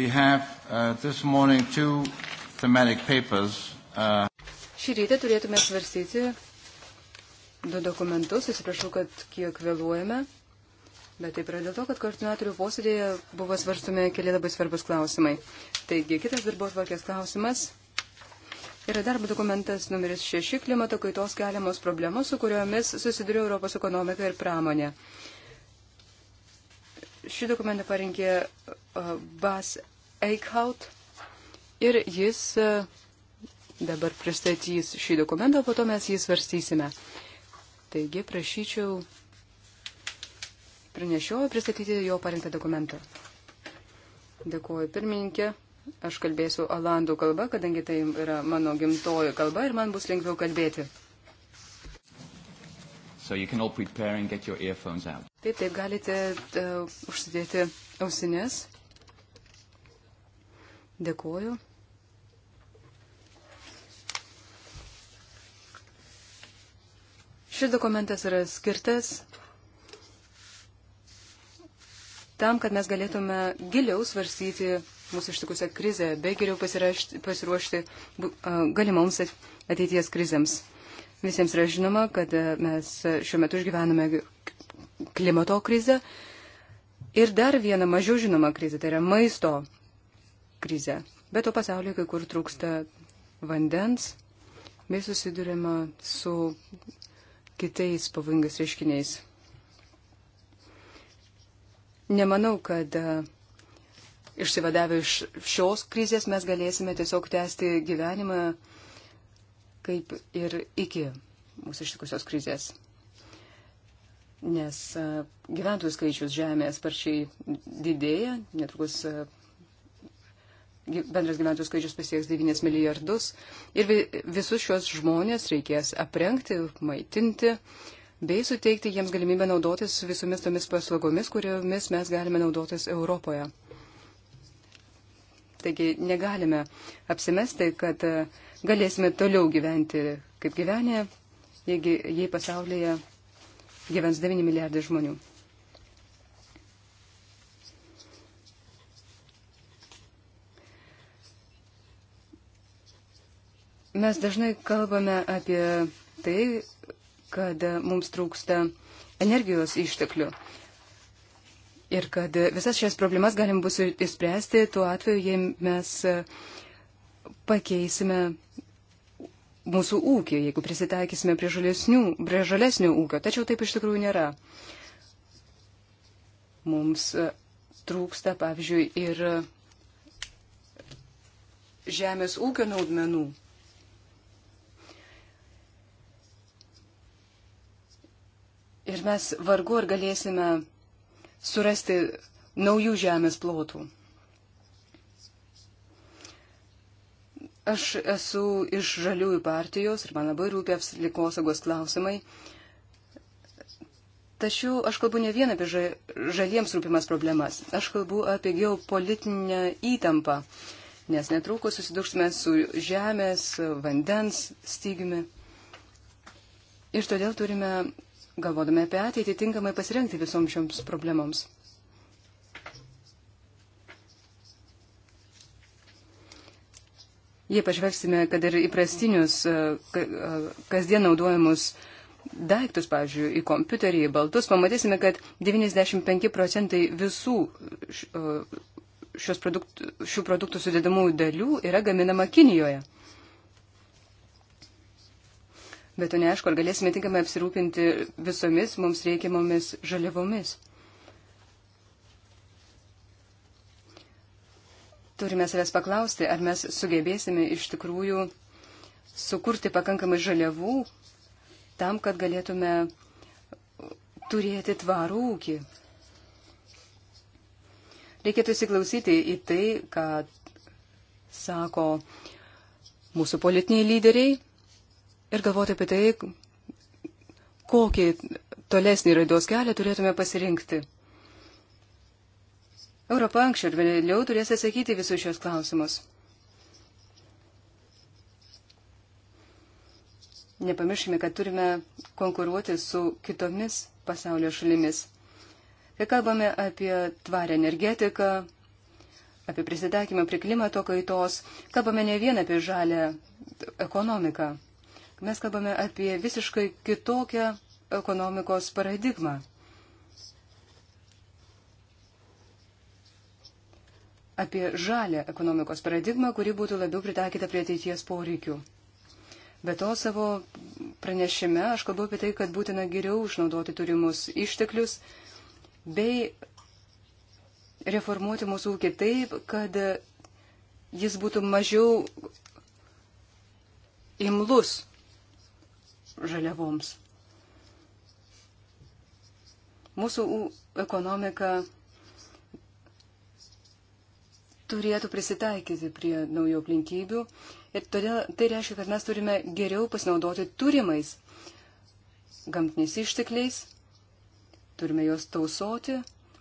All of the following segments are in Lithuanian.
We have uh, this morning two thematic papers. Uh... Šį rytą turėtume svarstyti du dokumentus. Atsiprašau, kad kiek vėluojame. Bet taip yra dėl to, kad koordinatorių posėdėje buvo svarstumi keli labai svarbus klausimai. Taigi, kitas darbo atvarkės klausimas yra darbo dokumentas numeris 6 klimato kaitos keliamos problemos, su kuriomis susiduria Europos ekonomika ir pramonė. Šį dokumentą parengė e, Bas Eichhout ir jis e, dabar pristatys šį dokumentą, po to mes jį svarstysime. Taigi prašyčiau pranešiojo pristatyti jo parinktą dokumentą. Dėkuoju pirmininkė. Aš kalbėsiu alandų kalba, kadangi tai yra mano gimtoji kalba ir man bus lengviau kalbėti. So you can all prepare and get your earphones out. Taip, taip, galite uh, užsidėti ausinės. Dėkuoju. Šis dokumentas yra skirtas tam, kad mes galėtume giliau svarstyti mūsų ištikusią krizę, bei geriau pasiruošti e, galimoms ateities krizėms. Visiems yra žinoma, kad e, mes šiuo metu išgyvename klimato krizę ir dar vieną mažiau žinomą krizę, tai yra maisto krizę. Bet to pasaulyje kai kur trūksta vandens, bei susidurima su kitais pavojingais reiškiniais. Nemanau, kad e, išsivadavę iš šios krizės mes galėsime tiesiog tęsti gyvenimą kaip ir iki mūsų ištikusios krizės. Nes e, gyventojų skaičius žemėje sparčiai didėja, netrukus e, bendras gyventojų skaičius pasieks 9 milijardus ir visus šios žmonės reikės aprengti, maitinti bei suteikti jiems galimybę naudotis visomis tomis paslaugomis, kuriomis mes galime naudotis Europoje. Taigi negalime apsimesti, kad galėsime toliau gyventi kaip gyvenė, jeigu jei pasaulyje gyvens 9 milijardai žmonių. Mes dažnai kalbame apie tai, kad mums trūksta energijos išteklių. Ir kad visas šias problemas galim bus išspręsti tuo atveju, jei mes e, pakeisime mūsų ūkį, jeigu prisitaikysime prie, prie žalesnio ūkio. Tačiau taip iš tikrųjų nėra. Mums e, trūksta, pavyzdžiui, ir žemės ūkio naudmenų. Ir mes vargu ar galėsime surasti naujų žemės plotų. Aš esu iš žaliųjų partijos ir man labai rūpia apslikosagos klausimai. Tačiau aš kalbu ne vien apie žaliems rūpimas problemas, aš kalbu apie geopolitinę įtampą, nes netrukus susidursime su žemės, vandens stygiumi. Ir todėl turime galvodami apie ateitį, tinkamai pasirengti visoms šioms problemoms. Jei pažvelgsime, kad ir įprastinius, e, e, kasdien naudojamus daiktus, pavyzdžiui, į kompiuterį, į baltus, pamatysime, kad 95 procentai visų e, šios produktų, šių produktų sudėdamųjų dalių yra gaminama Kinijoje bet to neaišku, ar galėsime tinkamai apsirūpinti visomis mums reikiamomis žaliavomis. Turime savęs paklausti, ar mes sugebėsime iš tikrųjų sukurti pakankamai žaliavų tam, kad galėtume turėti tvarų ūkį. Reikėtų įsiklausyti į tai, ką sako mūsų politiniai lyderiai ir galvoti apie tai, kokį tolesnį raidos kelią turėtume pasirinkti. Europa anksčiau ir vėliau turės atsakyti visus šios klausimus. Nepamirškime, kad turime konkuruoti su kitomis pasaulio šalimis. Kai kalbame apie tvarę energetiką, apie prisitaikymą prie klimato kaitos, kalbame ne vien apie žalę ekonomiką mes kalbame apie visiškai kitokią ekonomikos paradigmą. Apie žalę ekonomikos paradigmą, kuri būtų labiau pritaikyta prie ateities poreikių. Be to savo pranešime aš kalbu apie tai, kad būtina geriau išnaudoti turimus išteklius bei reformuoti mūsų ūkį taip, kad jis būtų mažiau imlus žaliavoms. Mūsų ekonomika turėtų prisitaikyti prie naujų aplinkybių ir todėl tai reiškia, kad mes turime geriau pasinaudoti turimais gamtiniais ištekliais, turime juos tausoti,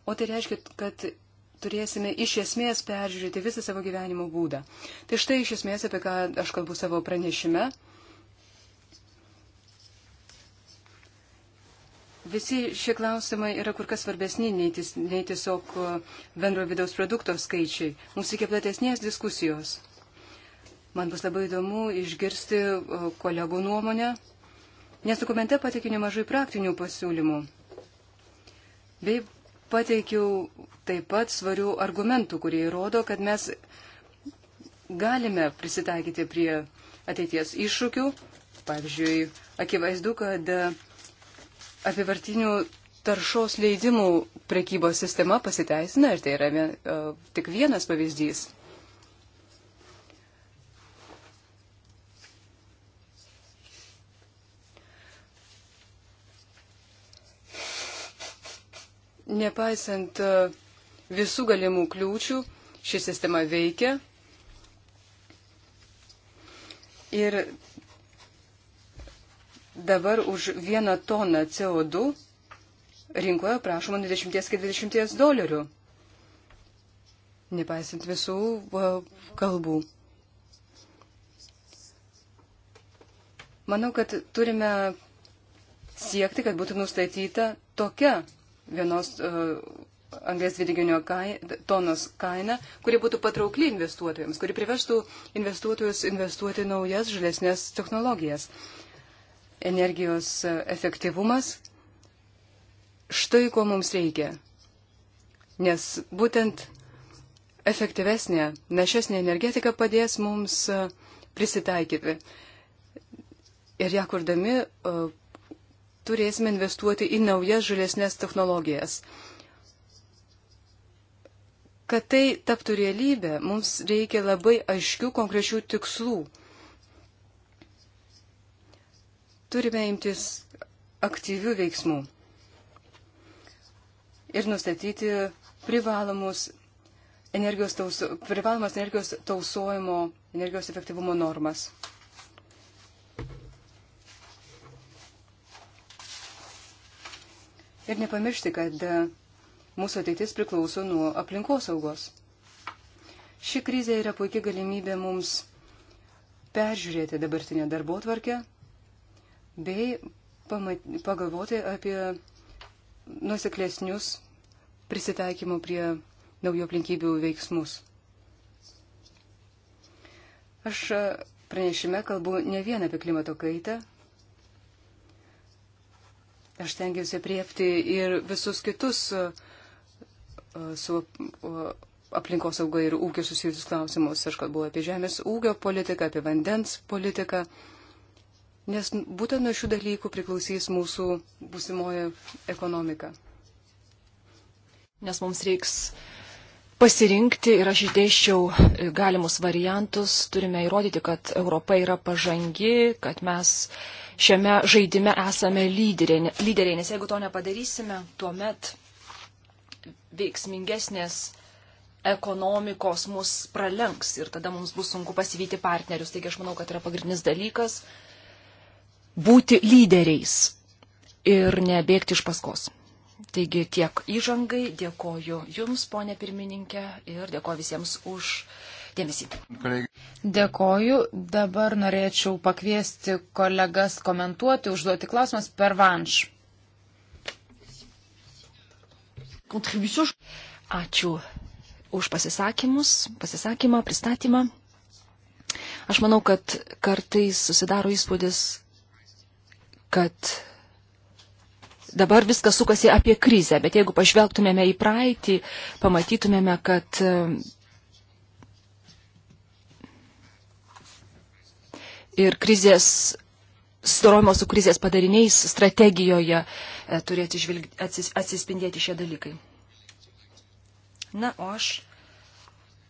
o tai reiškia, kad turėsime iš esmės peržiūrėti visą savo gyvenimo būdą. Tai štai iš esmės apie ką aš kalbu savo pranešime. Visi šie klausimai yra kur kas svarbesni nei, tis, nei tiesiog e, bendro vidaus produkto skaičiai. Mums reikia platesnės diskusijos. Man bus labai įdomu išgirsti e, kolegų nuomonę, nes dokumente pateikiu nemažai praktinių pasiūlymų. Bei pateikiau taip pat svarių argumentų, kurie įrodo, kad mes galime prisitaikyti prie ateities iššūkių. Pavyzdžiui, akivaizdu, kad apivartinių taršos leidimų prekybos sistema pasiteisina ir tai yra vien, uh, tik vienas pavyzdys. Nepaisant e, visų galimų kliūčių, ši sistema veikia ir Dabar už vieną toną CO2 rinkoje prašoma 20-40 dolerių, nepaisant visų kalbų. Manau, kad turime siekti, kad būtų nustatyta tokia vienos uh, anglės dvideginio kai, tonos kaina, kuri būtų patraukli investuotojams, kuri priverstų investuotojus investuoti naujas žalesnės technologijas. Uh, energijos efektyvumas, štai ko mums reikia. Nes būtent efektyvesnė, našesnė energetika padės mums e, prisitaikyti. Ir ją kurdami e, turėsime investuoti į naujas žalesnės technologijas. Kad tai taptų realybė, mums reikia labai aiškių konkrečių tikslų turime imtis aktyvių veiksmų ir nustatyti privalomus energijos tauso, privalomas energijos tausojimo, energijos efektyvumo normas. Ir nepamiršti, kad e, mūsų ateitis priklauso nuo aplinkosaugos. Ši krizė yra puikia galimybė mums peržiūrėti dabartinę darbo tvarkę bei pamat, pagalvoti apie nuseklesnius prisitaikymo prie naujų aplinkybių veiksmus. Aš pranešime kalbu ne vien apie klimato kaitą, aš tengiuosi priepti ir visus kitus su aplinkos auga ir ūkio susijusius klausimus. Aš kalbu apie žemės ūkio politiką, apie vandens politiką, nes būtent nuo šių dalykų priklausys mūsų būsimoji ekonomika. Nes mums reiks pasirinkti ir aš išdėščiau e, galimus variantus, turime įrodyti, kad Europa yra pažangi, kad mes šiame žaidime esame lyderiai, lyderiai nes jeigu to nepadarysime, tuomet veiksmingesnės ekonomikos mus pralenks ir tada mums bus sunku pasivyti partnerius. Taigi aš manau, kad yra pagrindinis dalykas būti lyderiais ir nebėgti iš paskos. Taigi tiek įžangai, dėkoju Jums, ponė pirmininkė, ir dėkoju visiems už dėmesį. Dėkoju. Dabar norėčiau pakviesti kolegas komentuoti, užduoti klausimas per vanš. Ačiū už pasisakymus, pasisakymą, pristatymą. Aš manau, kad kartais susidaro įspūdis, kad dabar viskas sukasi apie krizę, bet jeigu pažvelgtumėme į praeitį, pamatytumėme, kad e, ir krizės, storojimo su krizės padariniais strategijoje e, turėtų atsispindėti šie dalykai. Na, o aš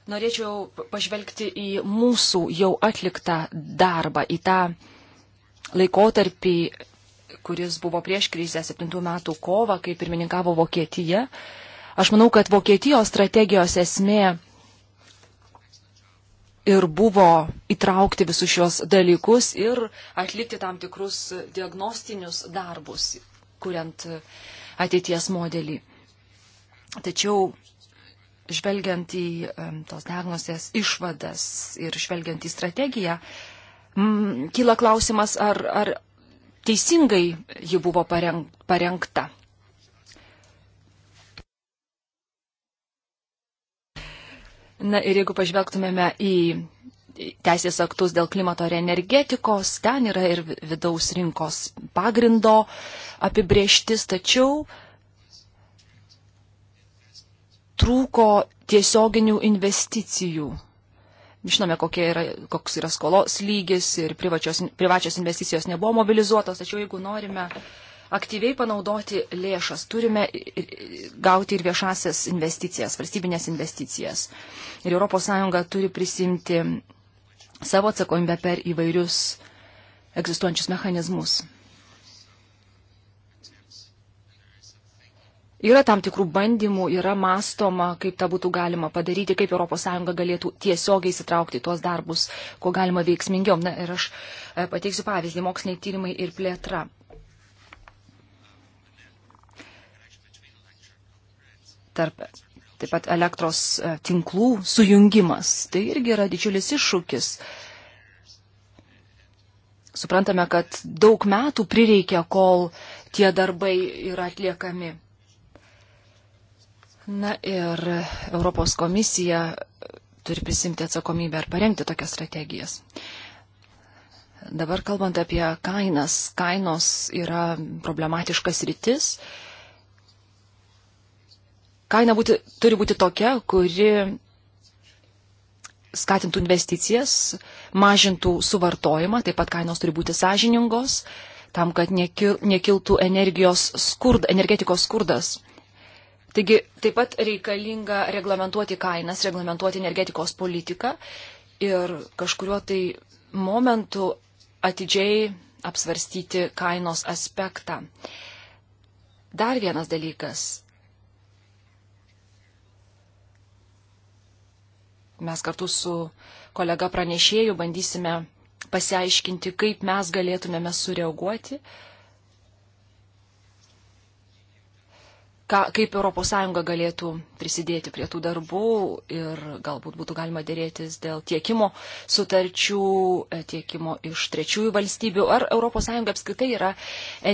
norėčiau pažvelgti į mūsų jau atliktą darbą, į tą laikotarpį kuris buvo prieš krizę 7 metų kovą, kai pirmininkavo Vokietija. Aš manau, kad Vokietijos strategijos esmė ir buvo įtraukti visus šios dalykus ir atlikti tam tikrus diagnostinius darbus, kuriant ateities modelį. Tačiau žvelgiant į tos diagnozės išvadas ir žvelgiant į strategiją, kyla klausimas, ar, ar teisingai ji buvo parengta. Na ir jeigu pažvelgtumėme į teisės aktus dėl klimato ir energetikos, ten yra ir vidaus rinkos pagrindo apibrieštis, tačiau trūko tiesioginių investicijų Žinome, yra, koks yra skolos lygis ir privačios, privačios investicijos nebuvo mobilizuotos, tačiau jeigu norime aktyviai panaudoti lėšas, turime gauti ir viešasias investicijas, valstybinės investicijas. Ir ES turi prisimti savo atsakomybę per įvairius egzistuojančius mechanizmus. Yra tam tikrų bandymų, yra mastoma, kaip tą būtų galima padaryti, kaip ES galėtų tiesiogiai įsitraukti tuos darbus, kuo galima veiksmingiau. Na ir aš e, pateiksiu pavyzdį - moksliniai tyrimai ir plėtra. Tarp taip pat elektros e, tinklų sujungimas. Tai irgi yra didžiulis iššūkis. Suprantame, kad daug metų prireikia, kol tie darbai yra atliekami. Na ir Europos komisija turi prisimti atsakomybę ar parengti tokias strategijas. Dabar kalbant apie kainas, kainos yra problematiškas rytis. Kaina būti, turi būti tokia, kuri skatintų investicijas, mažintų suvartojimą, taip pat kainos turi būti sąžiningos, tam, kad nekiltų energijos skurd, energetikos skurdas. Taigi taip pat reikalinga reglamentuoti kainas, reglamentuoti energetikos politiką ir kažkurio tai momentu atidžiai apsvarstyti kainos aspektą. Dar vienas dalykas. Mes kartu su kolega pranešėju bandysime pasiaiškinti, kaip mes galėtumėme sureaguoti uh, ką, kaip ES galėtų prisidėti prie tų darbų ir galbūt būtų galima dėrėtis dėl tiekimo sutarčių, e, tiekimo iš trečiųjų valstybių. Ar ES apskritai yra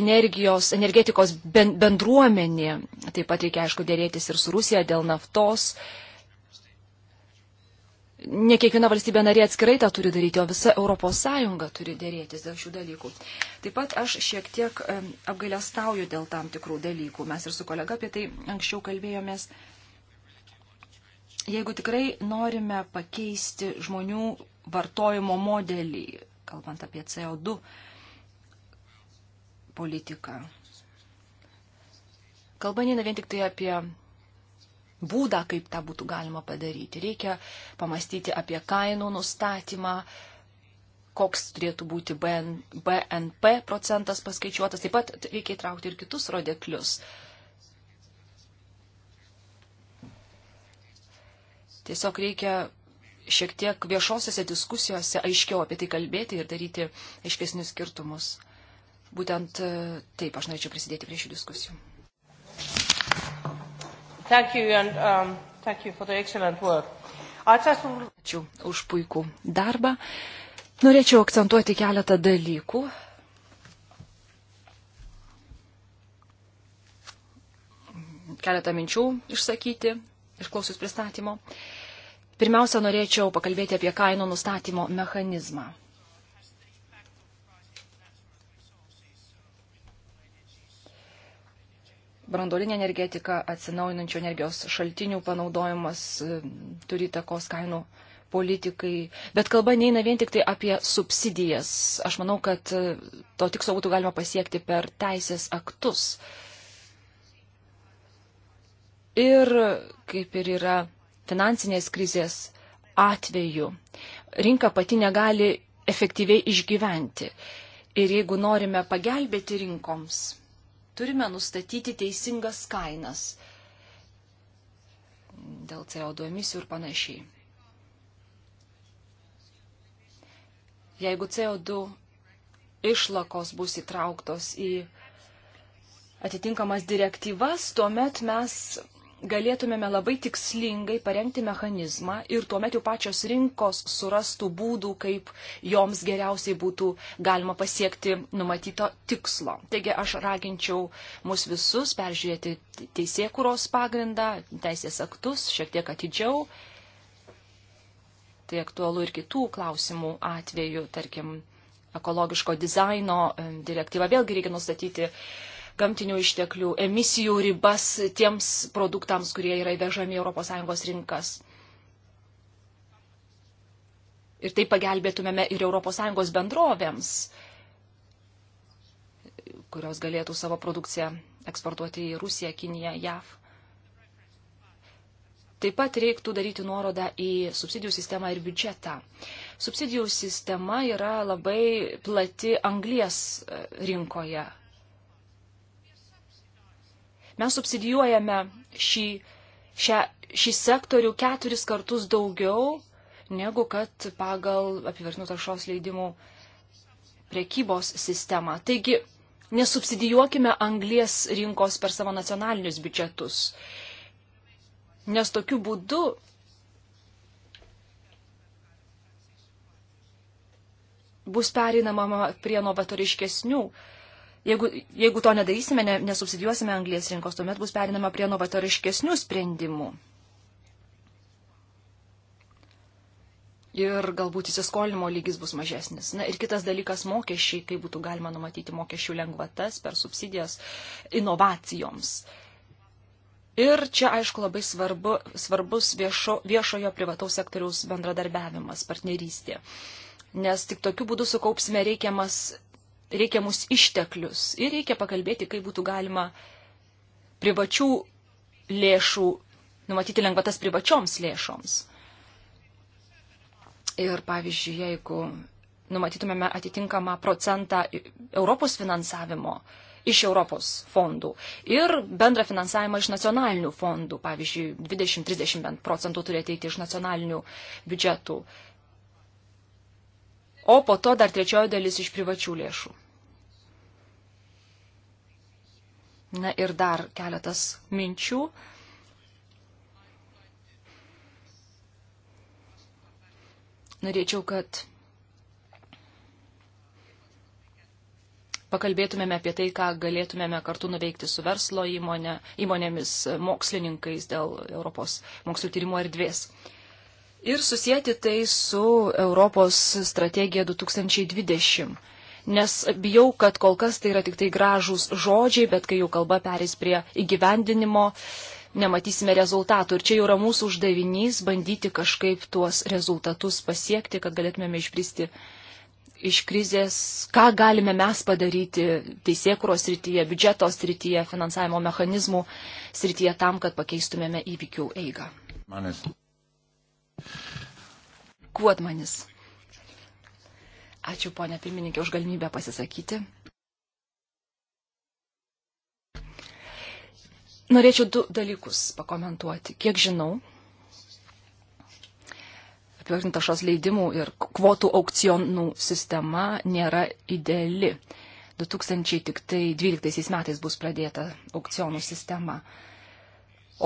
energijos, energetikos bendruomenė? Taip pat reikia, aišku, dėrėtis ir su Rusija dėl naftos ne kiekviena valstybė narė atskirai tą turi daryti, o visa Europos Sąjunga turi dėrėtis dėl šių dalykų. Taip pat aš šiek tiek apgailestauju dėl tam tikrų dalykų. Mes ir su kolega apie tai anksčiau kalbėjomės. Jeigu tikrai norime pakeisti žmonių vartojimo modelį, kalbant apie CO2 politiką, kalba neina vien tik tai apie būdą, kaip tą būtų galima padaryti. Reikia pamastyti apie kainų nustatymą, koks turėtų būti BNP procentas paskaičiuotas. Taip pat reikia įtraukti ir kitus rodiklius. Tiesiog reikia šiek tiek viešosiose diskusijose aiškiau apie tai kalbėti ir daryti aiškesnius skirtumus. Būtent e, taip aš norėčiau prisidėti prie šių diskusijų. Thank you and um, thank you for the excellent work. Ačiū už puikų darbą. Norėčiau akcentuoti keletą dalykų. Keletą minčių išsakyti, išklausus pristatymo. Pirmiausia, norėčiau pakalbėti apie kainų nustatymo mechanizmą. brandolinė energetika, atsinaujinančių energijos šaltinių panaudojimas e, turi takos kainų politikai. Bet kalba neina vien tik tai apie subsidijas. Aš manau, kad e, to tikslo būtų galima pasiekti per teisės aktus. Ir kaip ir yra finansinės krizės atveju, rinka pati negali efektyviai išgyventi. Ir jeigu norime pagelbėti rinkoms, turime nustatyti teisingas kainas dėl CO2 emisijų ir panašiai. Jeigu CO2 išlakos bus įtrauktos į atitinkamas direktyvas, tuomet mes galėtumėme labai tikslingai parengti mechanizmą ir tuomet jau pačios rinkos surastų būdų, kaip joms geriausiai būtų galima pasiekti numatyto tikslo. Taigi aš raginčiau mus visus peržiūrėti teisėkuros pagrindą, teisės aktus šiek tiek atidžiau. Tai aktualu ir kitų klausimų atveju, tarkim, ekologiško dizaino direktyvą vėlgi reikia nustatyti gamtinių išteklių emisijų ribas tiems produktams, kurie yra įvežami ES rinkas. Ir taip pagelbėtumėme ir ES bendrovėms, kurios galėtų savo produkciją eksportuoti į Rusiją, Kiniją, JAV. Taip pat reiktų daryti nuorodą į subsidijų sistemą ir biudžetą. Subsidijų sistema yra labai plati anglies e, rinkoje. Mes subsidijuojame šį, šią, šį sektorių keturis kartus daugiau, negu kad pagal apivartinių taršos leidimų prekybos sistemą. Taigi, nesubsidijuokime anglies rinkos per savo nacionalinius biudžetus, nes tokiu būdu bus pereinama prie novatoriškesnių Jeigu, jeigu to nedarysime, ne, nesubsidijuosime anglės rinkos, tuomet bus perinama prie novatoriškesnių sprendimų. Ir galbūt įsiskolinimo lygis bus mažesnis. Na ir kitas dalykas - mokesčiai, kaip būtų galima numatyti mokesčių lengvatas per subsidijas inovacijoms. Ir čia, aišku, labai svarbu, svarbus viešo, viešojo privataus sektoriaus bendradarbiavimas, partnerystė. Nes tik tokiu būdu sukaupsime reikiamas reikiamus išteklius ir reikia pakalbėti, kaip būtų galima privačių lėšų, numatyti lengvatas privačioms lėšoms. Ir pavyzdžiui, jeigu numatytumėme atitinkamą procentą Europos finansavimo iš Europos fondų ir bendrą finansavimą iš nacionalinių fondų, pavyzdžiui, 20-30 procentų turi ateiti iš nacionalinių biudžetų. Uh, o po to dar trečioji dalis iš privačių lėšų. Na ir dar keletas minčių. Norėčiau, kad pakalbėtumėme apie tai, ką galėtumėme kartu nuveikti su verslo įmonė, įmonėmis, mokslininkais dėl Europos mokslių tyrimo erdvės. Uh, ir susijęti tai su Europos strategija 2020. Nes bijau, kad kol kas tai yra tik tai gražūs žodžiai, bet kai jau kalba perės prie įgyvendinimo, nematysime rezultatų. Ir čia jau yra mūsų uždavinys bandyti kažkaip tuos rezultatus pasiekti, kad galėtumėme išpristi iš krizės, ką galime mes padaryti teisėkuros srityje, biudžeto srityje, finansavimo mechanizmų srityje tam, kad pakeistumėme įvykių eigą. Manęs Kuotmanis. Ačiū, ponė pirmininkė, už galimybę pasisakyti. Norėčiau du dalykus pakomentuoti. Kiek žinau, apivartinta šios leidimų ir kvotų aukcionų sistema nėra ideali. 2012 tai metais bus pradėta aukcionų sistema.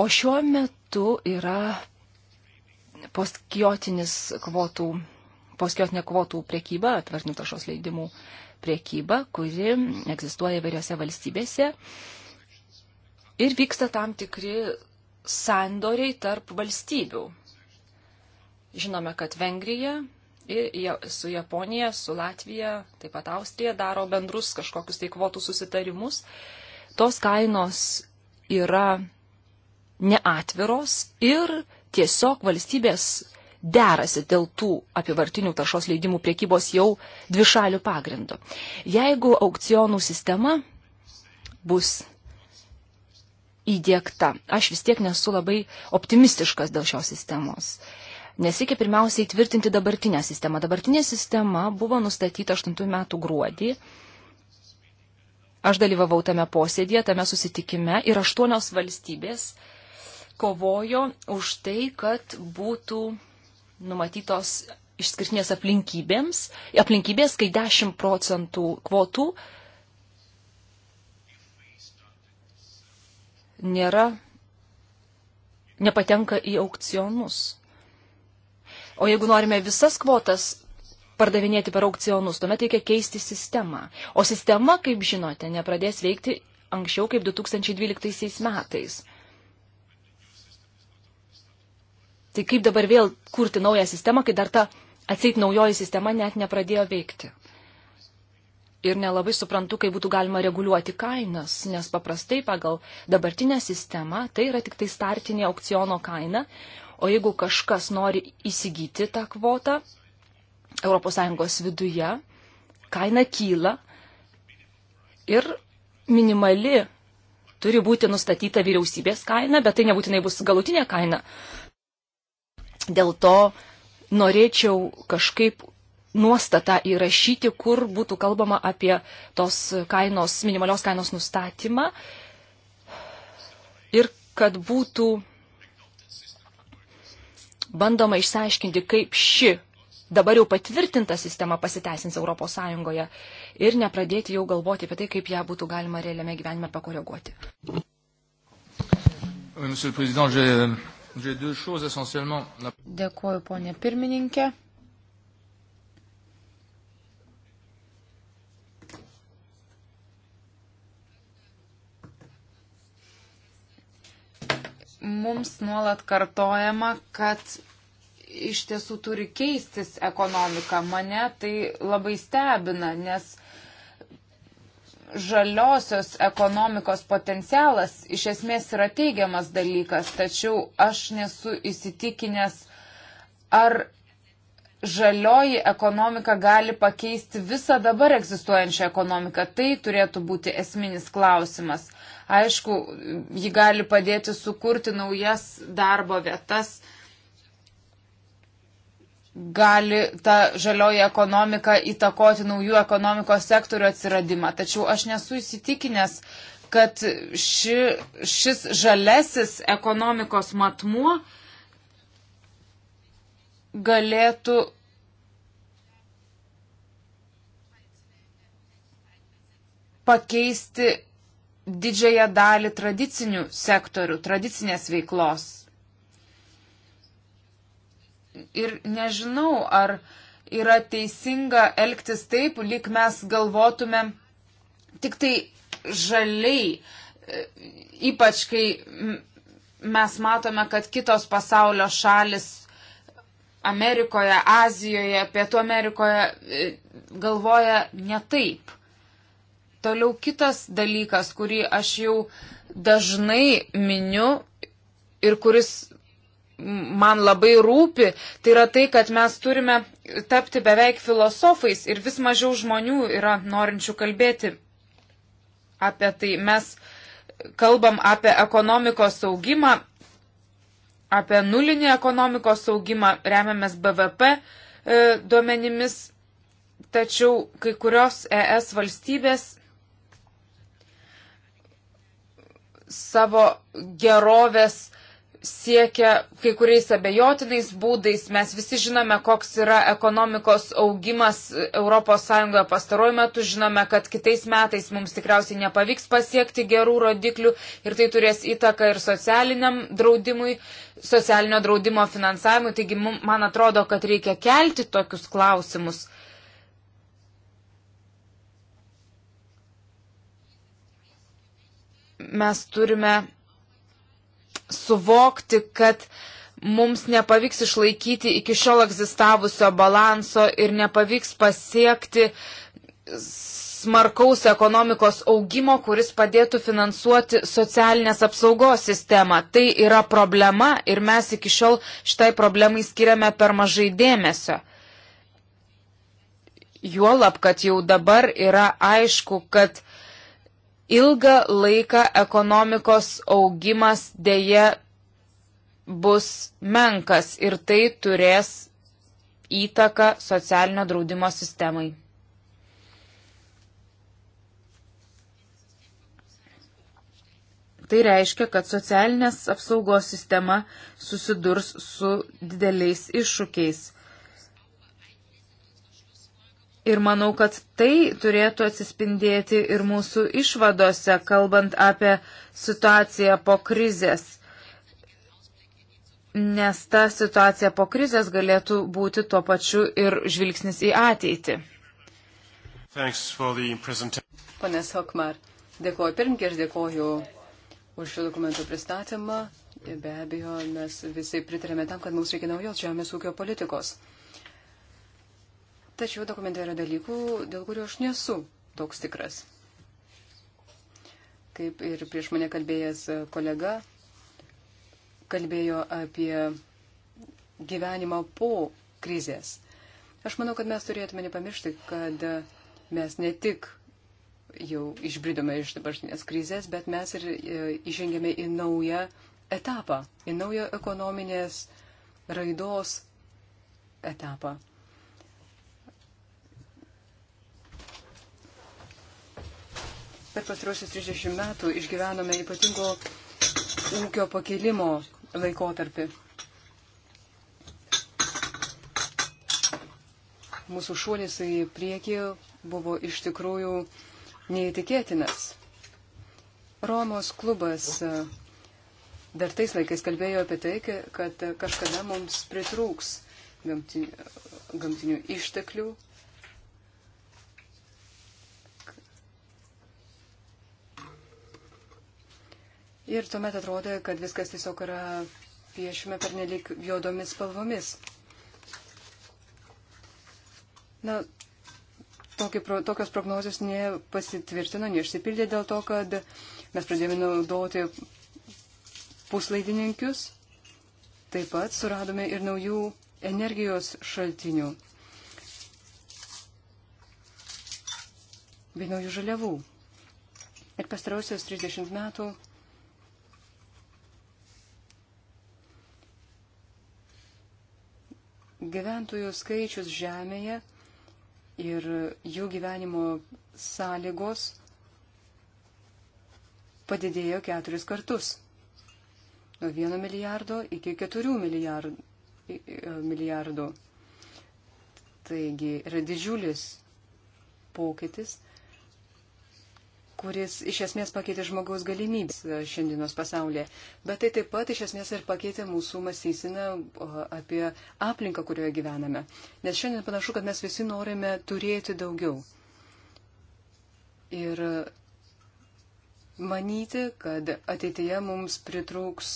O šiuo metu yra postkiotinis kvotų, postkiotinė kvotų priekyba, atvartinių taršos leidimų priekyba, kuri egzistuoja įvairiose valstybėse. Ir vyksta tam tikri sandoriai tarp valstybių. Žinome, kad Vengrija ir su Japonija, su Latvija, taip pat Austrija daro bendrus kažkokius tai kvotų susitarimus. Tos kainos yra neatviros ir tiesiog valstybės derasi dėl tų apivartinių taršos leidimų priekybos jau dvišalių pagrindų. Jeigu aukcionų sistema bus įdėkta, aš vis tiek nesu labai optimistiškas dėl šios sistemos. Nes reikia pirmiausiai įtvirtinti dabartinę sistemą. Dabartinė sistema buvo nustatyta 8 metų gruodį. Aš dalyvavau tame posėdėje, tame susitikime ir aštuonios valstybės kovojo už tai, kad būtų numatytos išskirtinės aplinkybėms, aplinkybės, kai 10 procentų kvotų nėra, nepatenka į aukcionus. O jeigu norime visas kvotas pardavinėti per aukcionus, tuomet reikia keisti sistemą. O sistema, kaip žinote, nepradės veikti anksčiau kaip 2012 metais. Tai kaip dabar vėl kurti naują sistemą, kai dar ta atseit naujoji sistema net nepradėjo veikti. Ir nelabai suprantu, kaip būtų galima reguliuoti kainas, nes paprastai pagal dabartinę sistemą tai yra tik tai startinė aukciono kaina, o jeigu kažkas nori įsigyti tą kvotą ES viduje, kaina kyla ir minimali turi būti nustatyta vyriausybės kaina, bet tai nebūtinai bus galutinė kaina. Dėl to norėčiau kažkaip nuostatą įrašyti, kur būtų kalbama apie tos kainos, minimalios kainos nustatymą ir kad būtų bandoma išsiaiškinti, kaip ši dabar jau patvirtinta sistema pasiteisins ES ir nepradėti jau galvoti apie tai, kaip ją būtų galima realiame gyvenime pakoreguoti. Monsieur le Président, j'ai Dėkuoju, ponė pirmininkė. Mums nuolat kartojama, kad iš tiesų turi keistis ekonomika. Mane tai labai stebina, nes žaliosios ekonomikos potencialas iš esmės yra teigiamas dalykas, tačiau aš nesu įsitikinęs, ar žalioji ekonomika gali pakeisti visą dabar egzistuojančią ekonomiką. Tai turėtų būti esminis klausimas. Aišku, ji gali padėti sukurti naujas darbo vietas, gali ta žalioji ekonomika įtakoti naujų ekonomikos sektorių atsiradimą. Tačiau aš nesu įsitikinęs, kad ši, šis žalesis ekonomikos matmuo galėtų pakeisti didžiąją dalį tradicinių sektorių, tradicinės veiklos ir nežinau, ar yra teisinga elgtis taip, lyg mes galvotumėm tik tai žaliai, e, ypač kai mes matome, kad kitos pasaulio šalis Amerikoje, Azijoje, Pietų Amerikoje e, galvoja ne taip. Toliau kitas dalykas, kurį aš jau dažnai miniu ir kuris man labai rūpi, tai yra tai, kad mes turime tapti beveik filosofais ir vis mažiau žmonių yra norinčių kalbėti apie tai. Mes kalbam apie ekonomikos augimą, apie nulinį ekonomikos augimą, remiamės BVP e, duomenimis, tačiau kai kurios ES valstybės savo gerovės siekia kai kuriais abejotinais būdais. Mes visi žinome, koks yra ekonomikos augimas ES pastaruoju metu. Žinome, kad kitais metais mums tikriausiai nepavyks pasiekti gerų rodiklių ir tai turės įtaką ir socialiniam draudimui, socialinio draudimo finansavimui. Taigi, man atrodo, kad reikia kelti tokius klausimus. Mes turime suvokti, kad mums nepavyks išlaikyti iki šiol egzistavusio balanso ir nepavyks pasiekti smarkaus ekonomikos augimo, kuris padėtų finansuoti socialinės apsaugos sistemą. Tai yra problema ir mes iki šiol šitai problemai skiriame per mažai dėmesio. Juolab, kad jau dabar yra aišku, kad ilgą laiką ekonomikos augimas dėje bus menkas ir tai turės įtaką socialinio draudimo sistemai. Tai reiškia, kad socialinės apsaugos sistema susidurs su dideliais iššūkiais. Ir manau, kad tai turėtų atsispindėti ir mūsų išvadose, kalbant apie situaciją po krizės. Nes ta situacija po krizės galėtų būti tuo pačiu ir žvilgsnis į ateitį. Pane Sokmar, dėkoju pirmkė ir dėkoju už šio dokumento pristatymą. Be abejo, mes visi pritarėme tam, kad mums reikia naujos žemės ūkio politikos. Tačiau dokumente yra dalykų, dėl kurių aš nesu toks tikras. Kaip ir prieš mane kalbėjęs kolega, kalbėjo apie gyvenimą po krizės. Aš manau, kad mes turėtume nepamiršti, kad mes ne tik jau išbridome iš dabartinės krizės, bet mes ir e, įžengėme į naują etapą, į naują ekonominės raidos etapą. Per pastarosius 30 metų išgyvenome ypatingo ūkio pakilimo laikotarpį. Mūsų šuolis į priekį buvo iš tikrųjų neįtikėtinas. Romos klubas e, dar tais laikais kalbėjo apie tai, kad kažkada mums pritrūks gamtinių, gamtinių išteklių Ir tuomet atrodė, kad viskas tiesiog yra piešime pernelik juodomis spalvomis. Na, tokį, tokios prognozijos nepasitvirtino, neišsipildė dėl to, kad mes pradėjome naudoti puslaidininkius. Taip pat suradome ir naujų energijos šaltinių bei naujų žaliavų. Ir pastarausios 30 metų Gyventojų skaičius žemėje ir jų gyvenimo sąlygos padidėjo keturis kartus. Nuo vieno milijardo iki keturių milijardų. milijardų. Taigi yra didžiulis pokytis kuris iš esmės pakeitė žmogaus galimybės e, šiandienos pasaulyje, bet tai taip pat iš esmės ir pakeitė mūsų mąstysiną apie aplinką, kurioje gyvename. Nes šiandien panašu, kad mes visi norime turėti daugiau. Ir manyti, kad ateityje mums pritrūks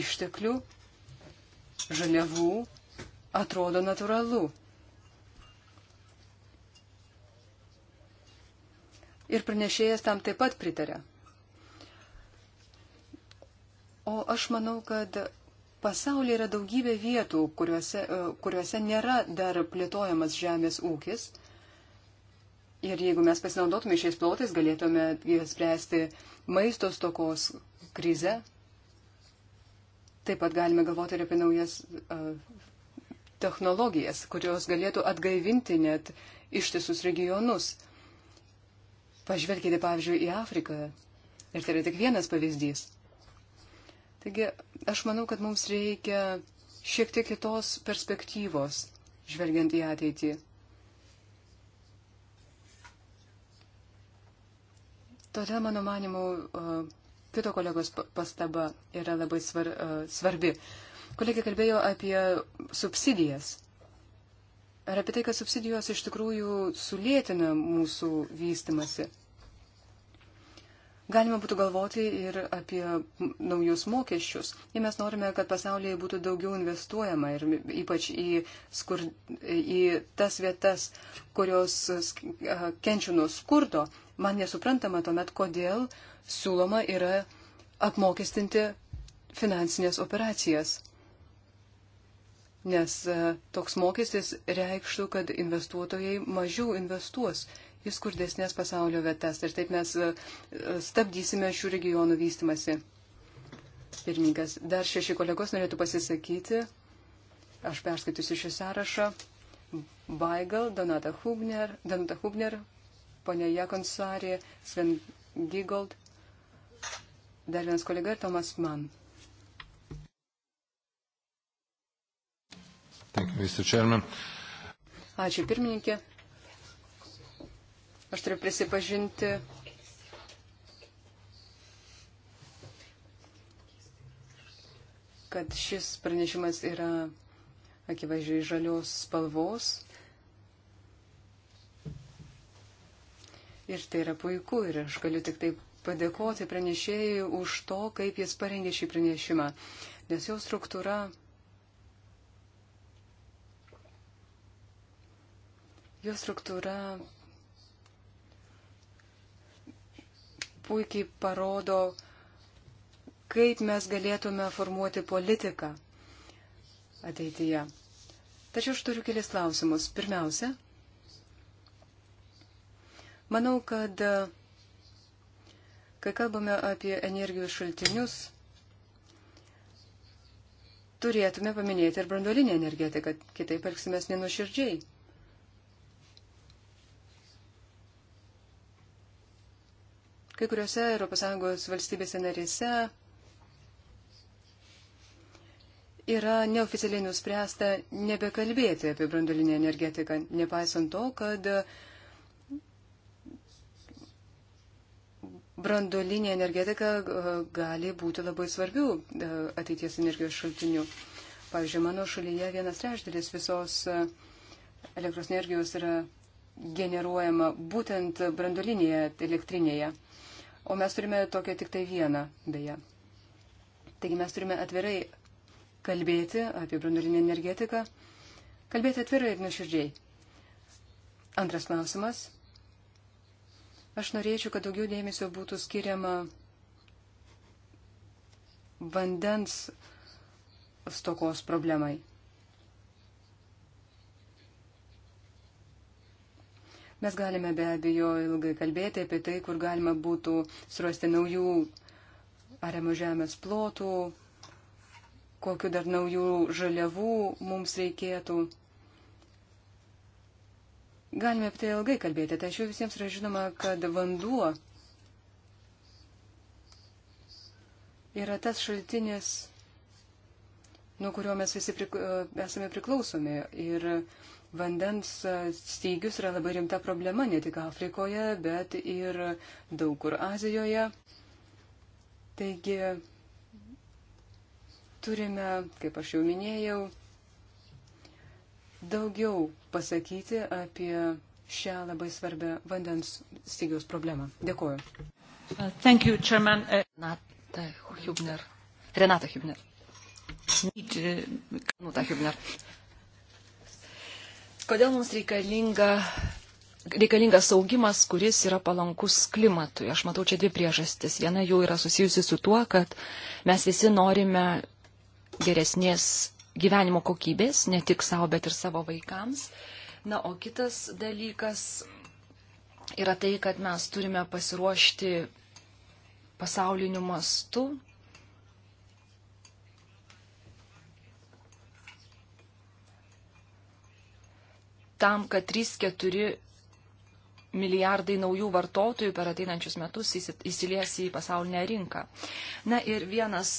išteklių, žaliavų, atrodo natūralu. ir pranešėjas tam taip pat pritarė. O aš manau, kad pasaulyje yra daugybė vietų, kuriuose, e, kuriuose nėra dar plėtojamas žemės ūkis. Ir jeigu mes pasinaudotume šiais plotais, galėtume spręsti maisto stokos krizę. Taip pat galime galvoti ir apie naujas uh, technologijas, kurios galėtų atgaivinti net ištisus regionus. Uh, Pažvelkite, pavyzdžiui, į Afriką. Ir tai yra tik vienas pavyzdys. Taigi, aš manau, kad mums reikia šiek tiek kitos perspektyvos, žvelgiant į ateitį. Todėl, mano manimu, kito kolegos pastaba yra labai svar, svarbi. Kolegė kalbėjo apie subsidijas ar apie tai, kad subsidijos iš tikrųjų sulėtina mūsų vystimasi. Galima būtų galvoti ir apie naujus mokesčius. Jei mes norime, kad pasaulyje būtų daugiau investuojama ir ypač į, skur, į tas vietas, kurios kenčia nuo skurdo, man nesuprantama tuomet, kodėl siūloma yra apmokestinti finansinės operacijas nes e, toks mokestis reikštų, kad investuotojai mažiau investuos į skurdesnės pasaulio vietas ir taip mes e, e, stabdysime šių regionų vystimasi. Pirmininkas, dar šeši kolegos norėtų pasisakyti. Aš perskaitysiu šį sąrašą. Baigal, Donata Hubner, Danuta Hubner, ponia Jakonsarė, Sven Gigold, dar vienas kolega ir Tomas Mann. You, Ačiū pirmininkė. Aš turiu prisipažinti, kad šis pranešimas yra akivaizdžiai žalios spalvos. Ir tai yra puiku ir aš galiu tik taip padėkoti pranešėjai už to, kaip jis parengė šį pranešimą, nes jo struktūra jo struktūra puikiai parodo, kaip mes galėtume formuoti politiką ateityje. Tačiau aš turiu kelias klausimus. Pirmiausia, manau, kad kai kalbame apie energijos šaltinius, turėtume paminėti ir branduolinę energetiką, kitaip elgsimės nenuširdžiai. Kai kuriuose ES valstybėse narėse yra neoficialiai nuspręsta nebekalbėti apie branduolinę energetiką, nepaisant to, kad branduolinė energetika uh, gali būti labai svarbių uh, ateities energijos šaltinių. Pavyzdžiui, mano šalyje vienas trečdalis visos uh, elektros energijos yra generuojama būtent branduolinėje elektrinėje o mes turime tokią tik tai vieną, beje. Taigi mes turime atvirai kalbėti apie branduolinį energetiką, kalbėti atvirai ir nuoširdžiai. Antras klausimas. Aš norėčiau, kad daugiau dėmesio būtų skiriama vandens stokos problemai. Mes galime be abejo ilgai kalbėti apie tai, kur galima būtų surasti naujų ariamų žemės plotų, kokiu dar naujų žaliavų mums reikėtų. Galime apie tai ilgai kalbėti, tačiau visiems yra žinoma, kad vanduo yra tas šaltinis, nuo kurio mes visi prik esame priklausomi. Ir vandens e, stygius yra labai rimta problema ne tik Afrikoje, bet ir daug kur Azijoje. Taigi turime, kaip aš jau minėjau, daugiau pasakyti apie šią labai svarbę vandens stygiaus problemą. Dėkuoju. Uh, thank you, Chairman. Uh, Renata Hubner. Renata Hubner. Uh, Renata Hubner. Kodėl mums reikalinga, reikalingas augimas, kuris yra palankus klimatui? Aš matau čia dvi priežastis. Viena jų yra susijusi su tuo, kad mes visi norime geresnės gyvenimo kokybės, ne tik savo, bet ir savo vaikams. Na, o kitas dalykas yra tai, kad mes turime pasiruošti pasauliniu mastu tam, kad 3-4 milijardai naujų vartotojų per ateinančius metus įsilies į pasaulinę rinką. Na ir vienas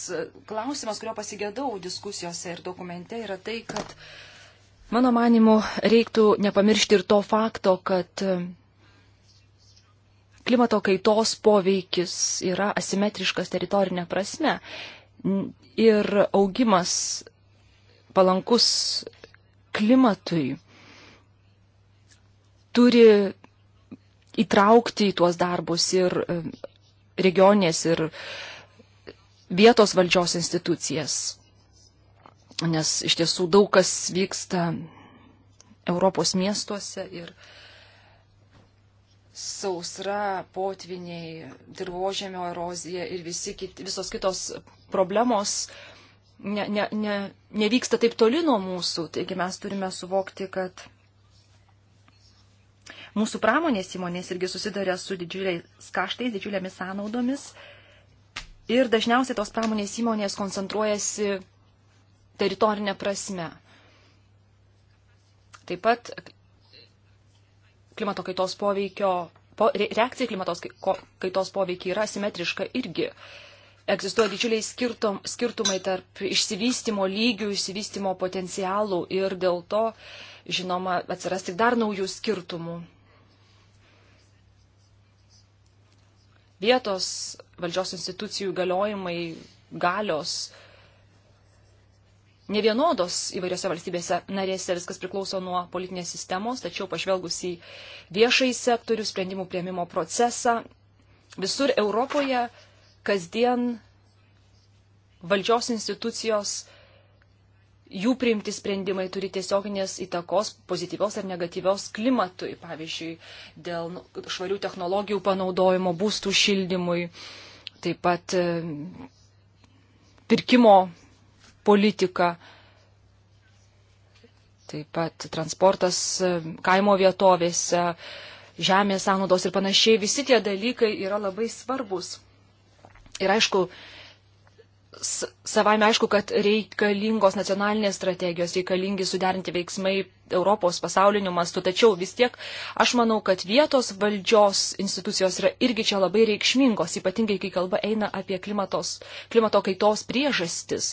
klausimas, kurio pasigėdau diskusijose ir dokumente, yra tai, kad mano manimu reiktų nepamiršti ir to fakto, kad e, klimato kaitos poveikis yra asimetriškas teritorinė prasme ir augimas palankus klimatui turi įtraukti į tuos darbus ir e, regionės ir vietos valdžios institucijas. Nes iš tiesų daug kas vyksta Europos miestuose ir sausra, potviniai, dirbožėmio erozija ir kit, visos kitos problemos ne, ne, ne, nevyksta taip toli nuo mūsų. Taigi mes turime suvokti, kad Mūsų pramonės įmonės irgi susiduria su didžiuliais kaštais, didžiulėmis sąnaudomis. Ir dažniausiai tos pramonės įmonės koncentruojasi teritorinė prasme. Taip pat klimato kaitos poveikio, po, reakcija klimatos kaitos poveikiai yra asimetriška irgi. Egzistuoja didžiuliai skirtum, skirtumai tarp išsivystimo lygių, išsivystimo potencialų ir dėl to, žinoma, atsiras tik dar naujų skirtumų vietos valdžios institucijų galiojimai, galios nevienodos įvairiose valstybėse narėse, viskas priklauso nuo politinės sistemos, tačiau pažvelgus į viešai sektorių, sprendimų prieimimo procesą, visur Europoje kasdien valdžios institucijos jų priimti sprendimai turi tiesioginės įtakos pozityvios ar negatyvios klimatui, pavyzdžiui, dėl švarių technologijų panaudojimo būstų šildymui, taip pat e, pirkimo politika, taip pat transportas e, kaimo vietovėse, žemės sąnaudos ir panašiai. Visi tie dalykai yra labai svarbus. Ir aišku, savaime aišku, kad reikalingos nacionalinės strategijos, reikalingi suderinti veiksmai Europos pasauliniu mastu, tačiau vis tiek aš manau, kad vietos valdžios institucijos yra irgi čia labai reikšmingos, ypatingai kai kalba eina apie klimatos, klimato kaitos priežastis.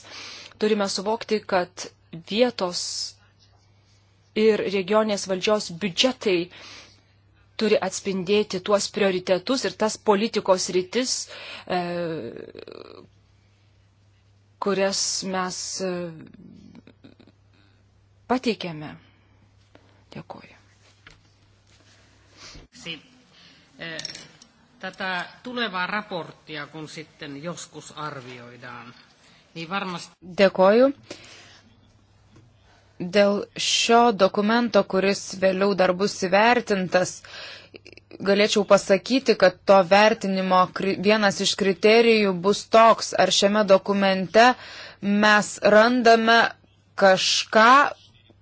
Turime suvokti, kad vietos ir regionės valdžios biudžetai turi atspindėti tuos prioritetus ir tas politikos rytis, e, kurias mes e, pateikėme. Dėkuoju. E, tätä tulevaa raporttia, kun sitten joskus arvioidaan, niin varmasti... Dėkoju. Dėl šio dokumento, kuris vėliau dar bus įvertintas, galėčiau pasakyti, kad to vertinimo vienas iš kriterijų bus toks, ar šiame dokumente mes randame kažką,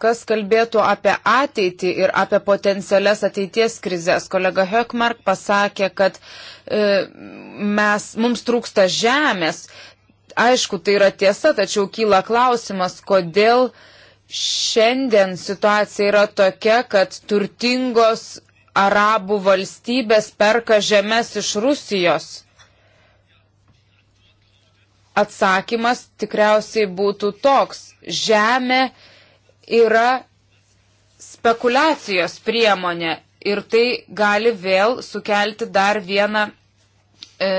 kas kalbėtų apie ateitį ir apie potencialias ateities krizės. Kolega Hökmark pasakė, kad e, mes, mums trūksta žemės. Aišku, tai yra tiesa, tačiau kyla klausimas, kodėl šiandien situacija yra tokia, kad turtingos arabų valstybės perka žemės iš Rusijos? Atsakymas tikriausiai būtų toks. Žemė yra spekulacijos priemonė ir tai gali vėl sukelti dar vieną e,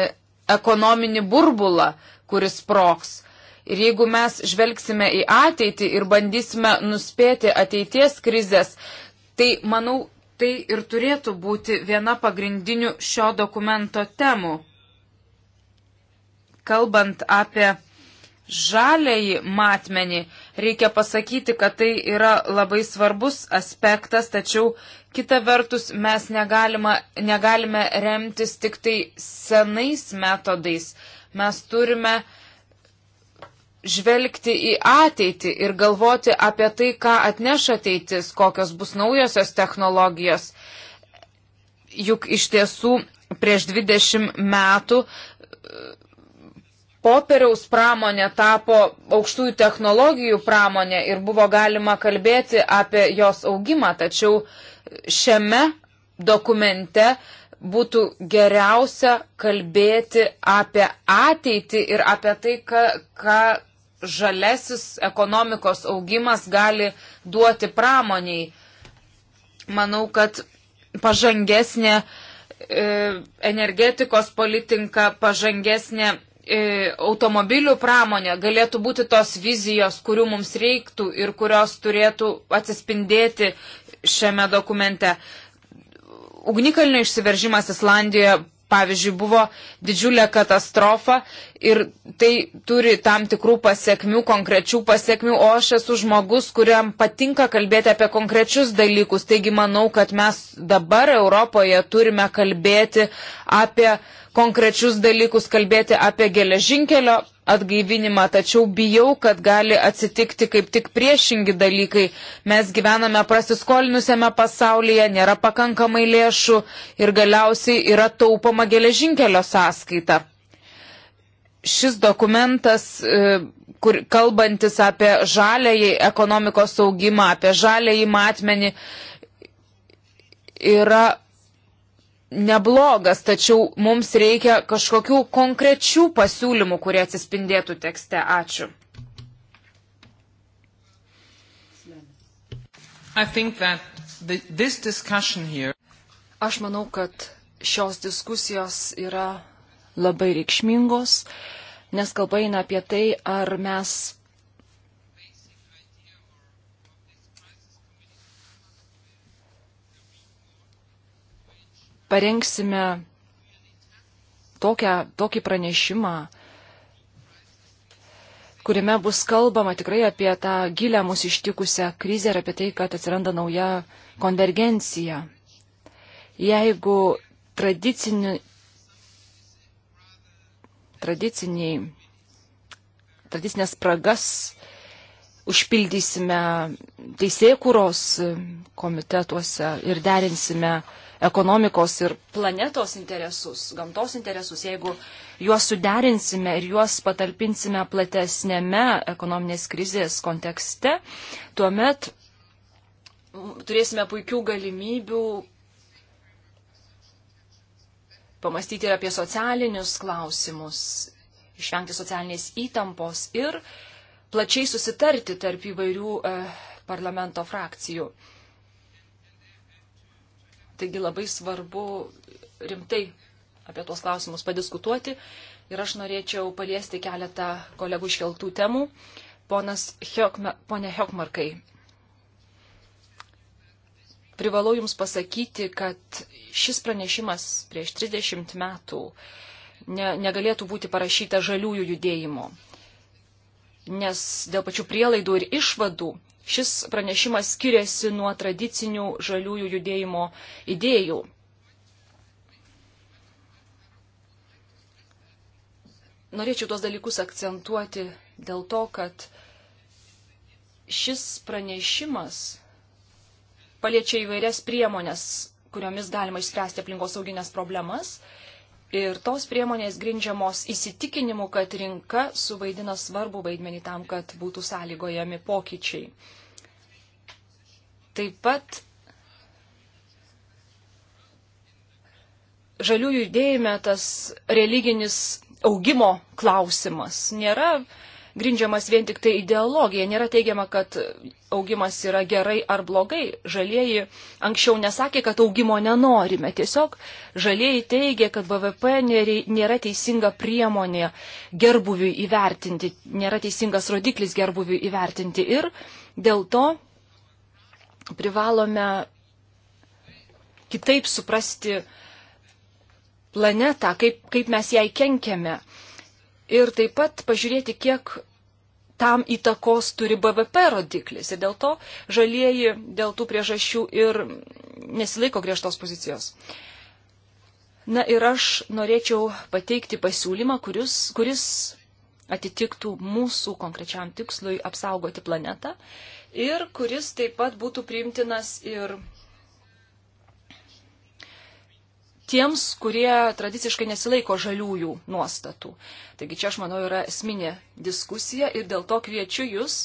ekonominį burbulą, kuris proks. Ir jeigu mes žvelgsime į ateitį ir bandysime nuspėti ateities krizės, tai manau, tai ir turėtų būti viena pagrindinių šio dokumento temų. Kalbant apie žaliai matmenį, reikia pasakyti, kad tai yra labai svarbus aspektas, tačiau kita vertus mes negalima, negalime remtis tik tai senais metodais. Mes turime uh, žvelgti į ateitį ir galvoti apie tai, ką atneš ateitis, kokios bus naujosios technologijos. Juk iš tiesų prieš 20 metų e, popieriaus pramonė tapo aukštųjų technologijų pramonė ir buvo galima kalbėti apie jos augimą, tačiau šiame dokumente būtų geriausia kalbėti apie ateitį ir apie tai, ką, ką, žalesis ekonomikos augimas gali duoti pramoniai. Manau, kad pažangesnė e, energetikos politika, pažangesnė e, automobilių pramonė galėtų būti tos vizijos, kurių mums reiktų ir kurios turėtų atsispindėti šiame dokumente. Ugnikalnio išsiveržimas Islandijoje Pavyzdžiui, buvo didžiulė katastrofa ir tai turi tam tikrų pasiekmių, konkrečių pasiekmių, o aš esu žmogus, kuriam patinka kalbėti apie konkrečius dalykus. Taigi manau, kad mes dabar Europoje turime kalbėti apie uh, konkrečius dalykus, kalbėti apie geležinkelio atgaivinimą, tačiau bijau, kad gali atsitikti kaip tik priešingi dalykai. Mes gyvename prasiskolinusiame pasaulyje, nėra pakankamai lėšų ir galiausiai yra taupoma geležinkelio sąskaita. Šis dokumentas, e, kur kalbantis apie žalėjį ekonomikos augimą, apie žalėjį matmenį, yra neblogas, tačiau mums reikia kažkokių konkrečių pasiūlymų, kurie atsispindėtų tekste. Ačiū. The, Aš manau, kad šios diskusijos yra labai reikšmingos, nes kalba eina apie tai, ar mes parengsime tokią, tokį pranešimą, kuriame bus kalbama tikrai apie tą gilę mūsų ištikusią krizę ir apie tai, kad atsiranda nauja konvergencija. Jeigu tradicini, tradiciniai, tradicinės spragas užpildysime teisėkuros komitetuose ir derinsime uh, ekonomikos ir planetos interesus, gamtos interesus, jeigu juos suderinsime ir juos patalpinsime platesnėme ekonominės krizės kontekste, tuomet turėsime puikių galimybių pamastyti ir apie socialinius klausimus, išvengti socialinės įtampos ir plačiai susitarti tarp įvairių e, parlamento frakcijų. Taigi labai svarbu rimtai apie tuos klausimus padiskutuoti ir aš norėčiau paliesti keletą kolegų iškeltų temų. Ponas Hiokma, ponė Hiokmarkai, privalau Jums pasakyti, kad šis pranešimas prieš 30 metų ne, negalėtų būti parašyta žaliųjų judėjimo, nes dėl pačių prielaidų ir išvadų šis pranešimas skiriasi nuo tradicinių žaliųjų judėjimo idėjų. Norėčiau tuos dalykus akcentuoti dėl to, kad šis pranešimas paliečia įvairias priemonės, kuriomis galima išspręsti aplinkosauginės problemas. Ir tos priemonės grindžiamos įsitikinimu, kad rinka suvaidina svarbų vaidmenį tam, kad būtų sąlygojami pokyčiai. Taip pat žaliųjų judėjime tas religinis augimo klausimas nėra grindžiamas vien tik tai ideologija. Nėra teigiama, kad augimas yra gerai ar blogai. Žalieji anksčiau nesakė, kad augimo nenorime. Tiesiog žalieji teigia, kad BVP nėra teisinga priemonė gerbuviui įvertinti, nėra teisingas rodiklis gerbuviui įvertinti. Ir dėl to privalome kitaip suprasti planetą, kaip, kaip mes jai kenkiame. Ir taip pat pažiūrėti, kiek tam įtakos turi BVP rodiklis. Ir dėl to žalieji dėl tų priežasčių ir nesilaiko griežtos pozicijos. Na ir aš norėčiau pateikti pasiūlymą, kuris, kuris atitiktų mūsų konkrečiam tikslui apsaugoti planetą ir kuris taip pat būtų priimtinas ir tiems, kurie tradiciškai nesilaiko žaliųjų nuostatų. Taigi čia, aš manau, yra esminė diskusija ir dėl to kviečiu jūs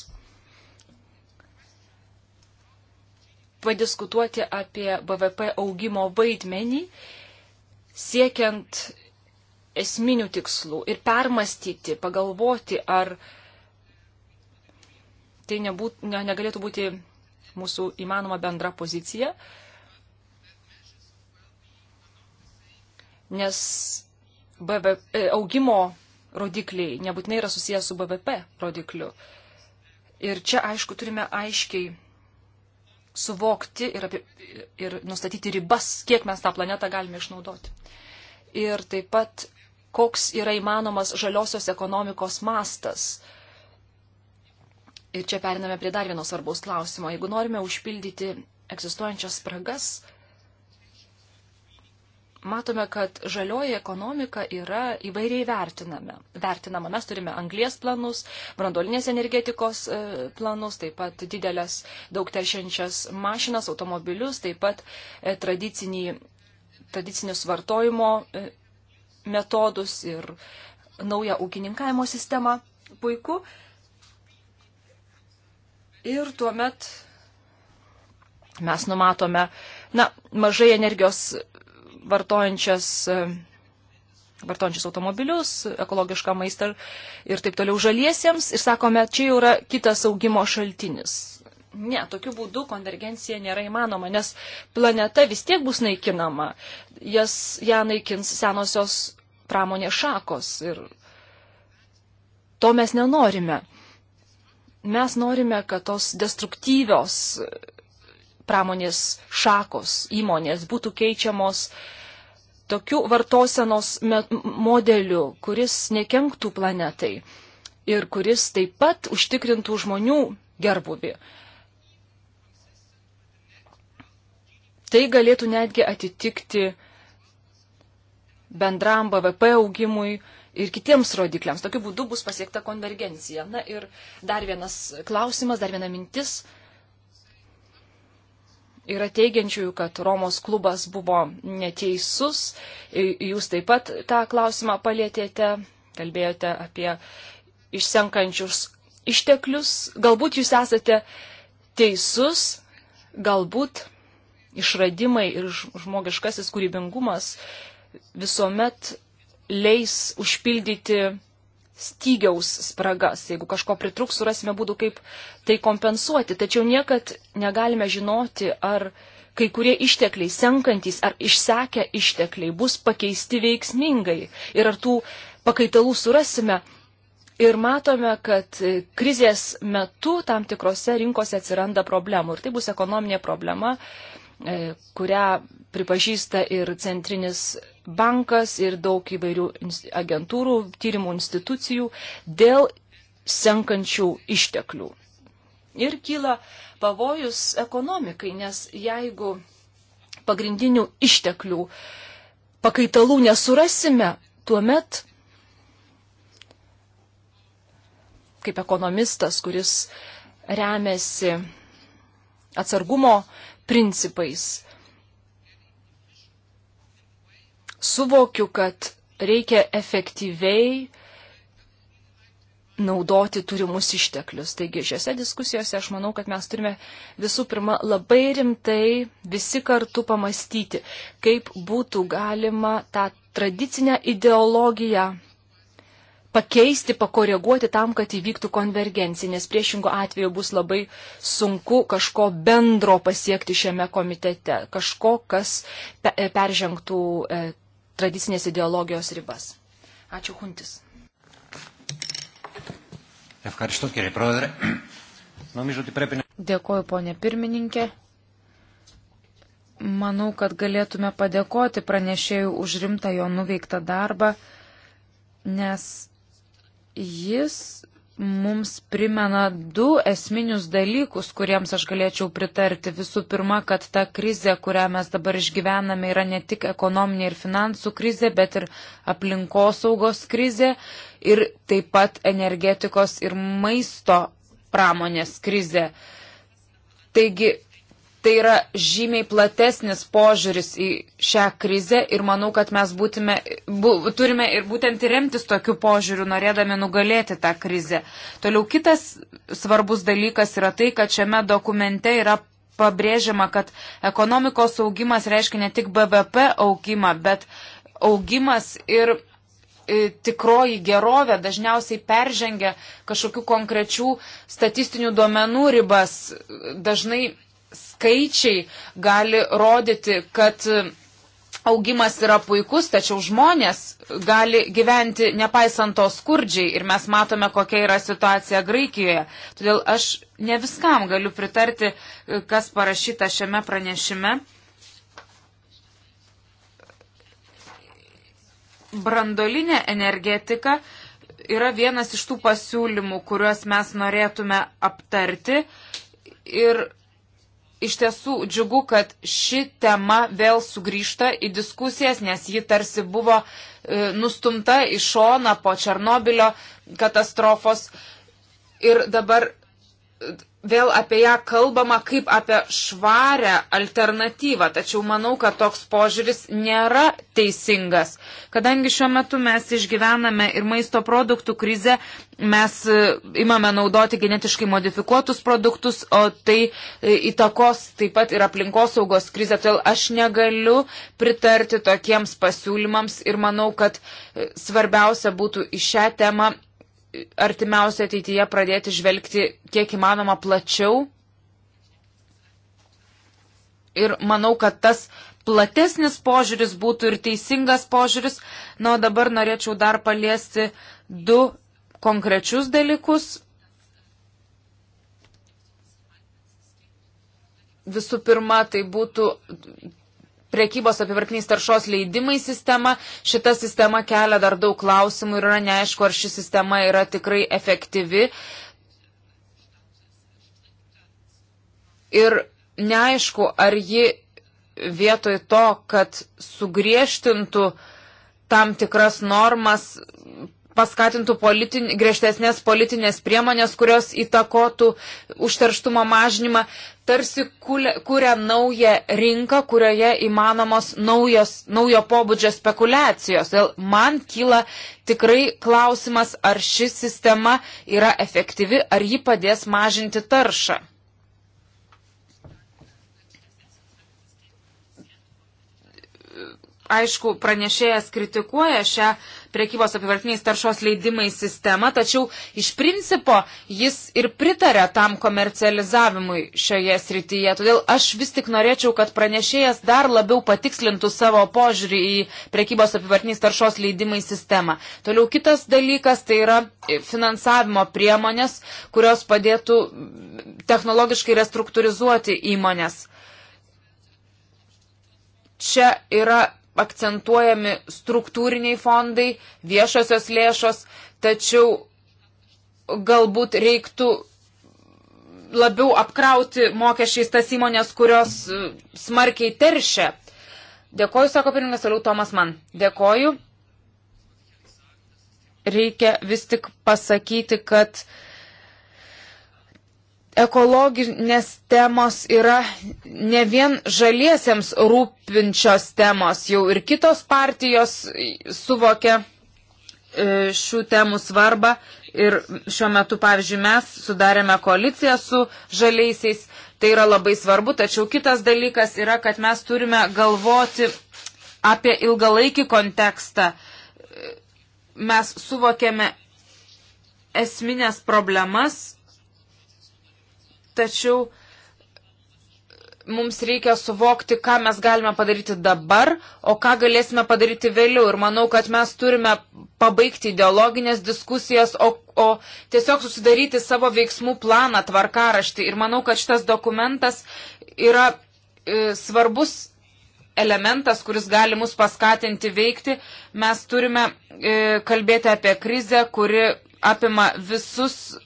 padiskutuoti apie BVP augimo vaidmenį, siekiant esminių tikslų ir permastyti, pagalvoti, ar tai nebūt, ne, negalėtų būti mūsų įmanoma bendra pozicija, nes BV, e, augimo rodikliai nebūtinai yra susijęs su BVP rodikliu. Ir čia, aišku, turime aiškiai suvokti ir, apie, ir nustatyti ribas, kiek mes tą planetą galime išnaudoti. Ir taip pat, koks yra įmanomas žaliosios ekonomikos mastas. Uh, Ir čia periname prie dar vieno svarbaus klausimo. Jeigu norime užpildyti egzistuojančias spragas, matome, kad žalioji ekonomika yra įvairiai vertinama. vertinama. Mes turime anglės planus, brandolinės energetikos e, planus, taip pat didelės daug teršiančias mašinas, automobilius, taip pat e, tradicinį, tradicinius vartojimo e, metodus ir naują ūkininkavimo sistemą. Puiku, Ir tuomet mes numatome, na, mažai energijos vartojančias vartojančius automobilius, ekologišką maistą ir taip toliau žaliesiems ir sakome, čia jau yra kitas augimo šaltinis. Ne, tokiu būdu konvergencija nėra įmanoma, nes planeta vis tiek bus naikinama, jas ją naikins senosios pramonės šakos ir to mes nenorime mes norime, kad tos destruktyvios pramonės šakos įmonės būtų keičiamos tokiu vartosenos modeliu, kuris nekenktų planetai ir kuris taip pat užtikrintų žmonių gerbuvi. Tai galėtų netgi atitikti bendram BVP augimui ir kitiems rodikliams. Tokiu būdu bus pasiekta konvergencija. Na ir dar vienas klausimas, dar viena mintis. Yra teigiančiųjų, kad Romos klubas buvo neteisus. Jūs taip pat tą klausimą palėtėte, kalbėjote apie išsenkančius išteklius. Galbūt jūs esate teisus, galbūt išradimai ir žmogiškasis kūrybingumas visuomet leis užpildyti stygiaus spragas. Jeigu kažko pritruks, surasime būdų, kaip tai kompensuoti. Tačiau niekad negalime žinoti, ar kai kurie ištekliai, senkantis ar išsekę ištekliai, bus pakeisti veiksmingai ir ar tų pakaitalų surasime. Ir matome, kad krizės metu tam tikrose rinkose atsiranda problemų. Ir tai bus ekonominė problema, e, kurią pripažįsta ir centrinis bankas ir daug įvairių agentūrų, tyrimų institucijų dėl senkančių išteklių. Ir kyla pavojus ekonomikai, nes jeigu pagrindinių išteklių pakaitalų nesurasime, tuomet, kaip ekonomistas, kuris remiasi atsargumo principais, suvokiu, kad reikia efektyviai naudoti turimus išteklius. Taigi šiuose diskusijose aš manau, kad mes turime visų pirma labai rimtai visi kartu pamastyti, kaip būtų galima tą tradicinę ideologiją pakeisti, pakoreguoti tam, kad įvyktų konvergencija, nes priešingų atveju bus labai sunku kažko bendro pasiekti šiame komitete, kažko, kas peržengtų e, tradicinės ideologijos ribas. Ačiū Huntis. Dėkoju, ponė pirmininkė. Manau, kad galėtume padėkoti pranešėjų už rimtą jo nuveiktą darbą, nes jis mums primena du esminius dalykus, kuriems aš galėčiau pritarti. Visų pirma, kad ta krizė, kurią mes dabar išgyvename, yra ne tik ekonominė ir finansų krizė, bet ir aplinkosaugos krizė ir taip pat energetikos ir maisto pramonės krizė. Taigi Tai yra žymiai platesnis požiūris į šią krizę ir manau, kad mes būtume, bu, turime ir būtent remtis tokiu požiūriu, norėdami nugalėti tą krizę. Toliau kitas svarbus dalykas yra tai, kad šiame dokumente yra pabrėžiama, kad ekonomikos augimas reiškia ne tik BVP augimą, bet augimas ir e, tikroji gerovė dažniausiai peržengia kažkokių konkrečių statistinių duomenų ribas. Dažnai skaičiai gali rodyti, kad augimas yra puikus, tačiau žmonės gali gyventi nepaisant to skurdžiai ir mes matome, kokia yra situacija Graikijoje. Todėl aš ne viskam galiu pritarti, kas parašyta šiame pranešime. Brandolinė energetika yra vienas iš tų pasiūlymų, kuriuos mes norėtume aptarti. Ir iš tiesų džiugu, kad ši tema vėl sugrįžta į diskusijas, nes ji tarsi buvo e, nustumta į šoną po Černobilio katastrofos. Ir dabar vėl apie ją kalbama kaip apie švarę alternatyvą, tačiau manau, kad toks požiūris nėra teisingas. Kadangi šiuo metu mes išgyvename ir maisto produktų krizę, mes e, imame naudoti genetiškai modifikuotus produktus, o tai e, įtakos taip pat ir aplinkosaugos krizę, todėl aš negaliu pritarti tokiems pasiūlymams ir manau, kad e, svarbiausia būtų į šią temą artimiausia ateityje pradėti žvelgti kiek įmanoma plačiau. Ir manau, kad tas platesnis požiūris būtų ir teisingas požiūris. Na, o dabar norėčiau dar paliesti du konkrečius dalykus. Visų pirma, tai būtų priekybos apivartiniais taršos leidimai sistema. Šita sistema kelia dar daug klausimų ir yra neaišku, ar ši sistema yra tikrai efektyvi. Ir neaišku, ar ji vietoj to, kad sugriežtintų tam tikras normas, paskatintų politin, griežtesnės politinės priemonės, kurios įtakotų užterštumo mažinimą, tarsi kuria naują rinką, kurioje įmanomos naujos, naujo pobūdžio spekulacijos. Dėl man kyla tikrai klausimas, ar ši sistema yra efektyvi, ar ji padės mažinti taršą. Aišku, pranešėjas kritikuoja šią priekybos apivartiniais taršos leidimai sistemą, tačiau iš principo jis ir pritarė tam komercializavimui šioje srityje. Todėl aš vis tik norėčiau, kad pranešėjas dar labiau patikslintų savo požiūrį į priekybos apivartiniais taršos leidimai sistemą. Toliau kitas dalykas tai yra finansavimo priemonės, kurios padėtų technologiškai restruktūrizuoti įmonės čia yra akcentuojami struktūriniai fondai, viešosios lėšos, tačiau galbūt reiktų labiau apkrauti mokesčiais tas įmonės, kurios e, smarkiai teršia. Dėkoju, sako pirmininkas, toliau Tomas man. Dėkoju. Reikia vis tik pasakyti, kad uh, ekologinės temos yra ne vien žaliesiems rūpinčios temos, jau ir kitos partijos suvokia e, šių temų svarbą ir šiuo metu, pavyzdžiui, mes sudarėme koaliciją su žaliaisiais, tai yra labai svarbu, tačiau kitas dalykas yra, kad mes turime galvoti apie ilgalaikį kontekstą. Mes suvokėme esminės problemas tačiau mums reikia suvokti, ką mes galime padaryti dabar, o ką galėsime padaryti vėliau. Ir manau, kad mes turime pabaigti ideologinės diskusijas, o, o tiesiog susidaryti savo veiksmų planą, tvarkaraštį. Ir manau, kad šitas dokumentas yra e, svarbus elementas, kuris gali mus paskatinti veikti. Mes turime e, kalbėti apie krizę, kuri apima visus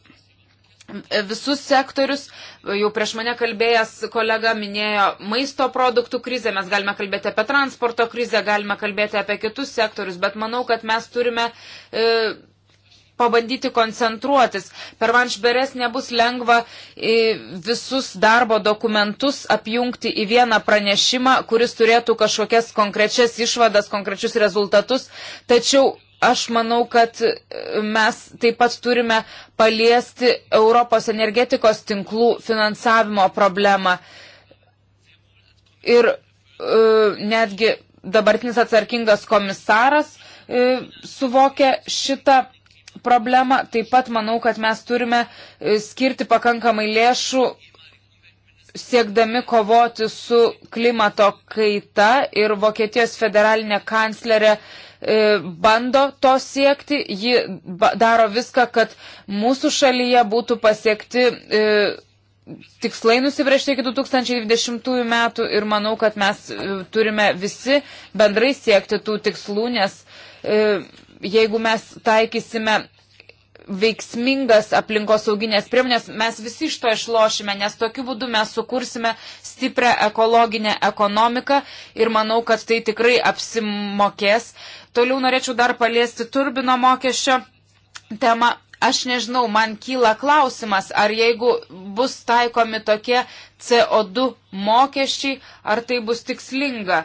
visus sektorius. Jau prieš mane kalbėjęs kolega minėjo maisto produktų krizę, mes galime kalbėti apie transporto krizę, galime kalbėti apie kitus sektorius, bet manau, kad mes turime e, pabandyti koncentruotis. Per Vanšberes nebus lengva e, visus darbo dokumentus apjungti į vieną pranešimą, kuris turėtų kažkokias konkrečias išvadas, konkrečius rezultatus, tačiau Aš manau, kad e, mes taip pat turime paliesti Europos energetikos tinklų finansavimo problemą. Ir e, netgi dabartinis atsarkingas komisaras e, suvokia šitą problemą. Taip pat manau, kad mes turime e, skirti pakankamai lėšų siekdami kovoti su klimato kaita ir Vokietijos federalinė kanclerė e, E, bando to siekti, ji daro viską, kad mūsų šalyje būtų pasiekti e, tikslai nusibrėžti iki 2020 metų ir manau, kad mes e, turime visi bendrai siekti tų tikslų, nes jeigu mes taikysime veiksmingas aplinkosauginės priemonės, mes visi iš to išlošime, nes tokiu būdu mes sukursime stiprią ekologinę ekonomiką ir manau, kad tai tikrai apsimokės. Toliau norėčiau dar paliesti turbino mokesčio temą. Aš nežinau, man kyla klausimas, ar jeigu bus taikomi tokie CO2 mokesčiai, ar tai bus tikslinga.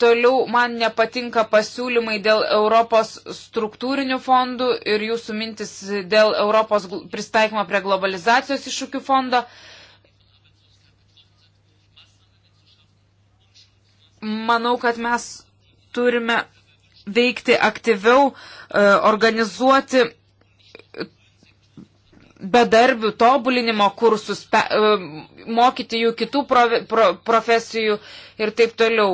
Toliau man nepatinka pasiūlymai dėl Europos struktūrinių fondų ir jūsų mintis dėl Europos pristaikymo prie globalizacijos iššūkių fondo. Manau, kad mes turime veikti aktyviau, e, organizuoti bedarbių tobulinimo kursus, e, mokyti jų kitų profesijų ir taip toliau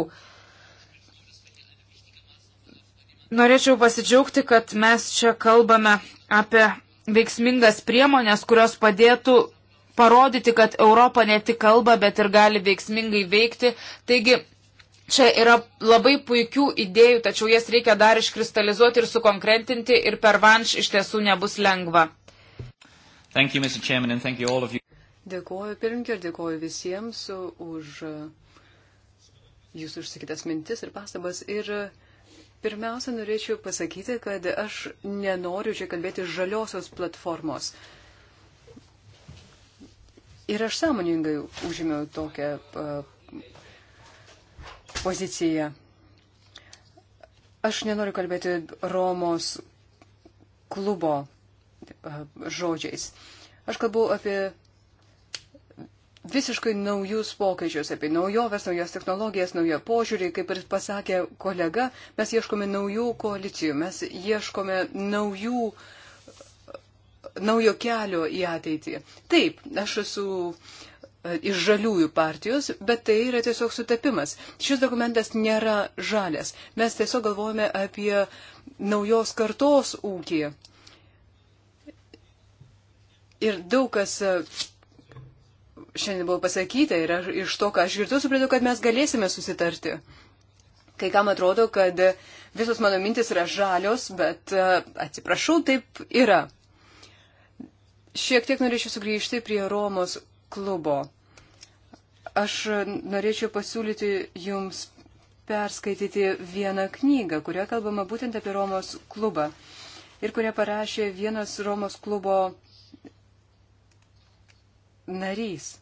norėčiau pasidžiaugti, kad mes čia kalbame apie veiksmingas priemonės, kurios padėtų parodyti, kad Europa ne tik kalba, bet ir gali veiksmingai veikti. Taigi, čia yra labai puikių idėjų, tačiau jas reikia dar iškristalizuoti ir sukonkretinti ir per vanš iš tiesų nebus lengva. Thank you, Mr. Chairman, and thank you all of you. Dėkuoju pirmkį ir dėkuoju visiems už jūsų išsakytas mintis ir pastabas ir uh, Pirmiausia, norėčiau pasakyti, kad aš nenoriu čia kalbėti žaliosios platformos. Ir aš sąmoningai užėmiau tokią poziciją. Aš nenoriu kalbėti Romos klubo žodžiais. Aš kalbu apie visiškai naujus pokyčius, apie naujoves, naujas technologijas, naują požiūrį, kaip ir pasakė kolega, mes ieškome naujų koalicijų, mes ieškome naujų, naujo kelio į ateitį. Taip, aš esu e, iš žaliųjų partijos, bet tai yra tiesiog sutapimas. Šis dokumentas nėra žalės. Mes tiesiog galvojame apie naujos kartos ūkį. Ir daug kas e, šiandien buvo pasakyta ir aš, iš to, ką aš girdžiu, supratau, kad mes galėsime susitarti. Kai kam atrodo, kad visos mano mintis yra žalios, bet e, atsiprašau, taip yra. Šiek tiek norėčiau sugrįžti prie Romos klubo. Aš norėčiau pasiūlyti jums perskaityti vieną knygą, kurioje kalbama būtent apie Romos klubą ir kurią parašė vienas Romos klubo narys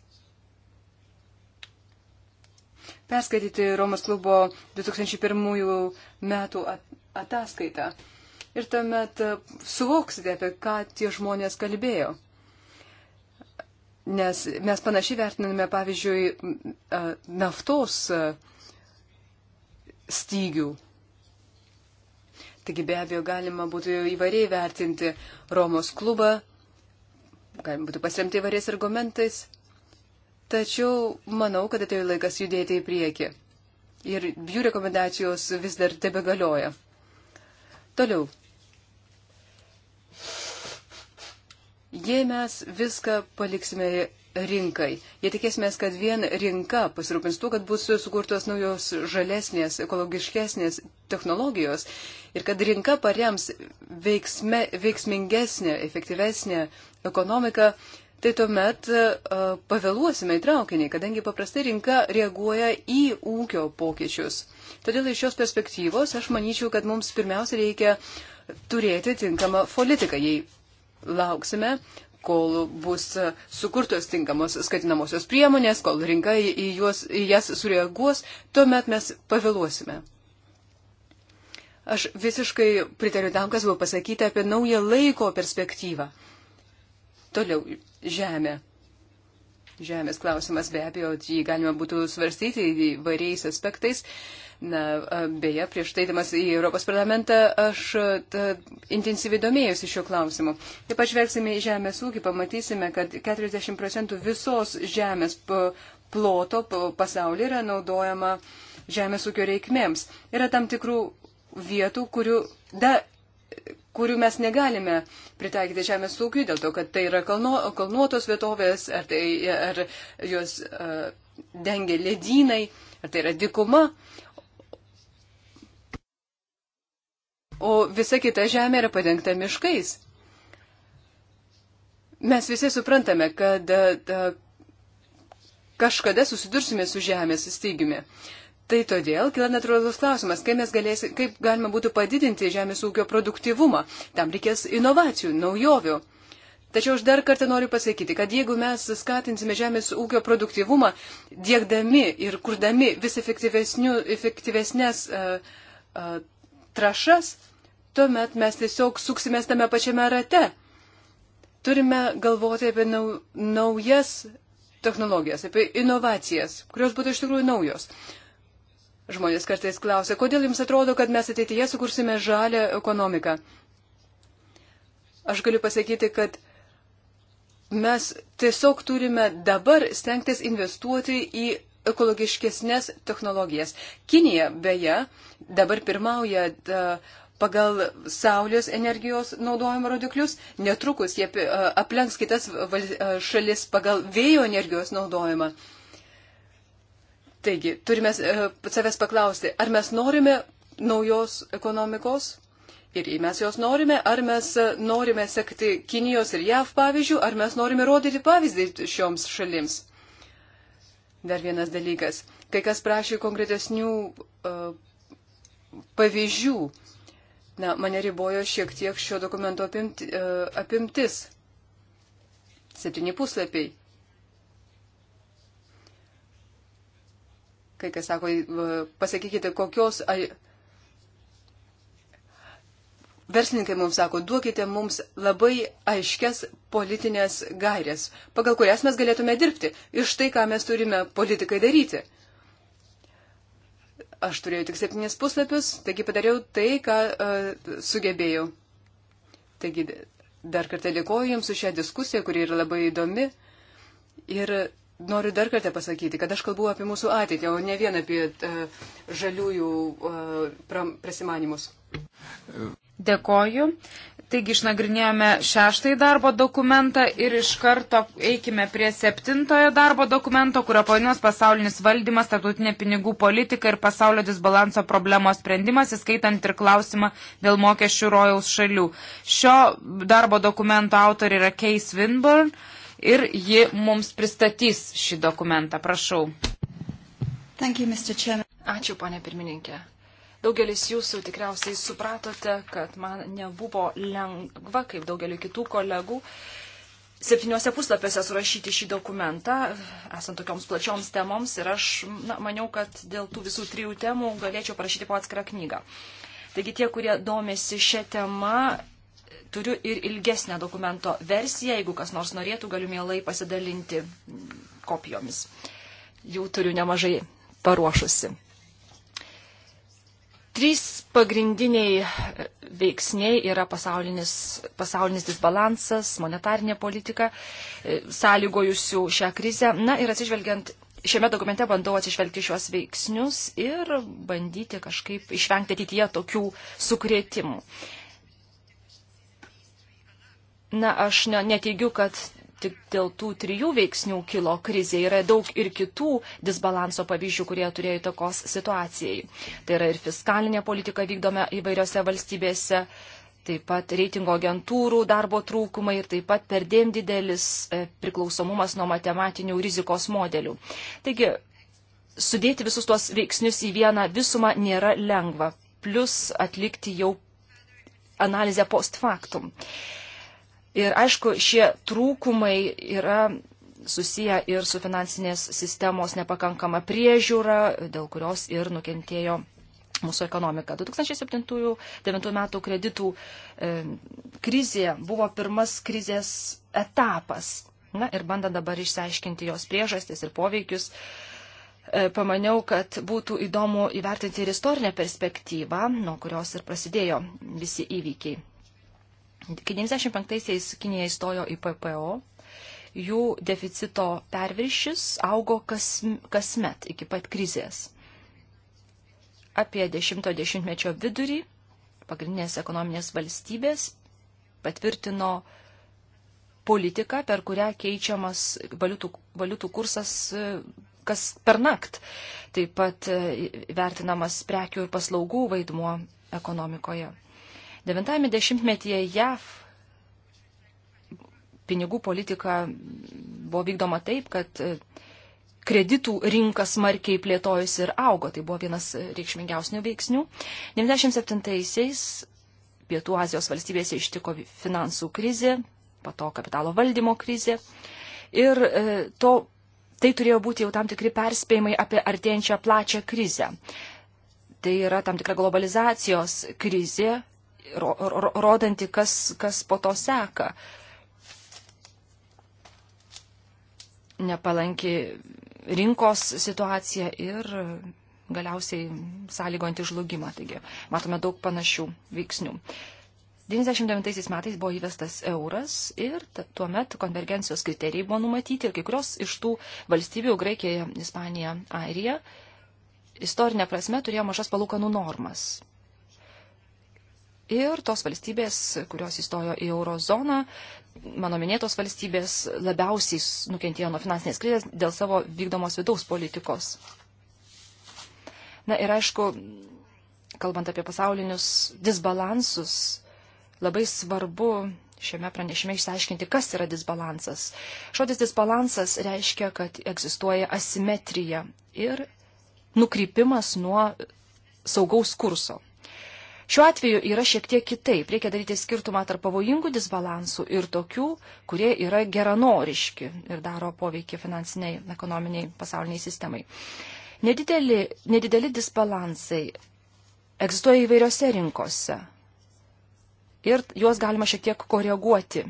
perskaityti Romos klubo 2001 metų ataskaitą. Ir tuomet e, suvoksite, apie ką tie žmonės kalbėjo. Nes mes panašiai vertiname, pavyzdžiui, e, naftos e, stygių. Taigi be abejo galima būtų įvairiai vertinti Romos klubą, galima būtų pasiremti įvairiais argumentais. Tačiau manau, kad atėjo laikas judėti į priekį. Ir jų rekomendacijos vis dar tebe galioja. Toliau. Jei mes viską paliksime rinkai, jei tikėsime, kad vien rinka pasirūpins tuo, kad bus sukurtos naujos žalesnės, ekologiškesnės technologijos ir kad rinka parems veiksme, veiksmingesnę, efektyvesnę ekonomiką, tai tuomet e, pavėluosime į traukinį, kadangi paprastai rinka reaguoja į ūkio pokyčius. Todėl iš šios perspektyvos aš manyčiau, kad mums pirmiausia reikia turėti tinkamą politiką, jei lauksime kol bus sukurtos tinkamos skatinamosios priemonės, kol rinka į, juos, į jas sureaguos, tuomet mes pavėluosime. Aš visiškai pritariu tam, kas buvo pasakyta apie naują laiko perspektyvą. Toliau, žemę. Žemės klausimas be abejo, jį galima būtų svarstyti įvairiais aspektais. Na, beje, prieš teidamas į Europos parlamentą aš ta, intensyviai domėjusi šiuo klausimu. Taip pat žvelgsime į žemės ūkį, pamatysime, kad 40 procentų visos žemės ploto pasaulyje yra naudojama žemės ūkio reikmėms. Yra tam tikrų vietų, kurių da, kurių mes negalime pritaikyti žemės ūkiui, dėl to, kad tai yra kalno, kalnuotos vietovės, ar, tai, ar jos uh, dengia ledynai, ar tai yra dikuma. O visa kita žemė yra padengta miškais. Mes visi suprantame, kad uh, kažkada susidursime su žemės įsteigiumi. Uh, Tai todėl kila natūralus klausimas, kaip, galėsi, kaip galima būtų padidinti žemės ūkio produktivumą. Tam reikės inovacijų, naujovių. Tačiau aš dar kartą noriu pasakyti, kad jeigu mes skatinsime žemės ūkio produktivumą, dėkdami ir kurdami vis efektyvesnės uh, uh, trašas, tuomet mes tiesiog suksime tame pačiame rate. Turime galvoti apie nau, naujas technologijas, apie inovacijas, kurios būtų iš tikrųjų naujos. Žmonės kartais klausia, kodėl jums atrodo, kad mes ateityje sukursime žalę ekonomiką. Aš galiu pasakyti, kad mes tiesiog turime dabar stengtis investuoti į ekologiškesnės technologijas. Kinija, beje, dabar pirmauja pagal saulės energijos naudojimo rodiklius, netrukus jie aplenks kitas šalis pagal vėjo energijos naudojimą. Taigi, turime e, savęs paklausti, ar mes norime naujos ekonomikos? Ir jei mes jos norime, ar mes e, norime sekti Kinijos ir JAV pavyzdžių, ar mes norime rodyti pavyzdį šioms šalims? Dar vienas dalykas. Kai kas prašė konkretesnių uh, pavyzdžių. Na, mane ribojo šiek tiek šio dokumento apimti, uh, apimtis. Septyni puslapiai. Kai kas sako, pasakykite, kokios. Verslininkai mums sako, duokite mums labai aiškias politinės gairės, pagal kurias mes galėtume dirbti. Iš tai, ką mes turime politikai daryti. Aš turėjau tik septynės puslapius, taigi padariau tai, ką uh, sugebėjau. Taigi dar kartą dėkoju Jums už šią diskusiją, kuri yra labai įdomi. Ir noriu dar kartą pasakyti, kad aš kalbu apie mūsų ateitį, o ne vien apie uh, žaliųjų uh, prasimanimus. Dėkoju. Taigi išnagrinėjome šeštąjį darbo dokumentą ir iš karto eikime prie septintojo darbo dokumento, kurio pavadinas pasaulinis valdymas, statutinė pinigų politika ir pasaulio disbalanso problemos sprendimas, įskaitant ir klausimą dėl mokesčių rojaus šalių. Šio darbo dokumento autori yra Keis Winburn ir ji mums pristatys šį dokumentą. Prašau. Thank you, Ačiū, ponė pirmininkė. Daugelis jūsų tikriausiai supratote, kad man nebuvo lengva, kaip daugeliu kitų kolegų, septyniuose puslapiuose surašyti šį dokumentą, esant tokioms plačioms temoms, ir aš na, maniau, kad dėl tų visų trijų temų galėčiau parašyti po atskirą knygą. Taigi tie, kurie domėsi šią temą, Turiu ir ilgesnę dokumento versiją, jeigu kas nors norėtų, galiu mielai pasidalinti kopijomis. Jų turiu nemažai paruošusi. Trys pagrindiniai e, veiksniai yra pasaulinis, pasaulinis disbalansas, monetarinė politika, e, sąlygojusių šią krizę. Na ir atsižvelgiant, šiame dokumente bandau atsižvelgti šios veiksnius ir bandyti kažkaip išvengti ateityje tokių sukrėtimų. Na, aš neteigiu, kad tik dėl tų trijų veiksnių kilo krizė. Yra daug ir kitų disbalanso pavyzdžių, kurie turėjo įtakos situacijai. Tai yra ir fiskalinė politika vykdome įvairiose valstybėse, taip pat reitingo agentūrų darbo trūkumai ir taip pat perdėm didelis e, priklausomumas nuo matematinių rizikos modelių. Taigi, sudėti visus tuos veiksnius į vieną visumą nėra lengva, plus atlikti jau analizę post factum. Uh, Ir aišku, šie trūkumai yra susiję ir su finansinės sistemos nepakankama priežiūra, dėl kurios ir nukentėjo mūsų ekonomika. 2007-2009 metų kreditų e, krizė buvo pirmas krizės etapas. Na ir bandant dabar išsiaiškinti jos priežastis ir poveikius, e, pamaniau, kad būtų įdomu įvertinti ir istorinę perspektyvą, nuo kurios ir prasidėjo visi įvykiai. Kai 95-aisiais Kinija įstojo į PPO, jų deficito perviršis augo kas, kasmet iki pat krizės. Apie 10-mečio vidurį pagrindinės ekonominės valstybės patvirtino politiką, per kurią keičiamas valiutų, valiutų kursas kas per nakt. Taip pat vertinamas prekių ir paslaugų vaidmuo ekonomikoje. Devintame dešimtmetyje JAV pinigų politika buvo vykdoma taip, kad e, kreditų rinka smarkiai plėtojusi ir augo. Tai buvo vienas reikšmingiausnių veiksnių. 97-aisiais Pietų Azijos valstybėse ištiko finansų krizė, pato kapitalo valdymo krizė. Ir e, to, tai turėjo būti jau tam tikri perspėjimai apie artėjančią plačią krizę. Tai yra tam tikra globalizacijos krizė, ro, ro, rodanti, kas, kas po to seka. Nepalanki rinkos situacija ir galiausiai sąlygojanti žlugimą. Taigi matome daug panašių veiksnių. 99 metais buvo įvestas euras ir tuomet konvergencijos kriterijai buvo numatyti ir kai kurios iš tų valstybių - Graikija, Ispanija, Airija - istorinė prasme turėjo mažas palūkanų normas. Ir tos valstybės, kurios įstojo į eurozoną, mano minėtos valstybės labiausiai nukentėjo nuo finansinės krizės dėl savo vykdomos vidaus politikos. Na ir aišku, kalbant apie pasaulinius disbalansus, labai svarbu šiame pranešime išsiaiškinti, kas yra disbalansas. Šodis disbalansas reiškia, kad egzistuoja asimetrija ir nukrypimas nuo saugaus kurso. Šiuo atveju yra šiek tiek kitaip. Reikia daryti skirtumą tarp pavojingų disbalansų ir tokių, kurie yra geranoriški ir daro poveikį finansiniai, ekonominiai, pasauliniai sistemai. Nedideli, nedideli disbalansai egzistuoja įvairiose rinkose ir juos galima šiek tiek koreguoti.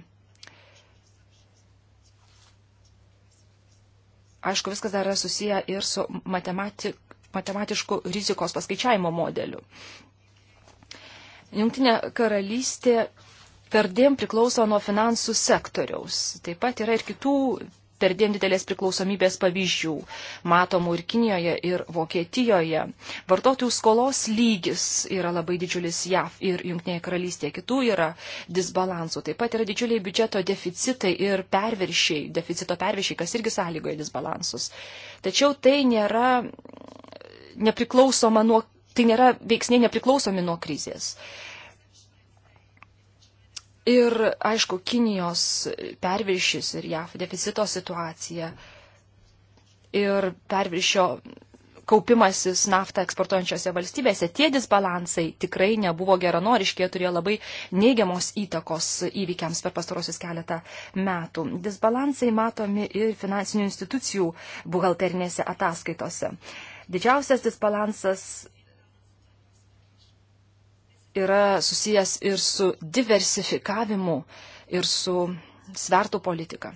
Aišku, viskas dar yra susiję ir su matematik, matematišku rizikos paskaičiavimo modeliu Jungtinė karalystė perdėm priklauso nuo finansų sektoriaus. Taip pat yra ir kitų perdėm didelės priklausomybės pavyzdžių, matomų ir Kinijoje, ir Vokietijoje. Vartotojų skolos lygis yra labai didžiulis JAV ir Junktinėje karalystėje, kitų yra disbalansų. Taip pat yra didžiuliai biudžeto deficitai ir perviršiai, deficito perviršiai, kas irgi sąlygoja disbalansus. Tačiau tai nėra nepriklausoma nuo tai nėra veiksniai nepriklausomi nuo krizės. Ir aišku, Kinijos perviršis ir JAF deficito situacija ir perviršio kaupimasis naftą eksportuojančiose valstybėse, tie disbalansai tikrai nebuvo geranoriški, jie turėjo labai neigiamos įtakos įvykiams per pastarosius keletą metų. Disbalansai matomi ir finansinių institucijų buhalterinėse ataskaitose. Didžiausias disbalansas yra susijęs ir su diversifikavimu, ir su svertų politika.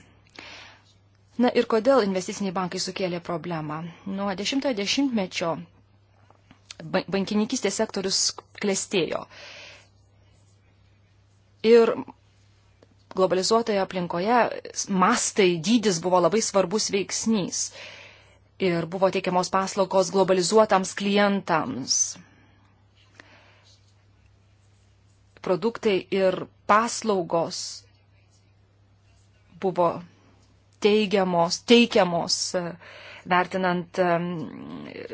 Na ir kodėl investiciniai bankai sukėlė problemą? Nuo 10-ojo dešimtmečio bankininkistės sektorius klestėjo. Ir globalizuotoje aplinkoje mastai, dydis buvo labai svarbus veiksnys. Ir buvo teikiamos paslaugos globalizuotams klientams produktai ir paslaugos buvo teigiamos, teikiamos e, vertinant, e,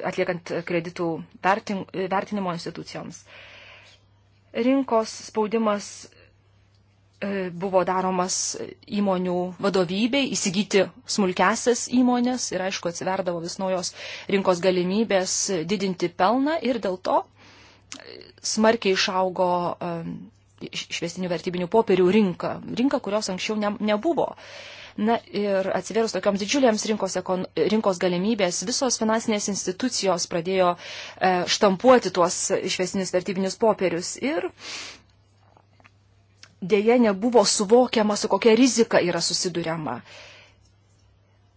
atliekant kreditų vertin, e, vertinimo institucijoms. Rinkos spaudimas buvo daromas įmonių vadovybei, įsigyti smulkesias įmonės ir aišku atsiverdavo vis naujos rinkos galimybės didinti pelną ir dėl to smarkiai išaugo išvestinių vertybinių popierių rinka, rinka, kurios anksčiau ne, nebuvo. Na ir atsiverus tokioms didžiulėms rinkos, ekon, rinkos galimybės, visos finansinės institucijos pradėjo e, štampuoti tuos išvestinius vertybinius popierius ir dėje nebuvo suvokiama, su kokia rizika yra susiduriama. E,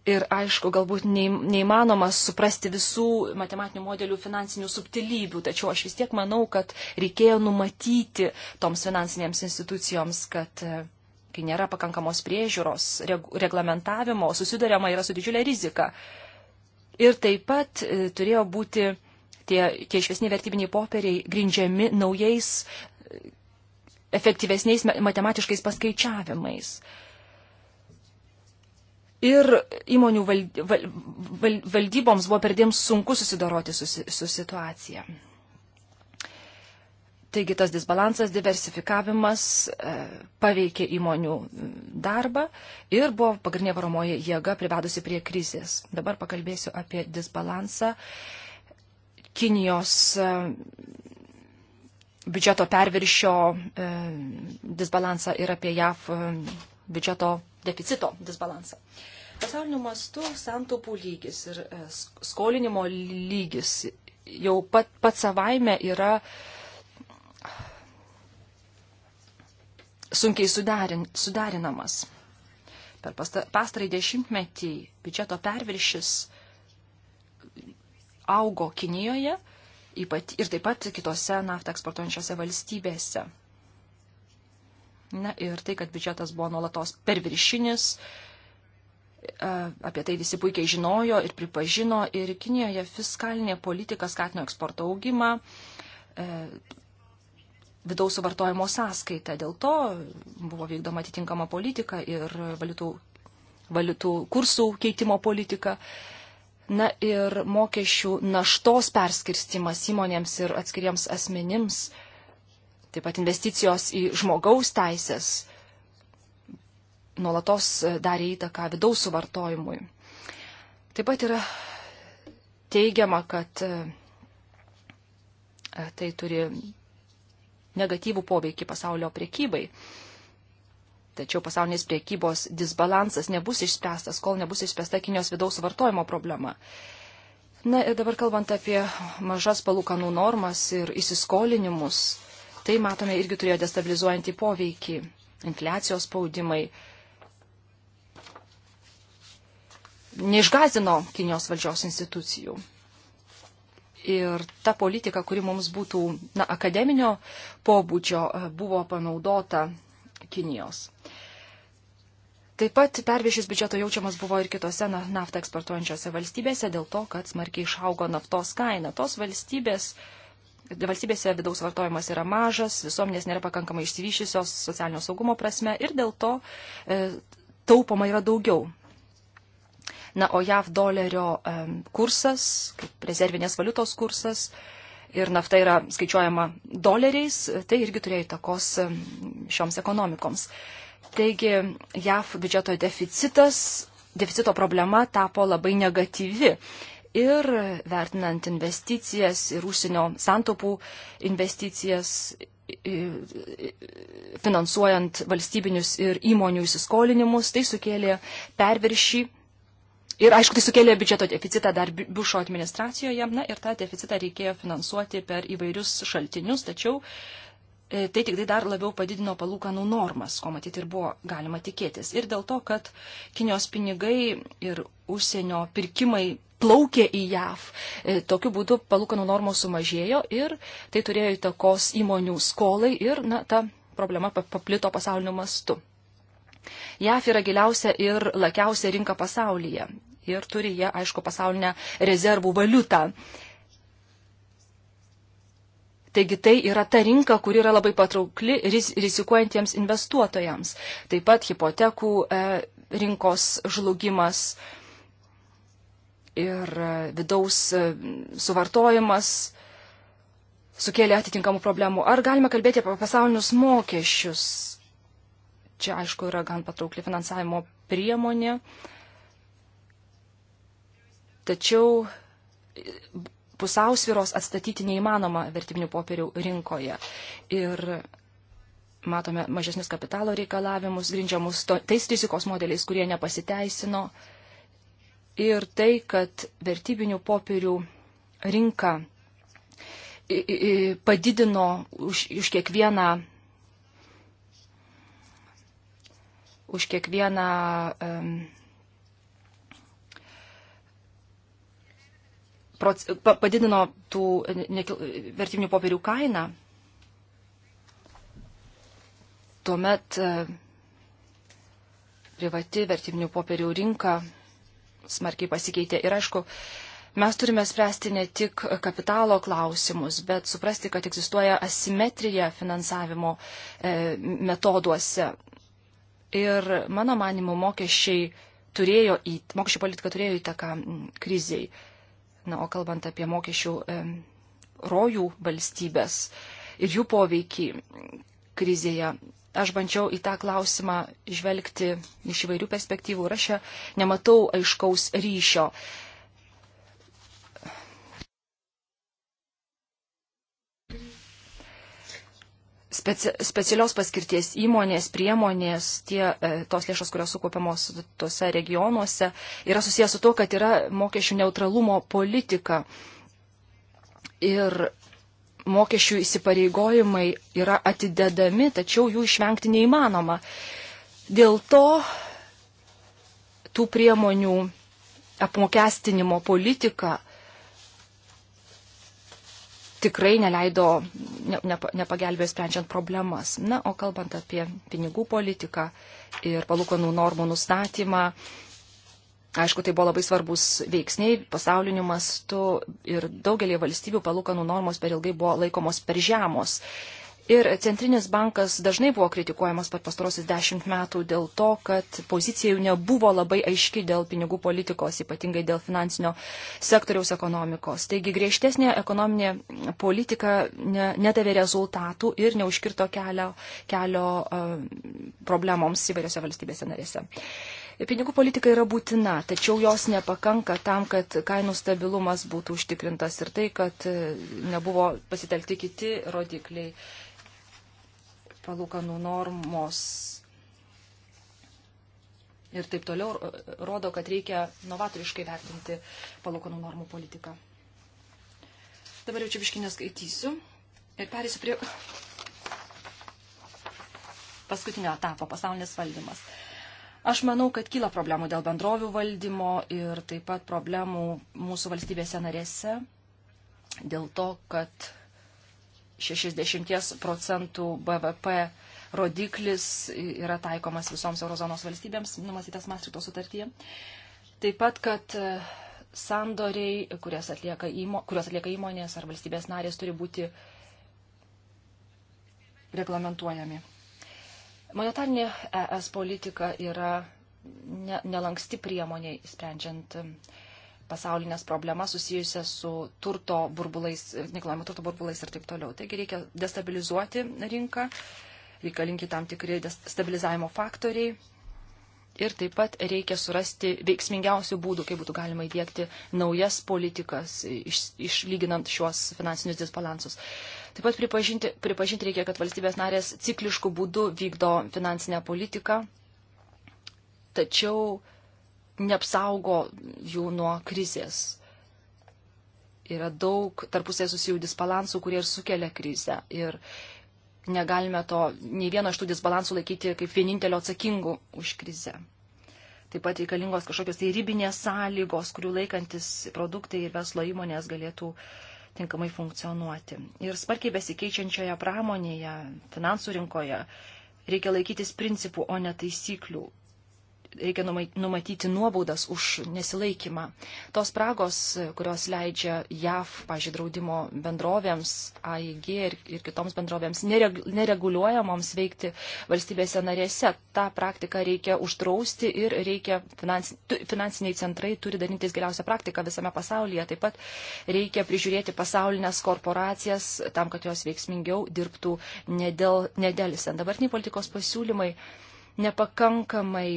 Ir aišku, galbūt neįmanoma suprasti visų matematinių modelių finansinių subtilybių, tačiau aš vis tiek manau, kad reikėjo numatyti toms finansinėms institucijoms, kad e, kai nėra pakankamos priežiūros, reglamentavimo, susidariama yra su didžiulė rizika. Ir taip pat e, turėjo būti tie, tie išvesni vertybiniai popieriai grindžiami naujais e, efektyvesniais matematiškais paskaičiavimais. Uh, ir įmonių valdyboms buvo perdėms sunku susidoroti su, su situacija. Taigi tas disbalansas, diversifikavimas e, paveikė įmonių darbą ir buvo pagrindinė varomoji jėga privedusi prie krizės. Dabar pakalbėsiu apie disbalansą Kinijos e, biudžeto perviršio e, disbalansą ir apie JAV biudžeto deficito disbalansą. Pasauliniu mastu santaupų lygis ir e, skolinimo lygis jau pat, pat savaime yra sunkiai sudarin, sudarinamas. Per pastarąjį dešimtmetį biudžeto perviršis augo Kinijoje ypat, ir taip pat kitose naftą eksportuojančiose valstybėse. Na ir tai, kad biudžetas buvo nuolatos perviršinis, e, apie tai visi puikiai žinojo ir pripažino. Ir Kinijoje fiskalinė politika skatino eksporto augimą e, vidaus suvartojimo sąskaita. Dėl to buvo vykdoma atitinkama politika ir valiutų, valiutų kursų keitimo politika. Na ir mokesčių naštos perskirstimas įmonėms ir atskiriems asmenims Taip pat investicijos į žmogaus teisės nuolatos e, darė įtaką vidaus suvartojimui. Taip pat yra teigiama, kad e, e, tai turi negatyvų poveikį pasaulio priekybai. Tačiau pasaulinės priekybos disbalansas nebus išspręstas, kol nebus išspręsta Kinijos vidaus vartojimo problema. Na ir dabar kalbant apie mažas palūkanų normas ir įsiskolinimus, tai, matome, irgi turėjo destabilizuojantį poveikį. Infliacijos spaudimai neišgazino Kinijos valdžios institucijų. Ir ta politika, kuri mums būtų na, akademinio pobūdžio, e, buvo panaudota Kinijos. Taip pat pervišis biudžeto jaučiamas buvo ir kitose naftą eksportuojančiose valstybėse dėl to, kad smarkiai išaugo naftos kaina. Tos valstybės uh, valstybėse vidaus vartojimas yra mažas, visuomenės nėra pakankamai išsivyšysios socialinio saugumo prasme ir dėl to e, taupoma yra daugiau. Na, o JAV dolerio e, kursas, kaip rezervinės valiutos kursas ir nafta yra skaičiuojama doleriais, tai irgi turėjo įtakos e, šioms ekonomikoms. Taigi, JAV biudžeto deficitas, deficito problema tapo labai negatyvi ir vertinant investicijas ir užsienio santopų investicijas, finansuojant valstybinius ir įmonių įsiskolinimus, tai sukėlė perviršį. Ir aišku, tai sukėlė biudžeto deficitą dar Bušo administracijoje, na ir tą deficitą reikėjo finansuoti per įvairius šaltinius, tačiau uh, E, tai tik tai dar labiau padidino palūkanų normas, ko matyti ir buvo galima tikėtis. Ir dėl to, kad Kinijos pinigai ir užsienio pirkimai plaukė į JAV, e, tokiu būdu palūkanų normos sumažėjo ir tai turėjo įtakos įmonių skolai ir na, ta problema paplito pasauliniu mastu. JAV yra giliausia ir lakiausia rinka pasaulyje ir turi jie, aišku, pasaulinę rezervų valiutą. Taigi tai yra ta rinka, kur yra labai patraukli riz, rizikuojantiems investuotojams. Taip pat hipotekų e, rinkos žlugimas ir e, vidaus e, suvartojimas sukėlė atitinkamų problemų. Ar galime kalbėti apie pasaulinius mokesčius? Čia, aišku, yra gan patraukli finansavimo priemonė. Tačiau pusiausviros atstatyti neįmanoma vertybinių popierių rinkoje. Ir matome mažesnius kapitalo reikalavimus, grindžiamus to, tais rizikos modeliais, kurie nepasiteisino. Ir tai, kad vertybinių popierių rinka padidino už, už kiekvieną už kiekvieną um, padidino tų vertybinių popierių kainą, tuomet e, privati vertybinių popierių rinka smarkiai pasikeitė. Ir aišku, mes turime spręsti ne tik kapitalo klausimus, bet suprasti, kad egzistuoja asimetrija finansavimo e, metoduose. Ir mano manimu, mokesčiai turėjo į, mokesčių politika turėjo įtaką kriziai. Na, o kalbant apie mokesčių rojų valstybės ir jų poveikį krizėje, aš bandžiau į tą klausimą žvelgti iš įvairių perspektyvų ir aš čia nematau aiškaus ryšio. speci specialios paskirties įmonės, priemonės, tie, e, tos lėšos, kurios sukaupiamos tuose regionuose, yra susijęs su to, kad yra mokesčių neutralumo politika. Ir mokesčių įsipareigojimai yra atidedami, tačiau jų išvengti neįmanoma. Dėl to tų priemonių apmokestinimo politika tikrai neleido, ne, ne, nepagelbėjo sprendžiant problemas. Na, o kalbant apie pinigų politiką ir palūkanų normų nustatymą, aišku, tai buvo labai svarbus veiksniai pasauliniu mastu ir daugelį valstybių palūkanų normos per ilgai buvo laikomos per žemos. Ir centrinis bankas dažnai buvo kritikuojamas per pastarosius dešimt metų dėl to, kad pozicija jų nebuvo labai aiški dėl pinigų politikos, ypatingai dėl finansinio sektoriaus ekonomikos. Taigi griežtesnė ekonominė politika ne, nedavė rezultatų ir neužkirto kelio, kelio uh, problemoms įvairiose valstybėse narėse. Pinigų politika yra būtina, tačiau jos nepakanka tam, kad kainų stabilumas būtų užtikrintas ir tai, kad e, nebuvo pasitelkti kiti rodikliai palūkanų normos ir taip toliau rodo, kad reikia novatoriškai vertinti palūkanų normų politiką. Dabar jau čia biškinę skaitysiu ir perėsiu prie paskutinio etapo - pasaulinis valdymas. Aš manau, kad kyla problemų dėl bendrovių valdymo ir taip pat problemų mūsų valstybėse narėse dėl to, kad 60 procentų BVP rodiklis yra taikomas visoms eurozonos valstybėms, numatytas Mastrito sutartyje. Taip pat, kad e, sandoriai, kuriuos atlieka, įmo, kurios atlieka įmonės ar valstybės narės, turi būti reglamentuojami. Monetarinė ES politika yra nelanksti priemonė, sprendžiant uh, pasaulinės problemas susijusias su turto burbulais, nekilnojamo turto burbulais ir taip toliau. Taigi reikia destabilizuoti rinką, reikalingi tam tikri stabilizavimo faktoriai ir taip pat reikia surasti veiksmingiausių būdų, kaip būtų galima įdėkti naujas politikas, iš, išlyginant šiuos finansinius disbalansus. Taip pat pripažinti, pripažinti reikia, kad valstybės narės cikliškų būdų vykdo finansinę politiką, tačiau neapsaugo jų nuo krizės. Yra daug tarpusai susijų disbalansų, kurie ir sukelia krizę. Ir negalime to, nei vieno iš tų disbalansų laikyti kaip vienintelio atsakingų už krizę. Taip pat reikalingos kažkokios tai ribinės sąlygos, kurių laikantis produktai ir verslo įmonės galėtų tinkamai funkcionuoti. Ir sparkiai besikeičiančioje pramonėje, finansų rinkoje reikia laikytis principų, o ne taisyklių reikia numatyti nuobaudas už nesilaikymą. Tos spragos, kurios leidžia JAV, pažiūrėjau, draudimo bendrovėms, AIG ir, ir kitoms bendrovėms nereguliuojamoms veikti valstybėse narėse, tą praktiką reikia uždrausti ir reikia, finans, finansiniai centrai turi dalintis geriausią praktiką visame pasaulyje. Taip pat reikia prižiūrėti pasaulinės korporacijas tam, kad jos veiksmingiau dirbtų nedėlisant. Dabartiniai politikos pasiūlymai. Thank you nepakankamai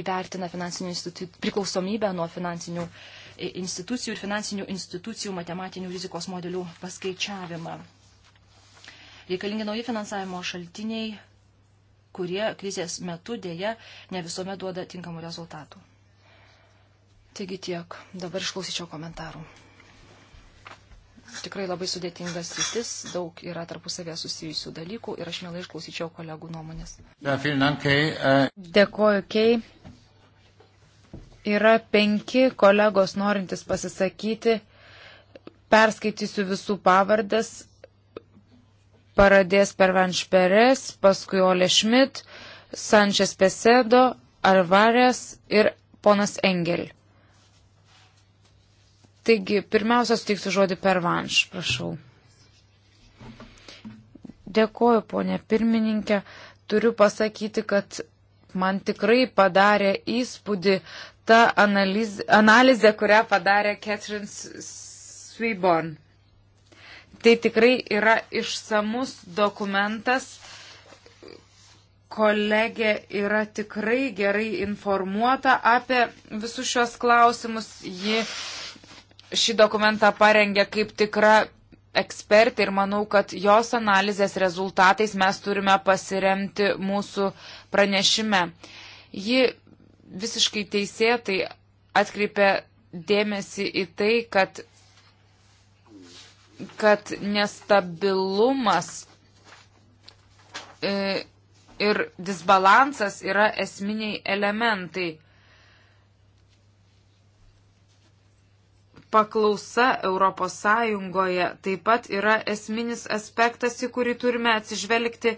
įvertina finansinių institucijų priklausomybę nuo finansinių institucijų ir finansinių institucijų matematinių rizikos modelių paskaičiavimą. Reikalingi nauji finansavimo šaltiniai, kurie krizės metu dėja ne visuomet duoda tinkamų rezultatų. Taigi tiek, dabar išklausyčiau komentarų tikrai labai sudėtingas rytis, daug yra tarpusavėje susijusių dalykų ir aš mielai išklausyčiau kolegų nuomonės. Äh, Dėkoju, Kei. Yra penki kolegos norintys pasisakyti. Perskaitysiu visų pavardas. Paradės Pervanš Perez, paskui Ole Schmidt, Sančias Pesedo, Arvarės ir ponas Engel. Taigi, pirmiausia, suteiksiu žodį per vanš, prašau. Dėkoju, ponė pirmininkė. Turiu pasakyti, kad man tikrai padarė įspūdį ta analizė, analizė kurią padarė Catherine Swiborn. Tai tikrai yra išsamus dokumentas kolegė yra tikrai gerai informuota apie visus šios klausimus. Ji šį dokumentą parengė kaip tikra ekspertė ir manau, kad jos analizės rezultatais mes turime pasiremti mūsų pranešime. Ji visiškai teisėtai atkreipė dėmesį į tai, kad, kad nestabilumas e, ir disbalansas yra esminiai elementai paklausa ES taip pat yra esminis aspektas, į kurį turime atsižvelgti.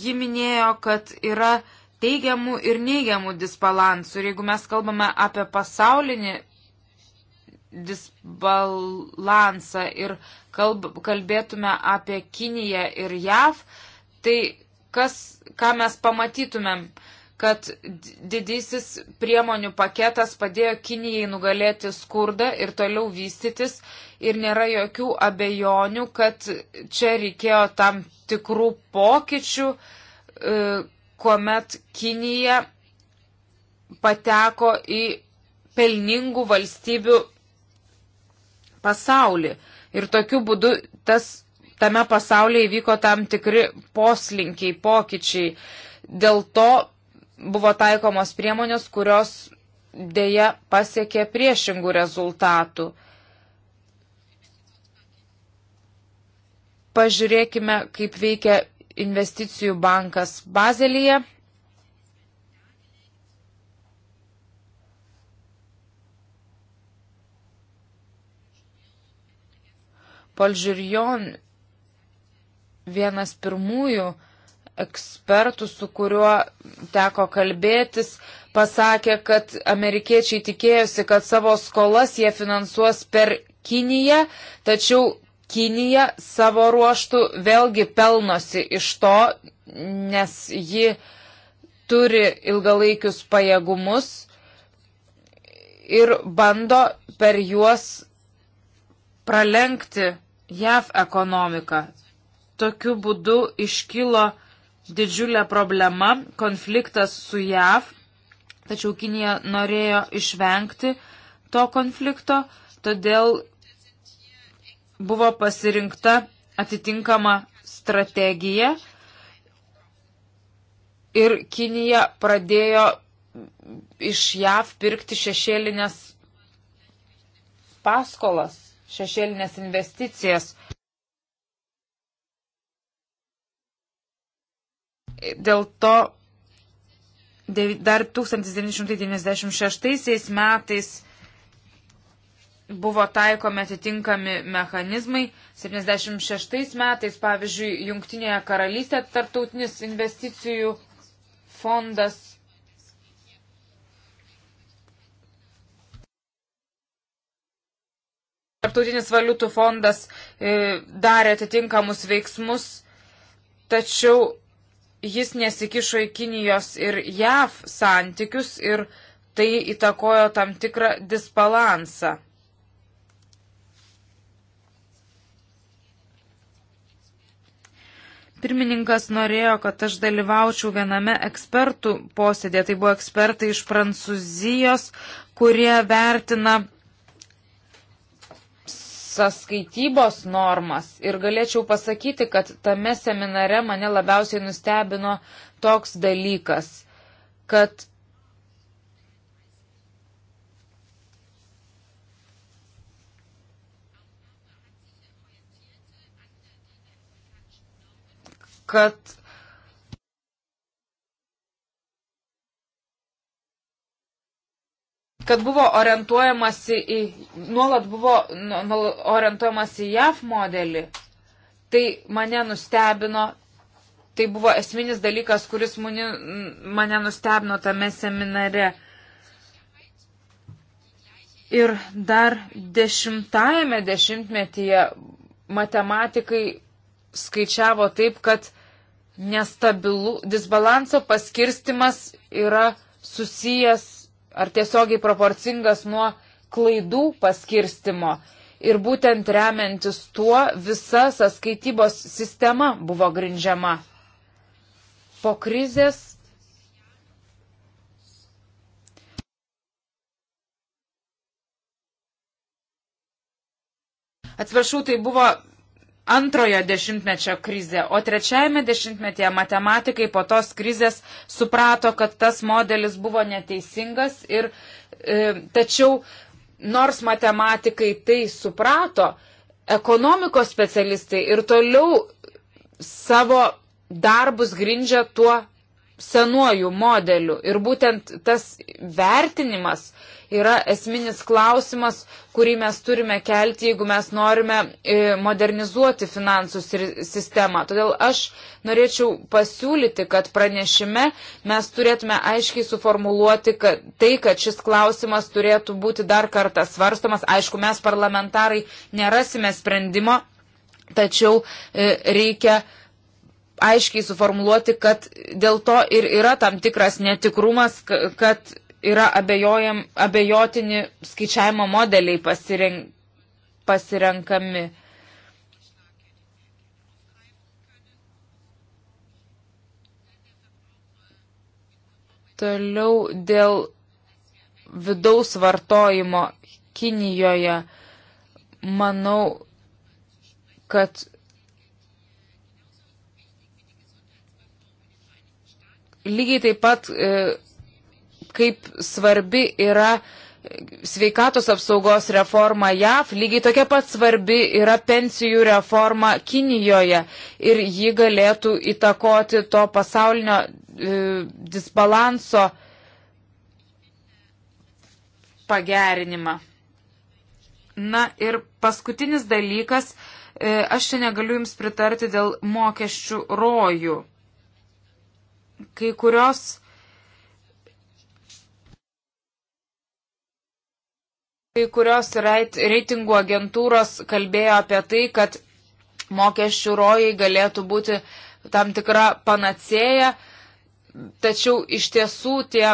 Ji minėjo, kad yra teigiamų ir neigiamų disbalansų. Ir jeigu mes kalbame apie pasaulinį disbalansą ir kalb, kalbėtume apie Kiniją ir JAV, tai kas, ką mes pamatytumėm? kad didysis priemonių paketas padėjo Kinijai nugalėti skurdą ir toliau vystytis ir nėra jokių abejonių, kad čia reikėjo tam tikrų pokyčių, e, kuomet Kinija pateko į pelningų valstybių pasaulį. Ir tokiu būdu tas, tame pasaulyje įvyko tam tikri poslinkiai, pokyčiai. Dėl to buvo taikomos priemonės, kurios dėja pasiekė priešingų rezultatų. Pažiūrėkime, kaip veikia investicijų bankas Bazelyje. Polžiūrjon vienas pirmųjų ekspertų, su kuriuo teko kalbėtis, pasakė, kad amerikiečiai tikėjosi, kad savo skolas jie finansuos per Kiniją, tačiau Kinija savo ruoštų vėlgi pelnosi iš to, nes ji turi ilgalaikius pajėgumus ir bando per juos pralenkti JAV ekonomiką. Tokiu būdu iškilo didžiulė problema, konfliktas su JAV, tačiau Kinija norėjo išvengti to konflikto, todėl buvo pasirinkta atitinkama strategija ir Kinija pradėjo iš JAV pirkti šešėlinės paskolas, šešėlinės investicijas. Dėl to dar 1996 metais buvo taikomi atitinkami mechanizmai. 76 metais, pavyzdžiui, Junktinėje karalystė tartautinis investicijų fondas. Tartautinis valiutų fondas e, darė atitinkamus veiksmus, tačiau jis nesikišo į Kinijos ir JAV santykius ir tai įtakojo tam tikrą disbalansą. Pirmininkas norėjo, kad aš dalyvaučiau viename ekspertų posėdė. Tai buvo ekspertai iš Prancūzijos, kurie vertina sąskaitybos normas ir galėčiau pasakyti, kad tame seminare mane labiausiai nustebino toks dalykas, kad kad kad buvo orientuojamasi į, nuolat buvo nu, nu, orientuojamasi į JAF modelį, tai mane nustebino, tai buvo esminis dalykas, kuris mani, mane nustebino tame seminare. Ir dar dešimtajame dešimtmetyje matematikai skaičiavo taip, kad nestabilų disbalanso paskirstimas yra susijęs ar tiesiogiai proporcingas nuo klaidų paskirstimo. Ir būtent remiantis tuo visa sąskaitybos sistema buvo grindžiama. Po krizės Atsiprašau, tai buvo antrojo dešimtmečio krizė, o trečiajame dešimtmetyje matematikai po tos krizės suprato, kad tas modelis buvo neteisingas ir e, tačiau nors matematikai tai suprato, ekonomikos specialistai ir toliau savo darbus grindžia tuo senuoju modeliu. Ir būtent tas vertinimas, yra esminis klausimas, kurį mes turime kelti, jeigu mes norime e, modernizuoti finansų sistemą. Todėl aš norėčiau pasiūlyti, kad pranešime mes turėtume aiškiai suformuluoti kad tai, kad šis klausimas turėtų būti dar kartą svarstomas. Aišku, mes parlamentarai nerasime sprendimo, tačiau e, reikia aiškiai suformuluoti, kad dėl to ir yra tam tikras netikrumas, kad yra abejojam, abejotini skaičiavimo modeliai pasirenk, pasirenkami. Toliau dėl vidaus vartojimo Kinijoje manau, kad lygiai taip pat e, kaip svarbi yra sveikatos apsaugos reforma JAV, lygiai tokia pat svarbi yra pensijų reforma Kinijoje ir ji galėtų įtakoti to pasaulinio e, disbalanso pagerinimą. Na ir paskutinis dalykas, e, aš čia negaliu Jums pritarti dėl mokesčių rojų. Kai kurios Kai kurios reitingų agentūros kalbėjo apie tai, kad mokesčių rojai galėtų būti tam tikra panacėja, tačiau iš tiesų tie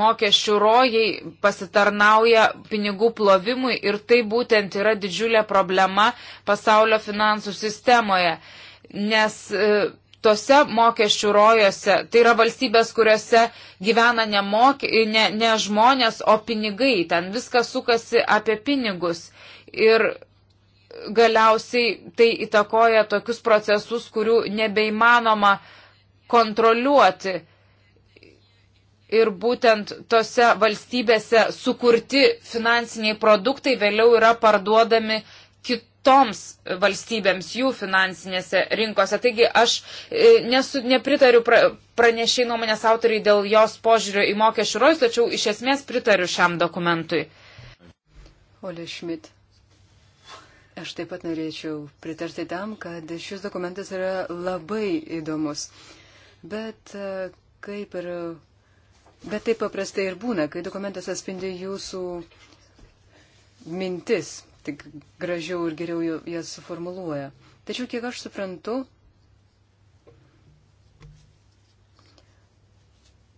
mokesčių rojai pasitarnauja pinigų plovimui ir tai būtent yra didžiulė problema pasaulio finansų sistemoje. Nes e, tose mokesčių rojose, tai yra valstybės, kuriuose gyvena ne, mokė, ne, ne žmonės, o pinigai, ten viskas sukasi apie pinigus. Ir galiausiai tai įtakoja tokius procesus, kurių nebeįmanoma kontroliuoti. Ir būtent tose valstybėse sukurti finansiniai produktai vėliau yra parduodami uh, kitoms valstybėms jų finansinėse rinkose. Taigi aš e, nesu, nepritariu pra, pranešiai nuomonės autoriai dėl jos požiūrio į mokesčių rojus, tačiau iš esmės pritariu šiam dokumentui. Olė Šmit. Aš taip pat norėčiau pritarti tam, kad šis dokumentas yra labai įdomus. Bet e, kaip ir. Bet taip paprastai ir būna, kai dokumentas atspindi jūsų mintis, tik gražiau ir geriau jas suformuluoja. Tačiau, kiek aš suprantu,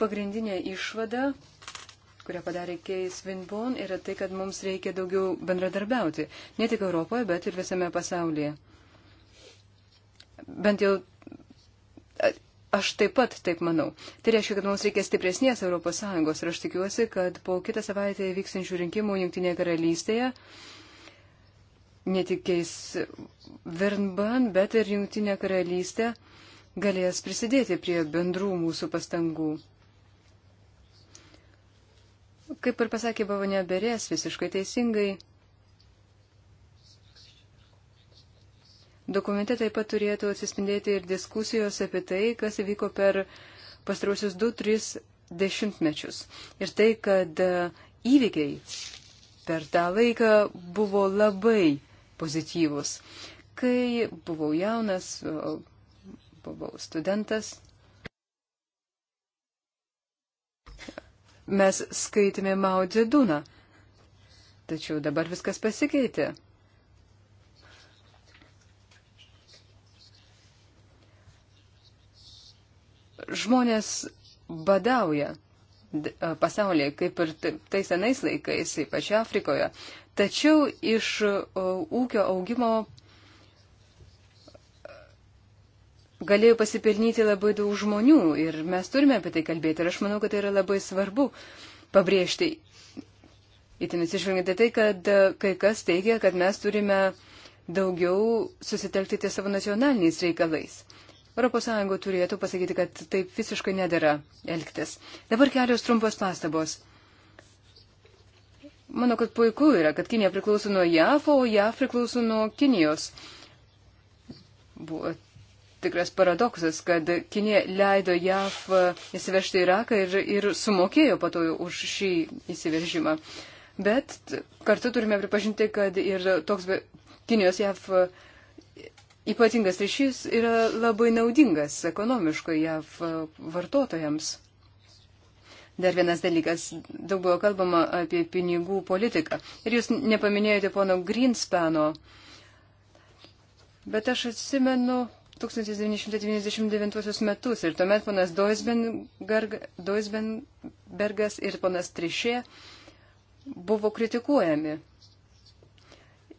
pagrindinė išvada, kurią padarė Keis Winbon, yra tai, kad mums reikia daugiau bendradarbiauti. Ne tik Europoje, bet ir visame pasaulyje. Bent jau Aš taip pat taip manau. Tai reiškia, kad mums reikia stipresnės ES ir aš tikiuosi, kad po kitą savaitę vyksinčių rinkimų Junktinėje karalystėje ne tik Vernban, bet ir Junktinė karalystė galės prisidėti prie bendrų mūsų pastangų. Kaip ir pasakė Bavonė Berės, visiškai teisingai, Dokumente taip pat turėtų atsispindėti ir diskusijos apie tai, kas įvyko per pastrausius 2-3 dešimtmečius. Ir tai, kad e, įvykiai per tą laiką buvo labai pozityvus. Kai buvau jaunas, buvau studentas, mes skaitėme Mao Dzeduną. Tačiau dabar viskas pasikeitė. Žmonės badauja pasaulyje, kaip ir tais senais laikais, ypač Afrikoje. Tačiau iš ūkio augimo galėjo pasipelnyti labai daug žmonių ir mes turime apie tai kalbėti. Ir aš manau, kad tai yra labai svarbu pabrėžti. Įtin atsižvelgiant tai, kad kai kas teigia, kad mes turime daugiau susitelkti ties savo nacionaliniais reikalais. ES turėtų pasakyti, kad taip visiškai nedėra elgtis. Dabar kelios trumpos pastabos. Manau, kad puiku yra, kad Kinija priklauso nuo JAF, o JAF priklauso nuo Kinijos. Buvo tikras paradoksas, kad Kinija leido JAF e, įsivežti Iraką ir, ir sumokėjo pato už šį įsiveržimą. Bet kartu turime pripažinti, kad ir toks Kinijos JAF e, ypatingas ryšys yra labai naudingas ekonomiškai JAV e, vartotojams. Dar vienas dalykas, daug buvo kalbama apie pinigų politiką. Ir jūs nepaminėjote pono Greenspano, bet aš atsimenu 1999 metus ir tuomet ponas Doisbenbergas ir ponas Trišė buvo kritikuojami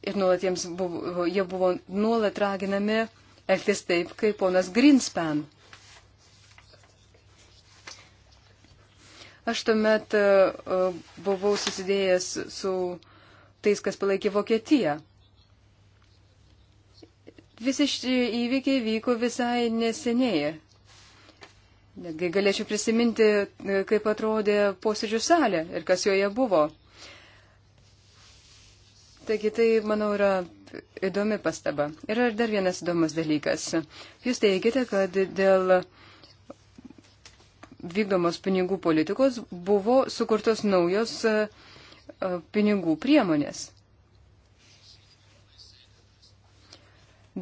ir nuolat jiems buvo, jie buvo nuolat raginami elgtis taip, kaip ponas Greenspan. Aš tuomet e, e, buvau susidėjęs su tais, kas palaikė Vokietiją. Visi šie įvykiai vyko visai neseniai. Netgi galėčiau prisiminti, e, kaip atrodė posėdžių salė ir kas joje buvo. Taigi tai, manau, yra įdomi pastaba. Yra ir dar vienas įdomus dalykas. Jūs teigite, kad dėl vykdomos pinigų politikos buvo sukurtos naujos e, pinigų priemonės.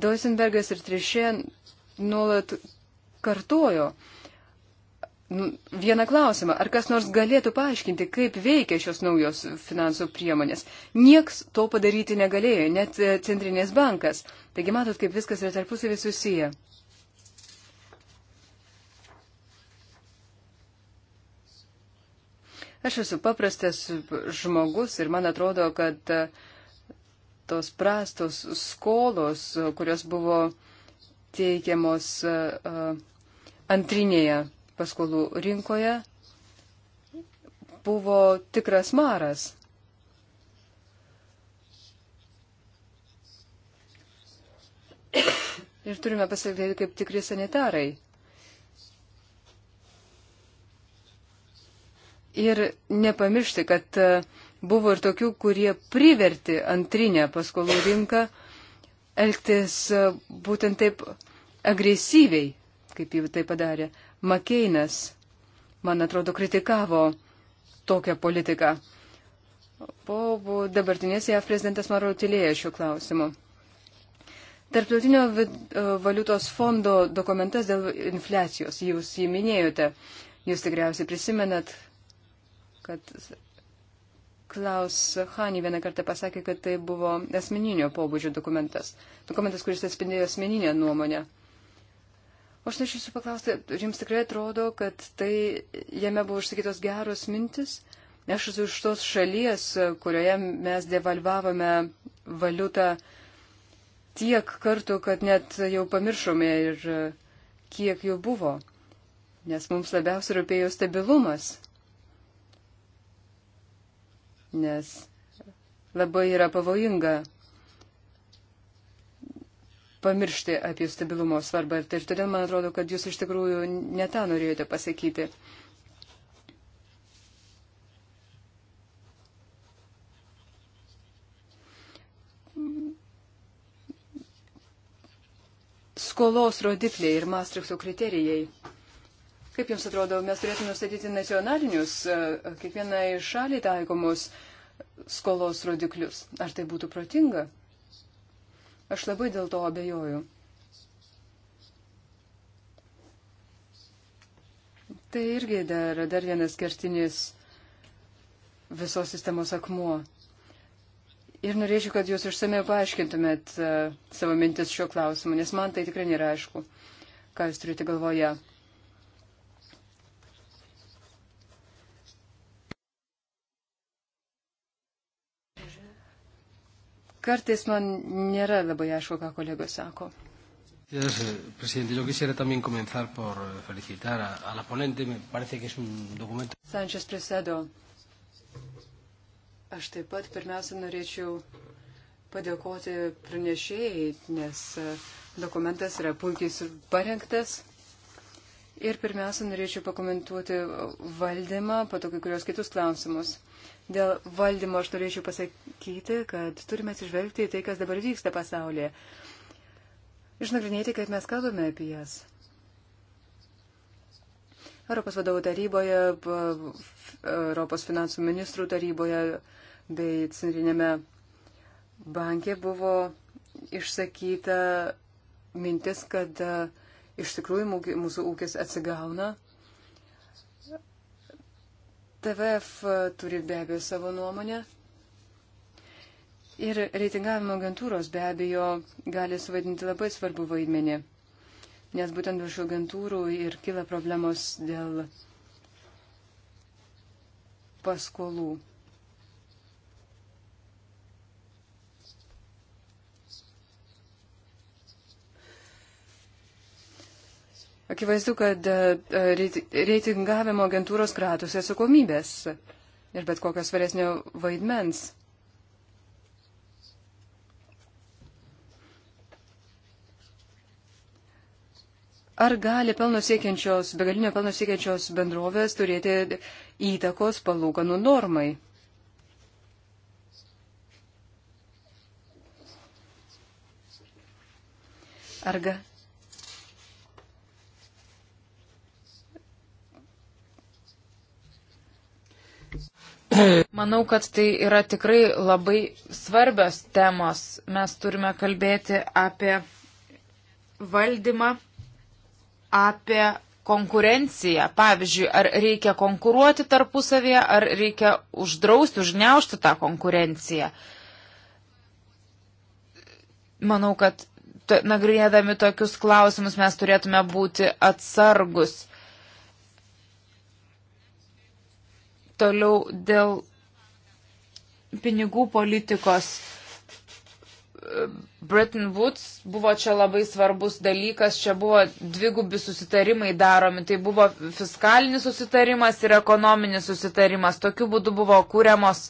Doisenbergas ir Trišė nuolat kartojo, Nu, vieną klausimą. Ar kas nors galėtų paaiškinti, kaip veikia šios naujos finansų priemonės? Nieks to padaryti negalėjo, net e, Centrinės bankas. Taigi matot, kaip viskas yra tarpusavį susiję. Aš esu paprastas žmogus ir man atrodo, kad e, tos prastos skolos, kurios buvo teikiamos e, antrinėje paskolų rinkoje buvo tikras maras. Ir turime pasakyti kaip tikri sanitarai. Ir nepamiršti, kad e, buvo ir tokių, kurie priverti antrinę paskolų rinką elgtis e, būtent taip agresyviai, kaip jį tai padarė. Makeinas, man atrodo, kritikavo tokią politiką. Po dabartinės JAV prezidentas Maro tylėjo šiuo klausimu. Tarptautinio e, valiutos fondo dokumentas dėl infliacijos, jūs jį minėjote, jūs tikriausiai prisimenat, kad Klaus Hani vieną kartą pasakė, kad tai buvo asmeninio pobūdžio dokumentas. Dokumentas, kuris atspindėjo asmeninę nuomonę. O aš norėčiau jūsų paklausti, ar jums tikrai atrodo, kad tai jame buvo užsakytos geros mintis? Aš esu iš tos šalies, kurioje mes devalvavome valiutą tiek kartų, kad net jau pamiršome ir kiek jų buvo. Nes mums labiausiai rūpėjo stabilumas. Nes labai yra pavojinga pamiršti apie stabilumo svarbą. Tai ir todėl man atrodo, kad jūs iš tikrųjų ne tą norėjote pasakyti. Skolos rodikliai ir Maastrichto kriterijai. Kaip Jums atrodo, mes turėtume nustatyti nacionalinius, e, kiekvienai šaliai taikomus skolos rodiklius. Ar tai būtų protinga? Aš labai dėl to abejoju. Tai irgi dar, dar vienas kertinis visos sistemos akmuo. Ir norėčiau, kad jūs išsamei paaiškintumėt uh, savo mintis šiuo klausimu, nes man tai tikrai nėra aišku, ką jūs turite galvoje. Kartais man nėra labai aišku, ką kolegos sako. Gracias, presidente. Yo quisiera también comenzar por felicitar a, a la ponente. Me parece que es un documento. Sánchez Presedo. Aš taip pat pirmiausia norėčiau padėkoti pranešėjai, nes e, dokumentas yra puikiai parengtas. Ir pirmiausia norėčiau pakomentuoti valdymą, pato kai kurios kitus klausimus. Dėl valdymo aš turėčiau pasakyti, kad turime atsižvelgti į tai, kas dabar vyksta pasaulyje. Išnagrinėti, kaip mes kalbame apie jas. Europos vadovų taryboje, Europos finansų ministrų taryboje bei Centrinėme bankė buvo išsakyta mintis, kad iš tikrųjų mūsų ūkis atsigauna TVF e, turi be abejo savo nuomonę. Ir reitingavimo agentūros be abejo gali suvaidinti labai svarbu vaidmenį, nes būtent iš agentūrų ir kyla problemos dėl paskolų. Akivaizdu, kad e, e, reitingavimo agentūros kratosi atsakomybės ir bet kokios svaresnio vaidmens. Ar gali pelno siekiančios, begalinio pelno siekiančios bendrovės turėti įtakos palūkanų normai? Arga, Manau, kad tai yra tikrai labai svarbios temos. Mes turime kalbėti apie valdymą, apie konkurenciją. Pavyzdžiui, ar reikia konkuruoti tarpusavėje, ar reikia uždrausti, užgneušti tą konkurenciją. Manau, kad nagrinėdami tokius klausimus mes turėtume būti atsargus. Toliau dėl pinigų politikos. Bretton Woods buvo čia labai svarbus dalykas, čia buvo dvigubi susitarimai daromi, tai buvo fiskalinis susitarimas ir ekonominis susitarimas. Tokiu būdu buvo kūriamos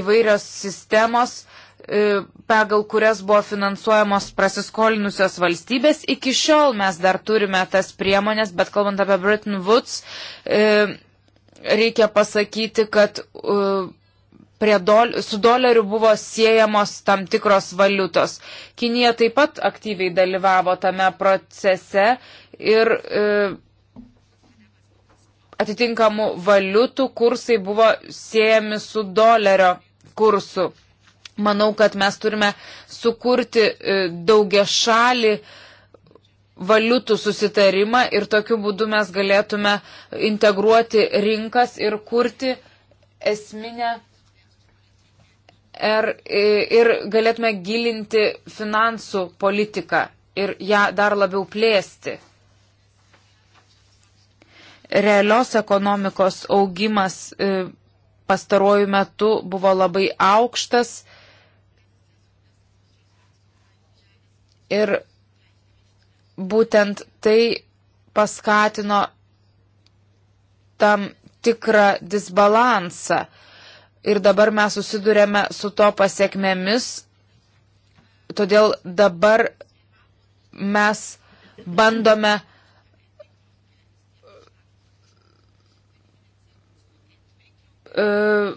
įvairios sistemos, e, pagal kurias buvo finansuojamos prasiskolinusios valstybės. Iki šiol mes dar turime tas priemonės, bet kalbant apie Bretton Woods, e, reikia pasakyti, kad dol, su doleriu buvo siejamos tam tikros valiutos. Kinija taip pat aktyviai dalyvavo tame procese ir e, atitinkamų valiutų kursai buvo siejami su dolerio kursu. Manau, kad mes turime sukurti daugia šalį, e, valiutų susitarimą ir tokiu būdu mes galėtume integruoti rinkas ir kurti esminę ir, er, ir galėtume gilinti finansų politiką ir ją dar labiau plėsti. Realios ekonomikos augimas e, pastarojų metų buvo labai aukštas ir būtent tai paskatino tam tikrą disbalansą. Ir dabar mes susidurėme su to pasiekmėmis, todėl dabar mes bandome uh,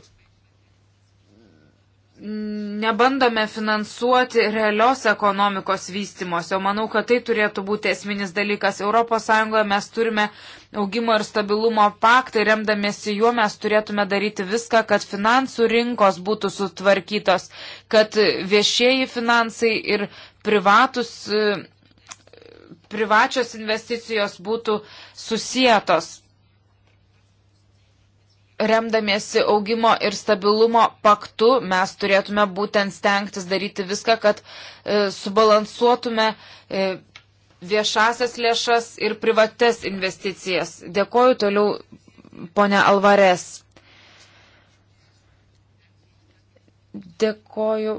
nebandome finansuoti realios ekonomikos vystimos, o manau, kad tai turėtų būti esminis dalykas. ES mes turime augimo ir stabilumo paktą ir remdamėsi juo mes turėtume daryti viską, kad finansų rinkos būtų sutvarkytos, kad viešieji finansai ir privatus, e, privačios investicijos būtų susijėtos remdamiesi augimo ir stabilumo paktu, mes turėtume būtent stengtis daryti viską, kad e, subalansuotume e, viešasias lėšas ir privates investicijas. Dėkoju toliau, ponia Alvarės. Dėkoju.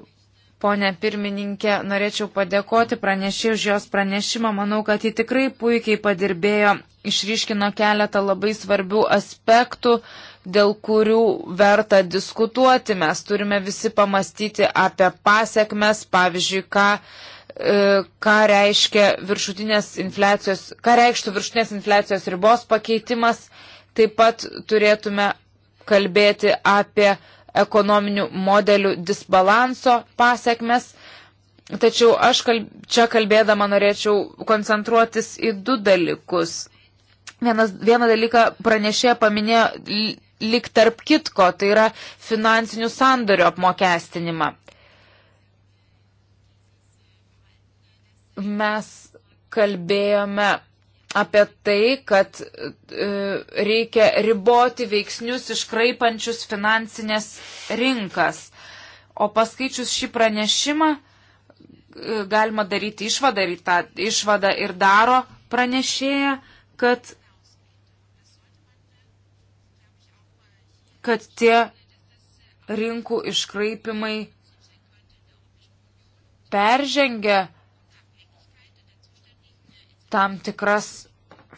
Pone pirmininkė, norėčiau padėkoti pranešėjai už jos pranešimą. Manau, kad ji tikrai puikiai padirbėjo, išryškino keletą labai svarbių aspektų. E, dėl kurių verta diskutuoti. Mes turime visi pamastyti apie pasiekmes, pavyzdžiui, ką, e, ką reiškia viršutinės infliacijos, ką reikštų viršutinės infliacijos ribos pakeitimas. Taip pat turėtume kalbėti apie ekonominių modelių disbalanso pasiekmes. Tačiau aš kalb, čia kalbėdama norėčiau koncentruotis į du dalykus. Vienas, vieną dalyką pranešėja paminėjo lik tarp kitko, tai yra finansinių sandorių apmokestinimą. Mes kalbėjome apie tai, kad e, reikia riboti veiksnius iškraipančius finansinės rinkas. O paskaičius šį pranešimą e, galima daryti išvadą ir, tą, išvadą ir daro pranešėja, kad kad tie rinkų iškraipimai peržengia tam tikras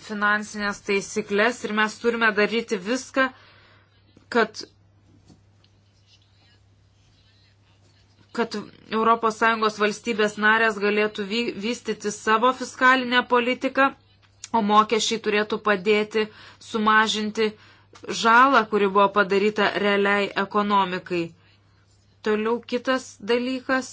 finansinės taisyklės ir mes turime daryti viską, kad, kad ES valstybės narės galėtų vy, vystyti savo fiskalinę politiką, o mokesčiai turėtų padėti sumažinti uh, žalą, kuri buvo padaryta realiai ekonomikai. Toliau kitas dalykas.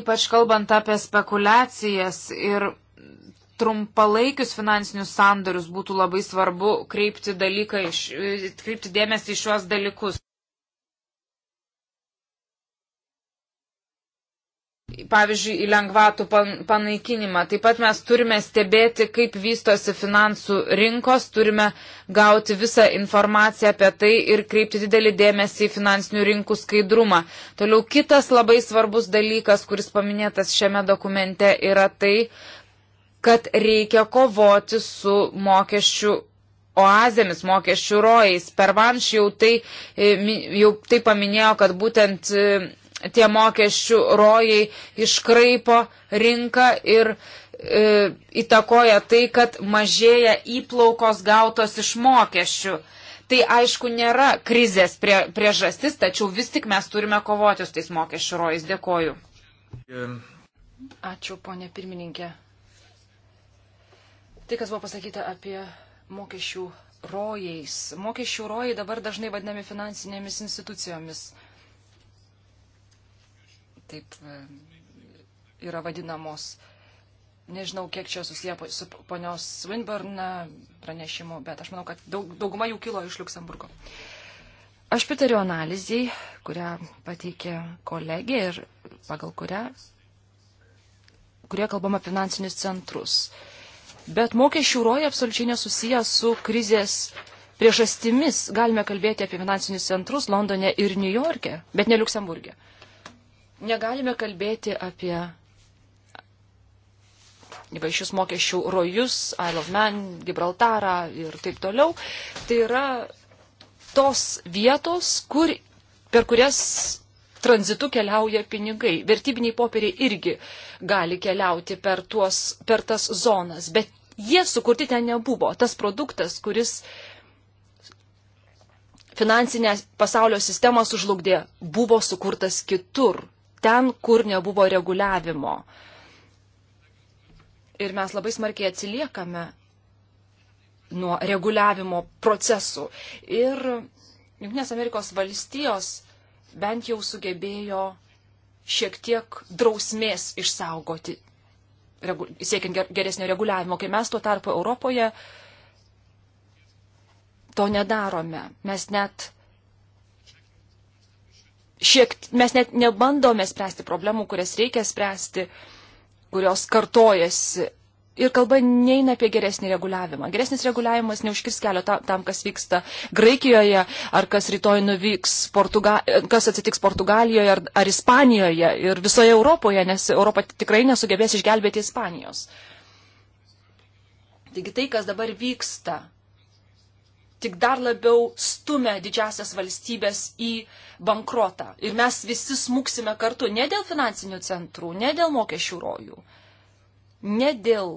Ypač kalbant apie spekulacijas ir trumpalaikius finansinius sandorius būtų labai svarbu kreipti, dalyką, kreipti dėmesį į šiuos dalykus. pavyzdžiui, į lengvatų panaikinimą. Taip pat mes turime stebėti, kaip vystosi finansų rinkos, turime gauti visą informaciją apie tai ir kreipti didelį dėmesį į finansinių rinkų skaidrumą. Toliau kitas labai svarbus dalykas, kuris paminėtas šiame dokumente, yra tai, kad reikia kovoti su mokesčių oazėmis, mokesčių rojais. Per vanš jau tai, e, jau tai paminėjo, kad būtent e, tie mokesčių rojai iškraipo rinką ir e, įtakoja tai, kad mažėja įplaukos gautos iš mokesčių. Tai aišku nėra krizės prie, priežastis, tačiau vis tik mes turime kovoti su tais mokesčių rojais. Dėkoju. Ačiū, ponė pirmininkė. Tai, kas buvo pasakyta apie mokesčių rojais. Mokesčių rojai dabar dažnai vadinami finansinėmis institucijomis taip e, yra vadinamos. Nežinau, kiek čia susiję su ponios Swinburne pranešimu, bet aš manau, kad daug, dauguma jų kilo iš Luksemburgo. Aš pritariu analizai, kurią pateikė kolegė ir pagal kurią, kurie kalbama finansinius centrus. Bet mokesčių roja absoliučiai nesusiję su krizės priežastimis galime kalbėti apie finansinius centrus Londone ir Niujorke, bet ne Luksemburgė. Negalime kalbėti apie įvairius mokesčių rojus, Isle of Man, Gibraltarą ir taip toliau. Tai yra tos vietos, kur, per kurias tranzitu keliauja pinigai. Vertybiniai popieriai irgi gali keliauti per, tuos, per tas zonas, bet jie sukurti ten nebuvo. Tas produktas, kuris finansinę pasaulio sistemą sužlugdė, buvo sukurtas kitur ten, kur nebuvo reguliavimo. Ir mes labai smarkiai atsiliekame nuo reguliavimo procesų. Ir Junktinės Amerikos valstijos bent jau sugebėjo šiek tiek drausmės išsaugoti, siekiant geresnio reguliavimo, kai mes tuo tarpu Europoje to nedarome. Mes net šiek, mes net nebandome spręsti problemų, kurias reikia spręsti, kurios kartojasi. Ir kalba neina apie geresnį reguliavimą. Geresnis reguliavimas neužkirs kelio ta, tam, kas vyksta Graikijoje, ar kas rytoj nuvyks, Portuga kas atsitiks Portugalijoje ar, ar Ispanijoje ir visoje Europoje, nes Europa tikrai nesugebės išgelbėti Ispanijos. Taigi tai, kas dabar vyksta tik dar labiau stumia didžiasias valstybės į bankrotą. Ir mes visi smuksime kartu ne dėl finansinių centrų, ne dėl mokesčių rojų, ne dėl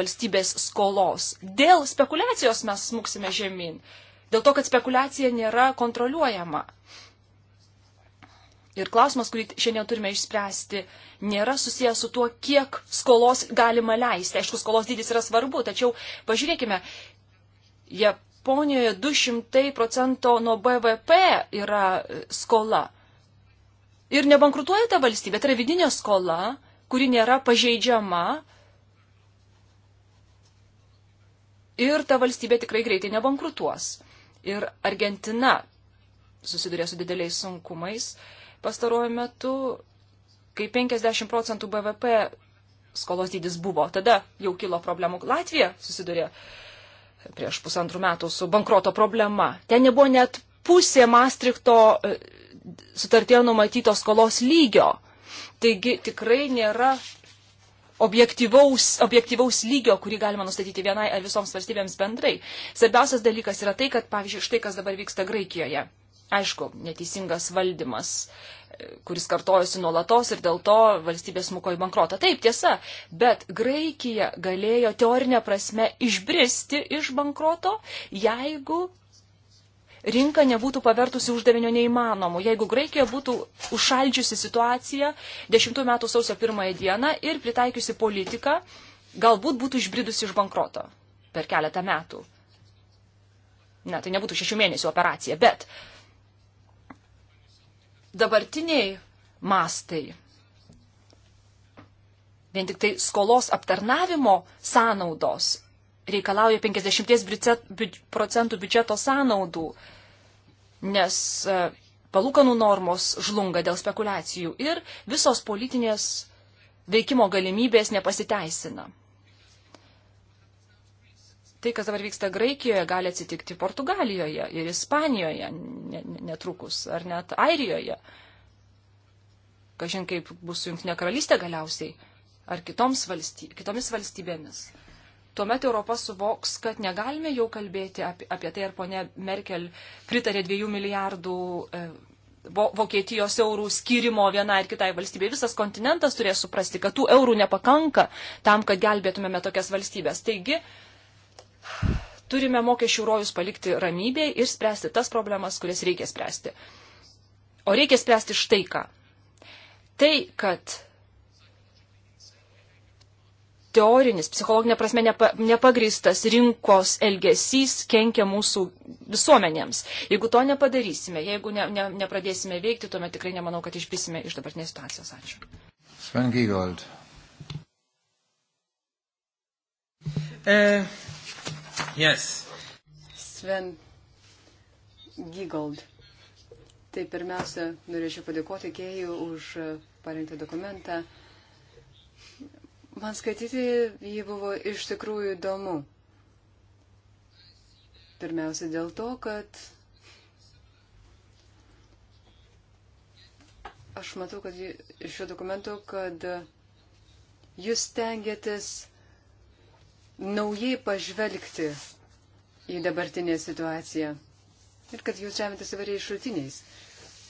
valstybės skolos, dėl spekulacijos mes smuksime žemyn, dėl to, kad spekulacija nėra kontroliuojama. Ir klausimas, kurį šiandien turime išspręsti, nėra susijęs su tuo, kiek skolos galima leisti. Aišku, skolos dydis yra svarbu, tačiau pažiūrėkime, jie Japonijoje 200 procento nuo BVP yra e, skola. Ir nebankrutuoja ta valstybė, tai yra vidinė skola, kuri nėra pažeidžiama. Ir ta valstybė tikrai greitai nebankrutuos. Ir Argentina susiduria su dideliais sunkumais pastaruoju metu, kai 50 procentų BVP skolos dydis buvo. Tada jau kilo problemų. Latvija susiduria uh, prieš pusantrų metų su bankroto problema. Ten nebuvo net pusė Maastrichto e, sutartėje numatyto skolos lygio. Taigi tikrai nėra objektyvaus, objektyvaus lygio, kurį galima nustatyti vienai ar visoms valstybėms bendrai. Svarbiausias dalykas yra tai, kad, pavyzdžiui, štai kas dabar vyksta Graikijoje aišku, neteisingas valdymas, kuris kartojasi nuolatos ir dėl to valstybė smuko į bankrotą. Taip, tiesa, bet Graikija galėjo teorinė prasme išbristi iš bankroto, jeigu rinka nebūtų pavertusi uždavinio neįmanomu. Jeigu Graikija būtų užšaldžiusi situaciją 10 metų sausio 1 dieną ir pritaikiusi politiką, galbūt būtų išbridusi iš bankroto per keletą metų. Na, tai nebūtų šešių mėnesių operacija, bet uh, dabartiniai mastai, vien tik tai skolos aptarnavimo sąnaudos reikalauja 50 procentų biudžeto sąnaudų, nes e, palūkanų normos žlunga dėl spekulacijų ir visos politinės veikimo galimybės nepasiteisina tai, kas dabar vyksta Graikijoje, gali atsitikti Portugalijoje ir Ispanijoje netrukus, ar net Airijoje. Kažin kaip bus su Junktinė karalystė galiausiai, ar valsty, kitomis valstybėmis. Tuomet Europa suvoks, kad negalime jau kalbėti apie, apie tai, ar ponė Merkel pritarė dviejų milijardų e, Vokietijos eurų skirimo vienai ir kitai valstybei. Visas kontinentas turės suprasti, kad tų eurų nepakanka tam, kad gelbėtumėme tokias valstybės. Taigi, turime mokesčių rojus palikti ramybėje ir spręsti tas problemas, kurias reikia spręsti. O reikia spręsti štai ką. Tai, kad teorinis, psichologinė prasme nepa, nepagristas rinkos elgesys kenkia mūsų visuomenėms. Jeigu to nepadarysime, jeigu ne, ne, nepradėsime veikti, tuomet tikrai nemanau, kad išbrisime iš dabartinės situacijos. Ačiū. Sven Giegold. Uh, Yes. Sven Gigold. Tai pirmiausia, norėčiau padėkoti Kėjų už parengtą dokumentą. Man skaityti jį buvo iš tikrųjų įdomu. Pirmiausia dėl to, kad aš matau, kad iš šio dokumento, kad jūs tengiatės naujai pažvelgti į dabartinę situaciją. Ir kad jūs žemėtės įvairiais šaltiniais.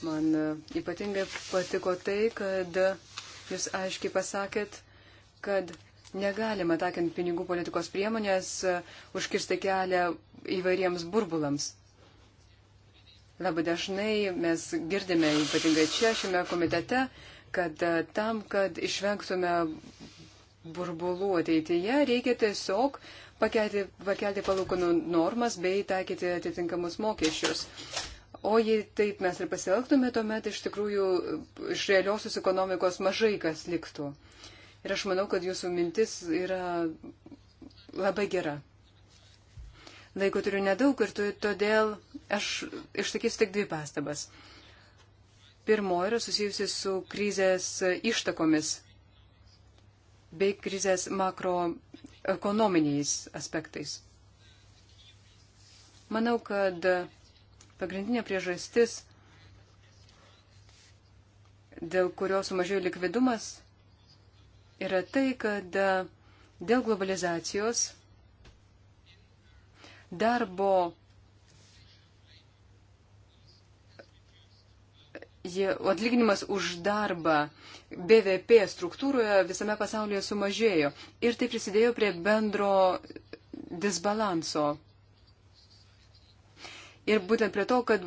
Man e, ypatingai patiko tai, kad jūs aiškiai pasakėt, kad negalima, takint pinigų politikos priemonės, e, užkirsti kelią įvairiems burbulams. Labai dažnai mes girdime, ypatingai čia, šiame komitete, kad e, tam, kad išvengtume burbulų ateityje, reikia tiesiog pakelti, pakelti palūkanų normas bei taikyti atitinkamus mokesčius. O jei taip mes ir pasielgtume, tuomet iš tikrųjų iš realiosios ekonomikos mažai kas liktų. Ir aš manau, kad jūsų mintis yra labai gera. Laiko turiu nedaug ir todėl aš išsakysiu tik dvi pastabas. Pirmoji yra susijusi su krizės ištakomis bei krizės makroekonominiais aspektais. Manau, kad pagrindinė priežastis, dėl kurios sumažėjo likvidumas, yra tai, kad dėl globalizacijos darbo atlyginimas už darbą BVP struktūroje visame pasaulyje sumažėjo ir tai prisidėjo prie bendro disbalanso. Ir būtent prie to, kad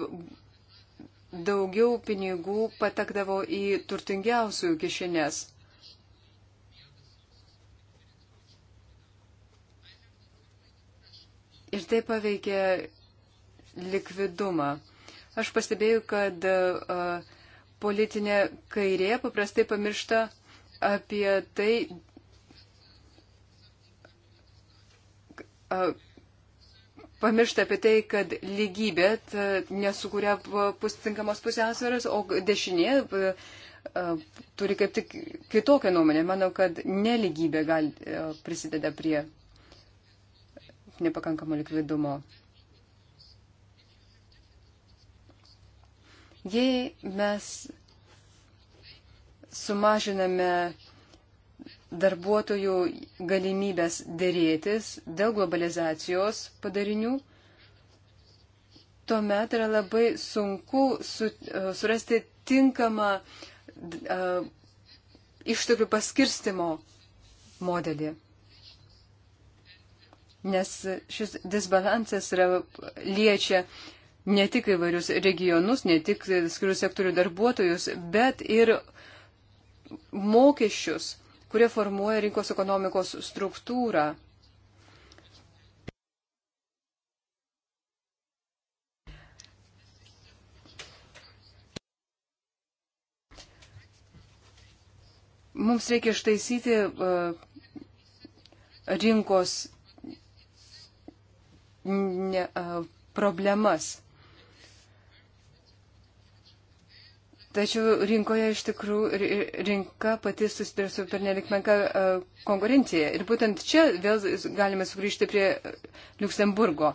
daugiau pinigų patekdavo į turtingiausių kišenės. Ir tai paveikė likvidumą. Aš pastebėjau, kad politinė kairė paprastai pamiršta apie tai, pamiršta apie tai, kad lygybė nesukuria tinkamos pusiausvėros, o dešinė turi kaip tik kitokią nuomonę. Manau, kad neligybė gal prisideda prie nepakankamo likvidumo. Jei mes sumažiname darbuotojų galimybės dėrėtis dėl globalizacijos padarinių, tuomet yra labai sunku su, e, surasti tinkamą uh, išteklių paskirstimo modelį. Nes šis disbalansas yra, liečia ne tik įvairius regionus, ne tik skirių sektorių darbuotojus, bet ir mokesčius, kurie formuoja rinkos ekonomikos struktūrą. Mums reikia ištaisyti e, rinkos ne, e, problemas. Tačiau rinkoje iš tikrųjų rinka pati susiduria su pernelik menka e, konkurencija. Ir būtent čia vėl galime sugrįžti prie Luksemburgo.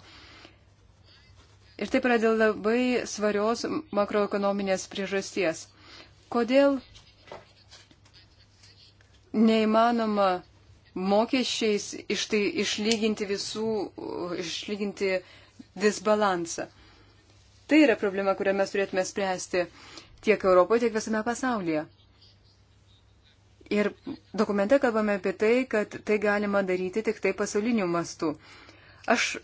Ir taip yra dėl labai svarios makroekonominės priežasties. Kodėl neįmanoma mokesčiais iš tai išlyginti visų, išlyginti disbalansą? Tai yra problema, kurią mes turėtume spręsti. Uh, tiek Europoje, tiek visame pasaulyje. Ir dokumente kalbame apie tai, kad tai galima daryti tik tai pasauliniu mastu. Aš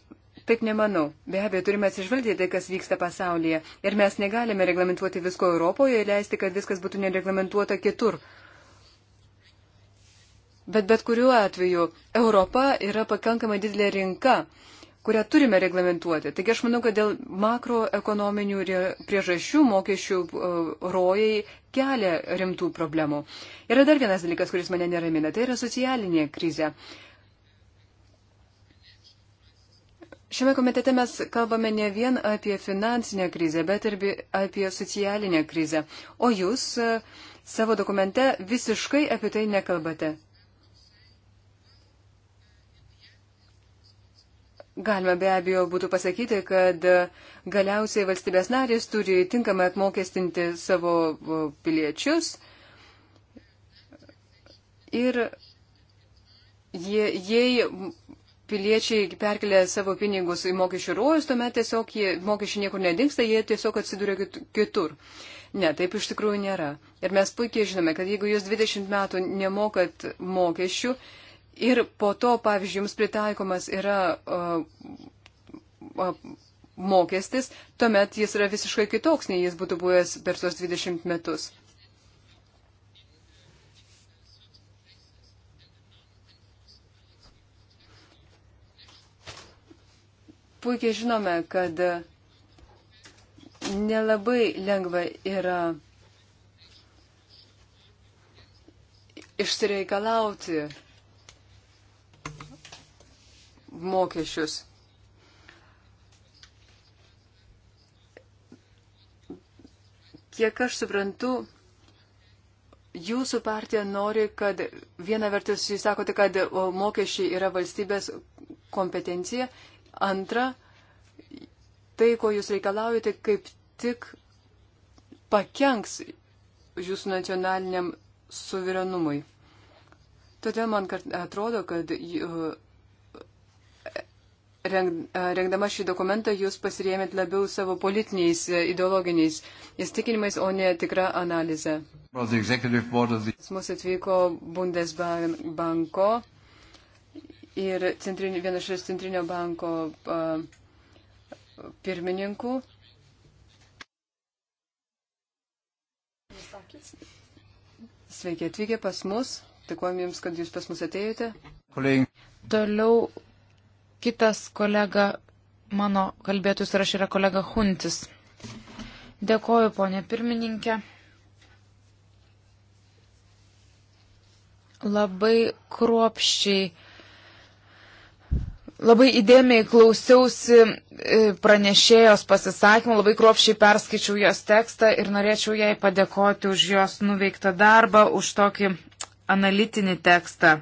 taip nemanau. Be abejo, turime atsižvelgti tai, kas vyksta pasaulyje. Ir mes negalime reglamentuoti visko Europoje ir leisti, kad viskas būtų nereglamentuota kitur. Bet bet kuriuo atveju Europa yra pakankamai didelė rinka kurią turime reglamentuoti. Taigi aš manau, kad dėl makroekonominių priežasčių mokesčių e, rojai kelia rimtų problemų. Yra dar vienas dalykas, kuris mane neramina, tai yra socialinė krizė. Šiame komitete mes kalbame ne vien apie finansinę krizę, bet ir apie socialinę krizę. O jūs e, savo dokumente visiškai apie tai nekalbate. Galima be abejo būtų pasakyti, kad galiausiai valstybės narės turi tinkamai apmokestinti savo piliečius ir jie, jei piliečiai perkelia savo pinigus į mokesčių ruojus, tuomet tiesiog jie, mokesčiai niekur nedingsta, jie tiesiog atsiduria kitur. Ne, taip iš tikrųjų nėra. Ir mes puikiai žinome, kad jeigu jūs 20 metų nemokat mokesčių, ir po to, pavyzdžiui, jums pritaikomas yra uh, mokestis, tuomet jis yra visiškai kitoks, nei jis būtų buvęs per tuos 20 metus. Puikiai žinome, kad nelabai lengva yra išsireikalauti mokesčius. Kiek aš suprantu, jūsų partija nori, kad viena vertus jūs sakote, kad mokesčiai yra valstybės kompetencija, antra, tai, ko jūs reikalaujate, kaip tik pakenks jūsų nacionaliniam suverenumui. Todėl man atrodo, kad rengdama šį dokumentą jūs pasirėmėt labiau savo politiniais, ideologiniais įstikinimais, o ne tikrą analizę. Pas the... mus atvyko Bundesbanko ir centrinio, vienas iš centrinio banko uh, pirmininkų. Sveiki atvykę pas mus. Dėkuojam Jums, kad Jūs pas mus atėjote. Toliau Kitas kolega, mano kalbėtus raš yra kolega Huntis. Dėkoju, ponė pirmininkė. Labai kruopščiai labai įdėmiai klausiausi e, pranešėjos pasisakymų, labai kruopšiai perskaičiau jos tekstą ir norėčiau jai padėkoti už jos nuveiktą darbą, už tokį analitinį tekstą.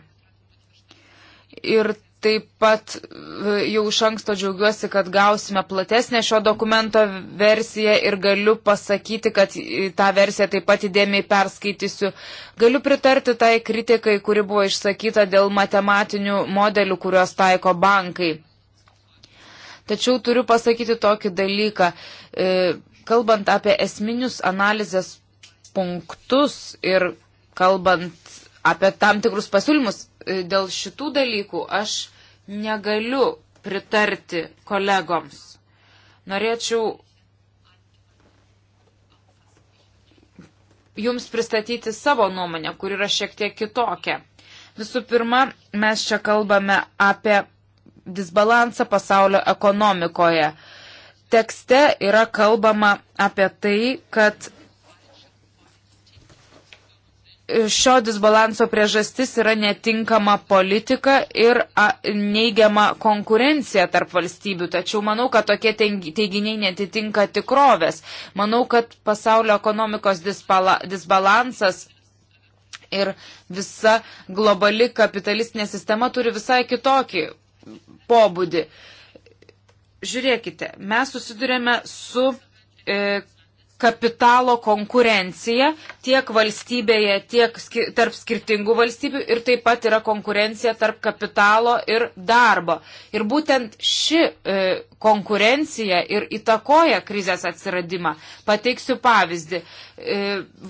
Ir Taip pat e, jau iš anksto džiaugiuosi, kad gausime platesnę šio dokumento versiją ir galiu pasakyti, kad tą versiją taip pat įdėmiai perskaitysiu. Galiu pritarti tai kritikai, kuri buvo išsakyta dėl matematinių modelių, kuriuos taiko bankai. Tačiau turiu pasakyti tokį dalyką. E, kalbant apie esminius analizės punktus ir kalbant apie tam tikrus pasiūlymus. E, dėl šitų dalykų aš negaliu pritarti kolegoms. Norėčiau jums pristatyti savo nuomonę, kur yra šiek tiek kitokia. Visų pirma, mes čia kalbame apie disbalansą pasaulio ekonomikoje. Tekste yra kalbama apie tai, kad šio disbalanso priežastis yra netinkama politika ir a, neigiama konkurencija tarp valstybių. Tačiau manau, kad tokie teiginiai netitinka tikrovės. Manau, kad pasaulio ekonomikos dispala, disbalansas ir visa globali kapitalistinė sistema turi visai kitokį pobūdį. Žiūrėkite, mes susidurėme su e, kapitalo konkurencija tiek valstybėje, tiek skir tarp skirtingų valstybių ir taip pat yra konkurencija tarp kapitalo ir darbo. Ir būtent ši e, konkurencija ir įtakoja krizės atsiradimą. Pateiksiu pavyzdį. E,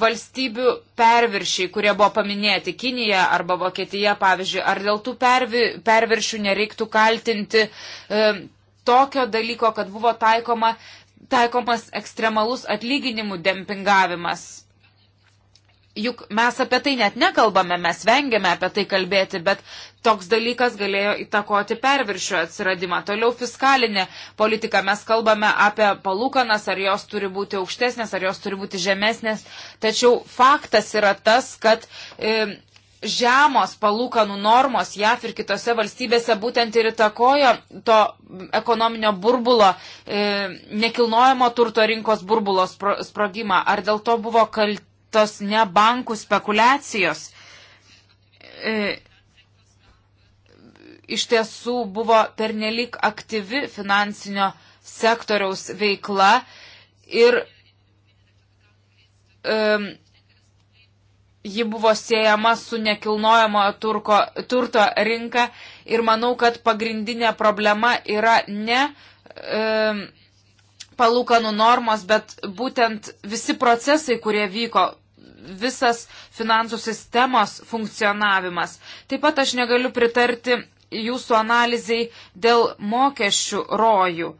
valstybių perviršiai, kurie buvo paminėti Kinija arba Vokietija, pavyzdžiui, ar dėl tų pervi perviršių nereiktų kaltinti. E, Tokio dalyko, kad buvo taikoma taikomas ekstremalus atlyginimų dempingavimas. Juk mes apie tai net nekalbame, mes vengiame apie tai kalbėti, bet toks dalykas galėjo įtakoti perviršio atsiradimą. Toliau fiskalinė politika, mes kalbame apie palūkanas, ar jos turi būti aukštesnės, ar jos turi būti žemesnės, tačiau faktas yra tas, kad e, žemos palūkanų normos JAF ir kitose valstybėse būtent ir įtakojo to ekonominio burbulo, e, nekilnojamo turto rinkos burbulo sprogimą. Ar dėl to buvo kaltos ne bankų spekulacijos? E, iš tiesų buvo pernelik aktyvi finansinio sektoriaus veikla ir um, ji buvo siejama su nekilnojamo turko, turto rinka ir manau, kad pagrindinė problema yra ne e, palūkanų normos, bet būtent visi procesai, kurie vyko visas finansų sistemos funkcionavimas. Taip pat aš negaliu pritarti jūsų analizai dėl mokesčių rojų.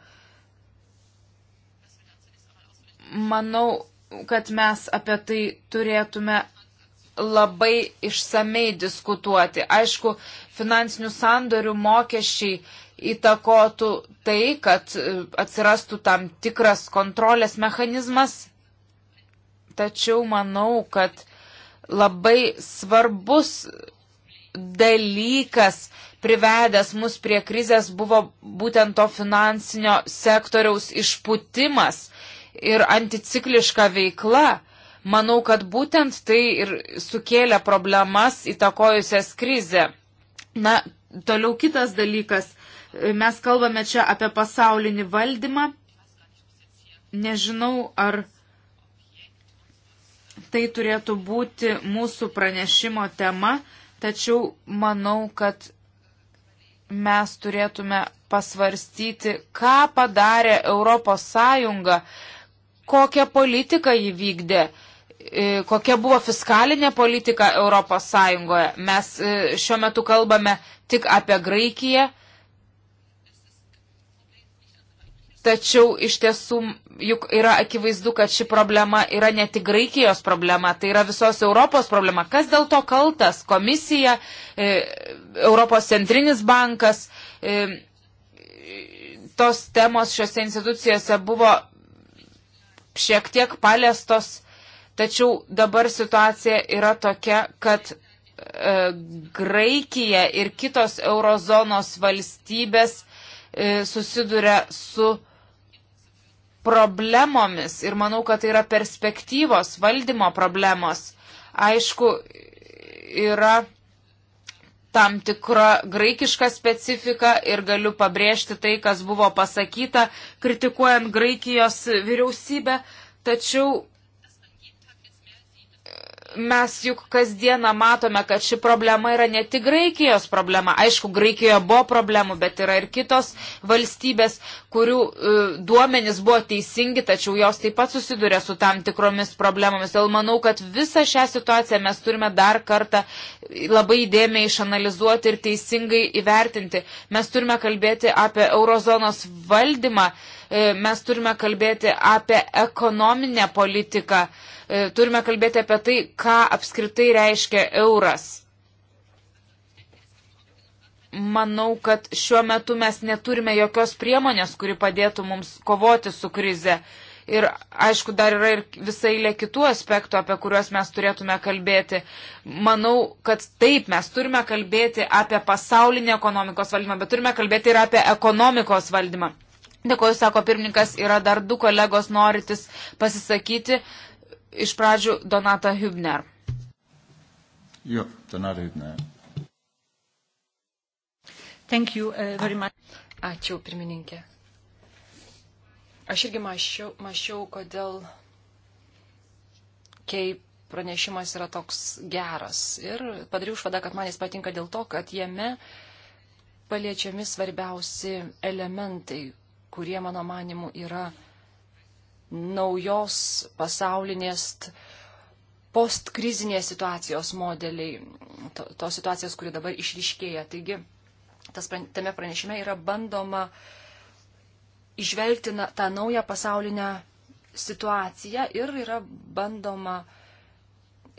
Manau, kad mes apie tai turėtume labai išsamei diskutuoti. Aišku, finansinių sandorių mokesčiai įtakotų tai, kad e, atsirastų tam tikras kontrolės mechanizmas, tačiau manau, kad labai svarbus dalykas privedęs mus prie krizės buvo būtent to finansinio sektoriaus išputimas ir anticikliška veikla. Manau, kad būtent tai ir sukėlė problemas įtakojusias krizę. Na, toliau kitas dalykas. Mes kalbame čia apie pasaulinį valdymą. Nežinau, ar tai turėtų būti mūsų pranešimo tema, tačiau manau, kad mes turėtume pasvarstyti, ką padarė Europos Sąjunga, kokią politiką jį vykdė. E, kokia buvo fiskalinė politika Europos Sąjungoje. Mes e, šiuo metu kalbame tik apie Graikiją, tačiau iš tiesų juk yra akivaizdu, kad ši problema yra ne tik Graikijos problema, tai yra visos Europos problema. Kas dėl to kaltas? Komisija, e, Europos centrinis bankas, tos temos šiuose institucijose buvo šiek tiek paliestos Tačiau dabar situacija yra tokia, kad e, Graikija ir kitos eurozonos valstybės e, susiduria su problemomis ir manau, kad tai yra perspektyvos valdymo problemos. Aišku, yra tam tikra graikiška specifika ir galiu pabrėžti tai, kas buvo pasakyta, kritikuojant Graikijos vyriausybę, tačiau mes juk kasdieną matome, kad ši problema yra ne tik Graikijos problema. Aišku, Graikijoje buvo problemų, bet yra ir kitos valstybės, kurių e, duomenys buvo teisingi, tačiau jos taip pat susiduria su tam tikromis problemomis. Dėl manau, kad visą šią situaciją mes turime dar kartą labai įdėmiai išanalizuoti ir teisingai įvertinti. Mes turime kalbėti apie eurozonos valdymą, e, mes turime kalbėti apie ekonominę politiką, e, turime kalbėti apie tai, ką apskritai reiškia euras manau, kad šiuo metu mes neturime jokios priemonės, kuri padėtų mums kovoti su krize. Ir aišku, dar yra ir visai lė kitų aspektų, apie kuriuos mes turėtume kalbėti. Manau, kad taip, mes turime kalbėti apie pasaulinį ekonomikos valdymą, bet turime kalbėti ir apie ekonomikos valdymą. Dėkuoju, sako pirmininkas, yra dar du kolegos norintis pasisakyti. Iš pradžių Donata Hübner. Jo, Donata Hübner. Thank you uh, very much. Ačiū, pirmininkė. Aš irgi mašiau, mašiau kodėl Kei pranešimas yra toks geras. Ir padariau išvadą, kad man jis patinka dėl to, kad jame paliečiami svarbiausi elementai, kurie, mano manimu, yra naujos pasaulinės postkrizinės situacijos modeliai, to, tos situacijos, kuri dabar išryškėja. Taigi, tas, tame pranešime yra bandoma išvelgti na, tą naują pasaulinę situaciją ir yra bandoma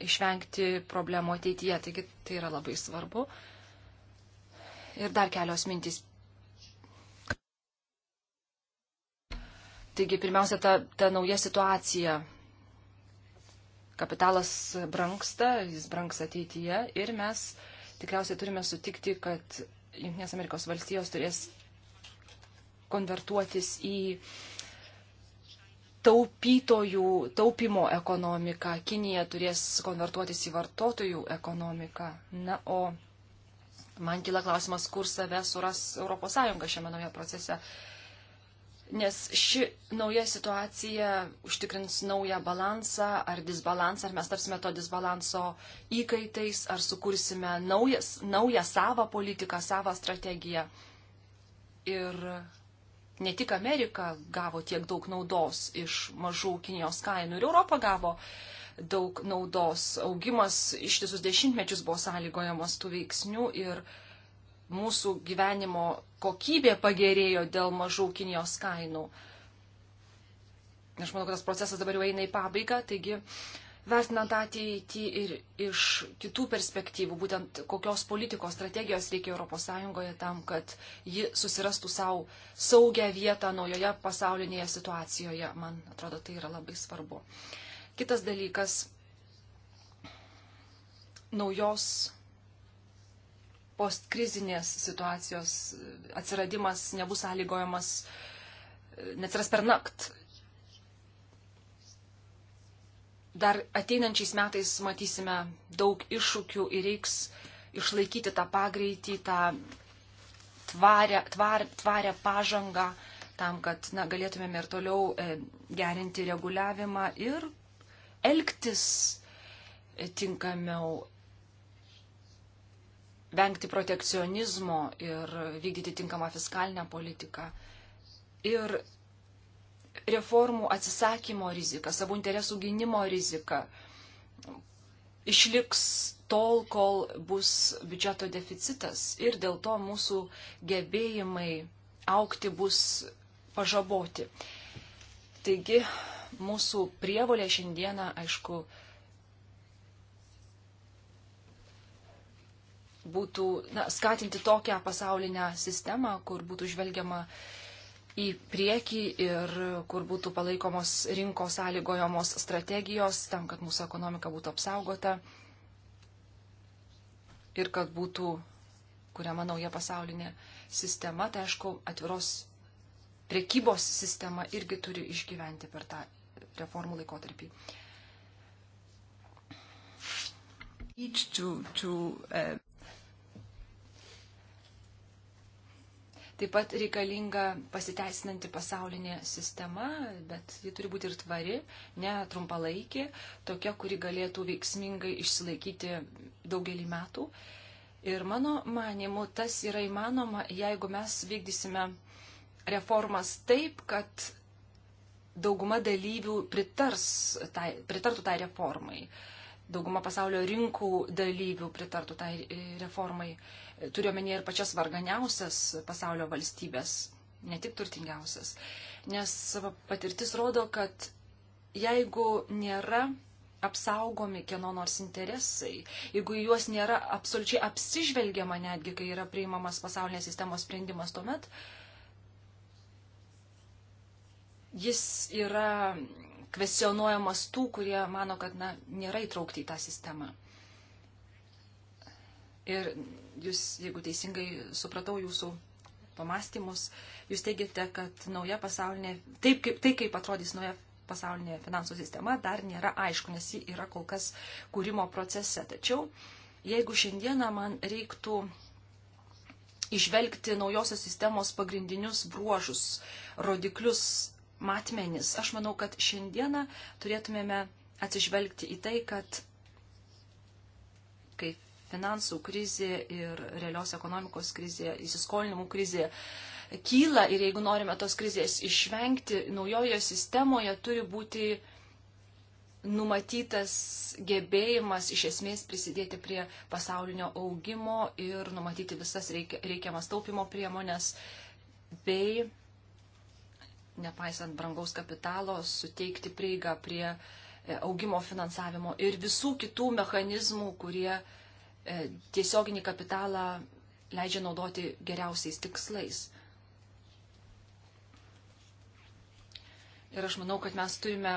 išvengti problemų ateityje. Taigi tai yra labai svarbu. Ir dar kelios mintys. Taigi pirmiausia, ta, ta nauja situacija. Kapitalas branksta, jis branks ateityje ir mes tikriausiai turime sutikti, kad Junktinės Amerikos valstijos turės konvertuotis į taupytojų, taupimo ekonomiką, Kinija turės konvertuotis į vartotojų ekonomiką. Na, o man kila klausimas, kur save suras ES šiame naujo procese. Uh, nes ši nauja situacija užtikrins naują balansą ar disbalansą, ar mes tapsime to disbalanso įkaitais, ar sukursime naujas, naują savo politiką, savo strategiją. Ir ne tik Amerika gavo tiek daug naudos iš mažų Kinijos kainų, ir Europa gavo daug naudos. Augimas ištisus dešimtmečius buvo sąlygojamos tų veiksnių ir uh, mūsų gyvenimo kokybė pagerėjo dėl mažų Kinijos kainų. Aš manau, kad tas procesas dabar jau eina į pabaigą, taigi vertinant ateitį ir iš kitų perspektyvų, būtent kokios politikos strategijos reikia ES tam, kad ji susirastų savo saugią vietą naujoje pasaulinėje situacijoje. Man atrodo, tai yra labai svarbu. Kitas dalykas - naujos postkrizinės situacijos atsiradimas nebus sąlygojamas, neatsiras per nakt. Dar ateinančiais metais matysime daug iššūkių ir reiks išlaikyti tą pagreitį, tą tvarę, tvar, tvarę pažangą tam, kad na, galėtumėme ir toliau e, gerinti reguliavimą ir elgtis e, tinkamiau vengti protekcionizmo ir vykdyti tinkamą fiskalinę politiką. Ir reformų atsisakymo rizika, savo interesų gynimo rizika išliks tol, kol bus biudžeto deficitas ir dėl to mūsų gebėjimai aukti bus pažaboti. Taigi mūsų prievolė šiandieną, aišku, būtų na, skatinti tokią pasaulinę sistemą, kur būtų žvelgiama į priekį ir kur būtų palaikomos rinkos sąlygojamos strategijos tam, kad mūsų ekonomika būtų apsaugota ir kad būtų kuriama nauja pasaulinė sistema, tai aišku, atviros priekybos sistema irgi turi išgyventi per tą reformų laikotarpį. To, to, uh... Taip pat reikalinga pasiteisinanti pasaulinė sistema, bet ji turi būti ir tvari, ne trumpalaikė, tokia, kuri galėtų veiksmingai išsilaikyti daugelį metų. Ir mano manimu, tas yra įmanoma, jeigu mes vykdysime reformas taip, kad dauguma dalyvių pritars, tai, pritartų tai reformai. Dauguma pasaulio rinkų dalyvių pritartų tai e, reformai turiuomenėje ir pačias varganiausias pasaulio valstybės, ne tik turtingiausias. Nes patirtis rodo, kad jeigu nėra apsaugomi kieno nors interesai, jeigu juos nėra absoliučiai apsižvelgiama netgi, kai yra priimamas pasaulinės sistemos sprendimas, tuomet jis yra kvesionuojamas tų, kurie mano, kad na, nėra įtraukti į tą sistemą. Ir jūs, jeigu teisingai supratau jūsų pamastymus, jūs teigiate, kad nauja pasaulinė, taip kaip, tai kaip atrodys nauja pasaulinė finansų sistema, dar nėra aišku, nes ji yra kol kas kūrimo procese. Tačiau jeigu šiandieną man reiktų išvelgti naujosios sistemos pagrindinius bruožus, rodiklius, matmenis, aš manau, kad šiandieną turėtumėme atsižvelgti į tai, kad kaip finansų krizė ir realios ekonomikos krizė, įsiskolinimų krizė kyla ir jeigu norime tos krizės išvengti, naujojo sistemoje turi būti numatytas gebėjimas iš esmės prisidėti prie pasaulinio augimo ir numatyti visas reikiamas taupimo priemonės bei, nepaisant brangaus kapitalo, suteikti prieigą prie e, augimo finansavimo ir visų kitų mechanizmų, kurie uh, E, tiesioginį kapitalą leidžia naudoti geriausiais tikslais. Ir aš manau, kad mes turime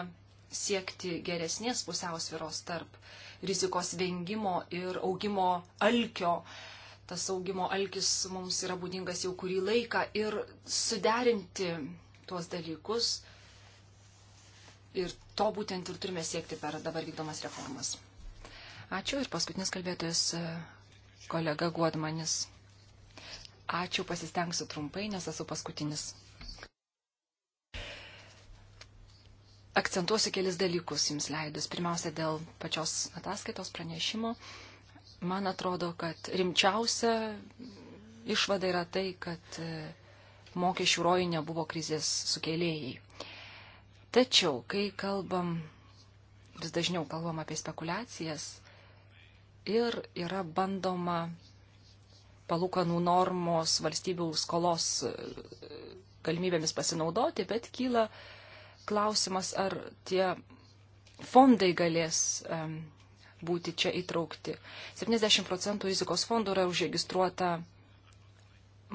siekti geresnės pusiausviros tarp rizikos vengimo ir augimo alkio. Tas augimo alkis mums yra būdingas jau kurį laiką ir suderinti tuos dalykus. Ir to būtent ir turime siekti per dabar vykdomas reformas. Ačiū ir paskutinis kalbėtojas e, kolega Guodmanis. Ačiū, pasistengsiu trumpai, nes esu paskutinis. Akcentuosiu kelis dalykus jums leidus. Pirmiausia, dėl pačios ataskaitos pranešimo. Man atrodo, kad rimčiausia išvada yra tai, kad e, mokesčių rojų nebuvo krizės sukėlėjai. Tačiau, kai kalbam, vis dažniau kalbam apie spekulacijas, ir yra bandoma palūkanų normos valstybių skolos e, galimybėmis pasinaudoti, bet kyla klausimas, ar tie fondai galės e, būti čia įtraukti. 70 procentų rizikos fondų yra užregistruota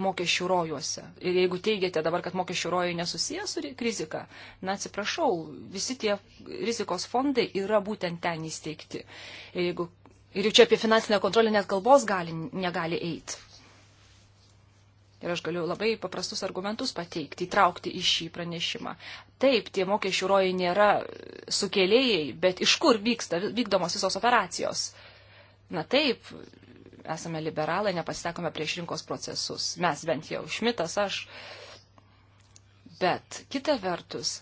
mokesčių rojuose. Ir jeigu teigiate dabar, kad mokesčių rojai nesusijęs su rizika, na atsiprašau, visi tie rizikos fondai yra būtent ten įsteigti. Ir jeigu Ir jau čia apie finansinę kontrolę net kalbos gali, negali eiti. Ir aš galiu labai paprastus argumentus pateikti, įtraukti į šį pranešimą. Taip, tie mokesčių rojai nėra sukėlėjai, bet iš kur vyksta, vykdomos visos operacijos? Na taip, esame liberalai, nepasitekome prieš rinkos procesus. Mes bent jau, Šmitas, aš. Bet kita vertus,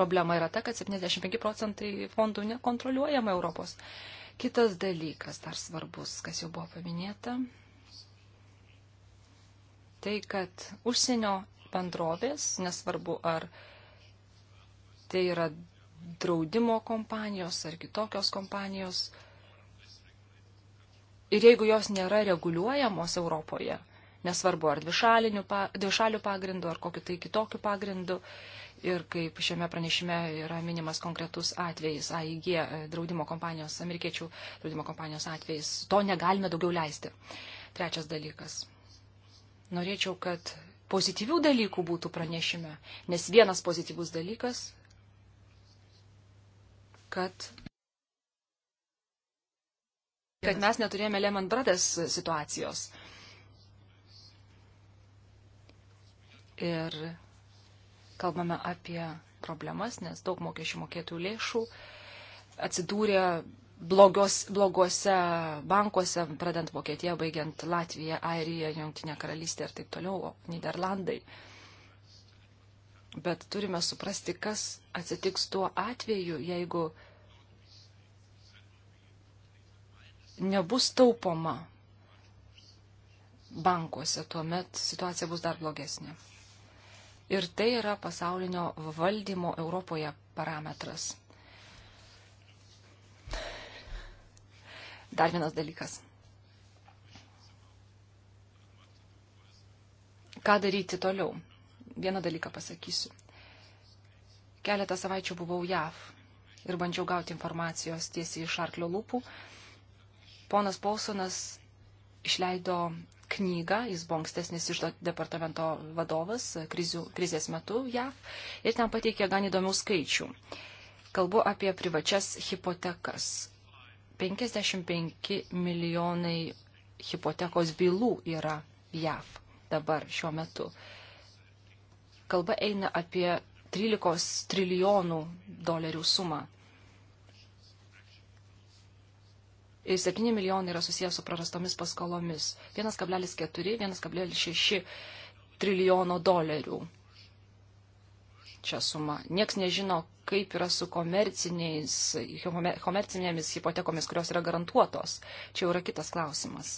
problema yra ta, kad 75 procentai fondų nekontroliuojama Europos. Kitas dalykas dar svarbus, kas jau buvo paminėta, tai kad užsienio bendrovės, nesvarbu ar tai yra draudimo kompanijos ar kitokios kompanijos, ir jeigu jos nėra reguliuojamos Europoje, nesvarbu ar dvišalinių, dvišalių pagrindų, ar kokiu tai kitokiu pagrindu, ir kaip šiame pranešime yra minimas konkretus atvejis, AIG e, draudimo kompanijos, amerikiečių draudimo kompanijos atvejis. To negalime daugiau leisti. Trečias dalykas. Norėčiau, kad pozityvių dalykų būtų pranešime, nes vienas pozityvus dalykas, kad, kad mes neturėjome Lehman Brothers situacijos. Ir kalbame apie problemas, nes daug mokesčių mokėtų lėšų atsidūrė blogios, blogose bankuose, pradant Vokietiją, baigiant Latviją, Airiją, Junktinę karalystę ir taip toliau, Niderlandai. Bet turime suprasti, kas atsitiks tuo atveju, jeigu nebus taupoma bankuose, tuomet situacija bus dar blogesnė. Ir tai yra pasaulinio valdymo Europoje parametras. Dar vienas dalykas. Ką daryti toliau? Vieną dalyką pasakysiu. Keletą savaičių buvau JAV ir bandžiau gauti informacijos tiesiai iš arklio lūpų. Ponas Pausonas išleido knygą, jis buvo ankstesnis iš departamento vadovas krizių, krizės metu JAV ir ten pateikė gan įdomių skaičių. Kalbu apie privačias hipotekas. 55 milijonai hipotekos bylų yra JAV dabar šiuo metu. Kalba eina apie 13 trilijonų dolerių sumą. 7 milijonai yra susijęs su prarastomis paskolomis. 1,4, 1,6 trilijono dolerių. Čia suma. Niekas nežino, kaip yra su komercinėmis hipotekomis, kurios yra garantuotos. Čia jau yra kitas klausimas.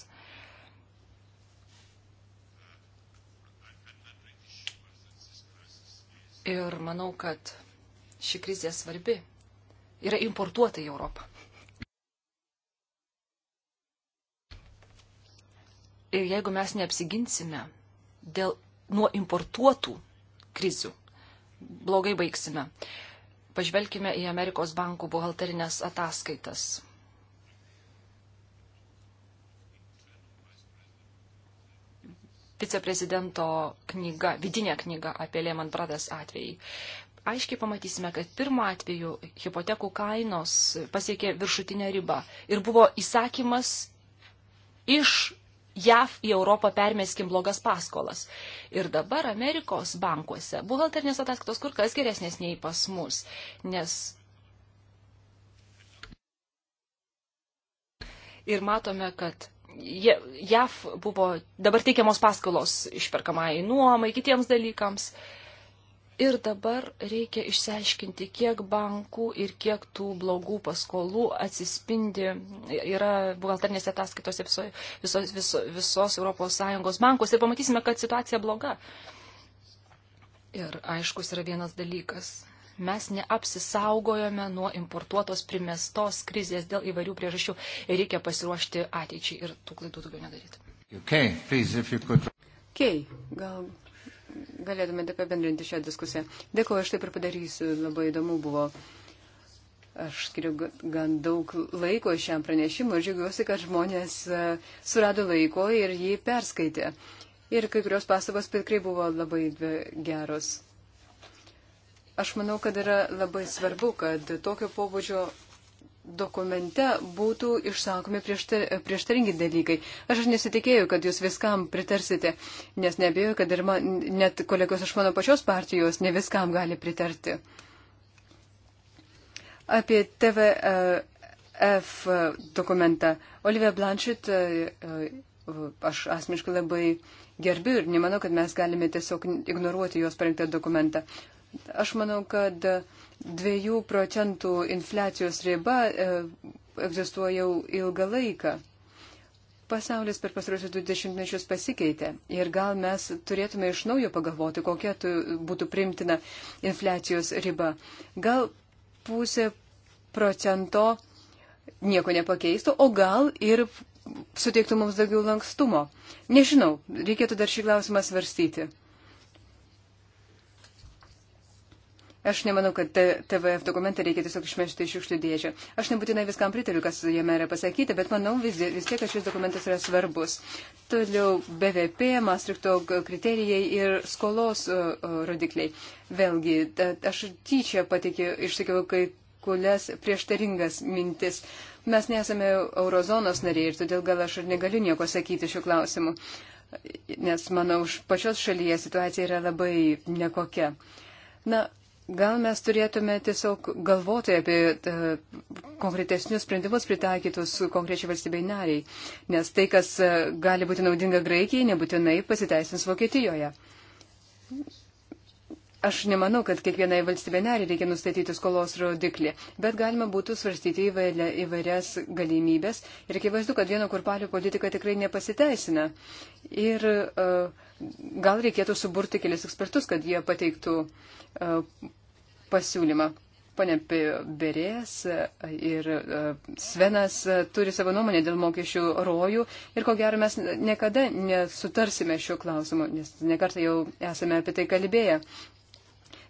Ir manau, kad ši krizė svarbi. Yra importuota į Europą. Ir jeigu mes neapsiginsime dėl, nuo importuotų krizių, blogai baigsime. Pažvelkime į Amerikos bankų buhalterinės ataskaitas. Viceprezidento knyga, vidinė knyga apie Lehman Brothers atvejį aiškiai pamatysime, kad pirmo atveju hipotekų kainos pasiekė viršutinę ribą ir buvo įsakymas iš JAV į Europą permeskim blogas paskolas. Ir dabar Amerikos bankuose buhalternės ataskaitos kur kas geresnės nei pas mus, nes ir matome, kad JAV buvo dabar teikiamos paskolos išperkamai nuomai, kitiems dalykams. Uh, Ir dabar reikia išsiaiškinti, kiek bankų ir kiek tų blogų paskolų atsispindi, yra buhalternėse ataskaitose viso, visos, visos, visos ES bankos ir pamatysime, kad situacija bloga. Ir aiškus yra vienas dalykas. Mes neapsisaugojome nuo importuotos primestos krizės dėl įvairių priežasčių ir reikia pasiruošti ateičiai ir tų klaidų daugiau nedaryti. Okay, please, if you could... okay, gal galėtumėte apibendrinti šią diskusiją. Dėkuoju, aš taip ir padarysiu, labai įdomu buvo. Aš skiriu gan daug laiko šiam pranešimui ir džiaugiuosi, kad žmonės e, surado laiko ir jį perskaitė. Ir kai kurios pastabos tikrai buvo labai geros. Aš manau, kad yra labai svarbu, kad tokio pobūdžio dokumente būtų išsakomi prieštaringi dalykai. Aš nesitikėjau, kad jūs viskam pritarsite, nes nebėjau, kad ir man, net kolegos iš mano pačios partijos ne viskam gali pritarti. Apie TVF dokumentą. Olivia Blanchett e, e, aš asmeniškai labai gerbiu ir nemanau, kad mes galime tiesiog ignoruoti jos parengtą dokumentą. Aš manau, kad uh, 2 procentų infliacijos riba e, egzistuoja jau ilgą laiką. Pasaulis per pasarusius 20 mečius pasikeitė ir gal mes turėtume iš naujo pagalvoti, kokia būtų primtina infliacijos riba. Gal pusė procento nieko nepakeistų, o gal ir suteiktų mums daugiau lankstumo. Nežinau, reikėtų dar šį klausimą svarstyti. Aš nemanau, kad TVF dokumentą reikia tiesiog išmesti iš šiukšlių dėžę. Aš nebūtinai viskam pritariu, kas jame yra pasakyta, bet manau vis, vis tiek, kad šis dokumentas yra svarbus. Toliau BVP, Maastrichto kriterijai ir skolos rodikliai. Vėlgi, aš tyčia patikiu, išsakiau kai kurias prieštaringas mintis. Mes nesame eurozonos nariai ir todėl gal aš ir negaliu nieko sakyti šiuo klausimu, nes mano už pačios šalyje situacija yra labai nekokia. Na, Gal mes turėtume tiesiog galvoti apie e, konkretesnius sprendimus pritaikytus konkrečiai valstybei nariai, nes tai, kas e, gali būti naudinga Graikijai, nebūtinai pasiteisins Vokietijoje. Aš nemanau, kad kiekvienai valstybė nariai reikia nustatyti skolos rodiklį, bet galima būtų svarstyti įvairias galimybės. Ir akivaizdu, kad vieno kurpalio politika tikrai nepasiteisina. Ir uh, gal reikėtų suburti kelias ekspertus, kad jie pateiktų uh, pasiūlymą. Pane Berės e, ir uh, Svenas turi savo nuomonę dėl mokesčių rojų ir ko gero mes niekada nesutarsime šiuo klausimu, nes nekartą jau esame apie tai kalbėję.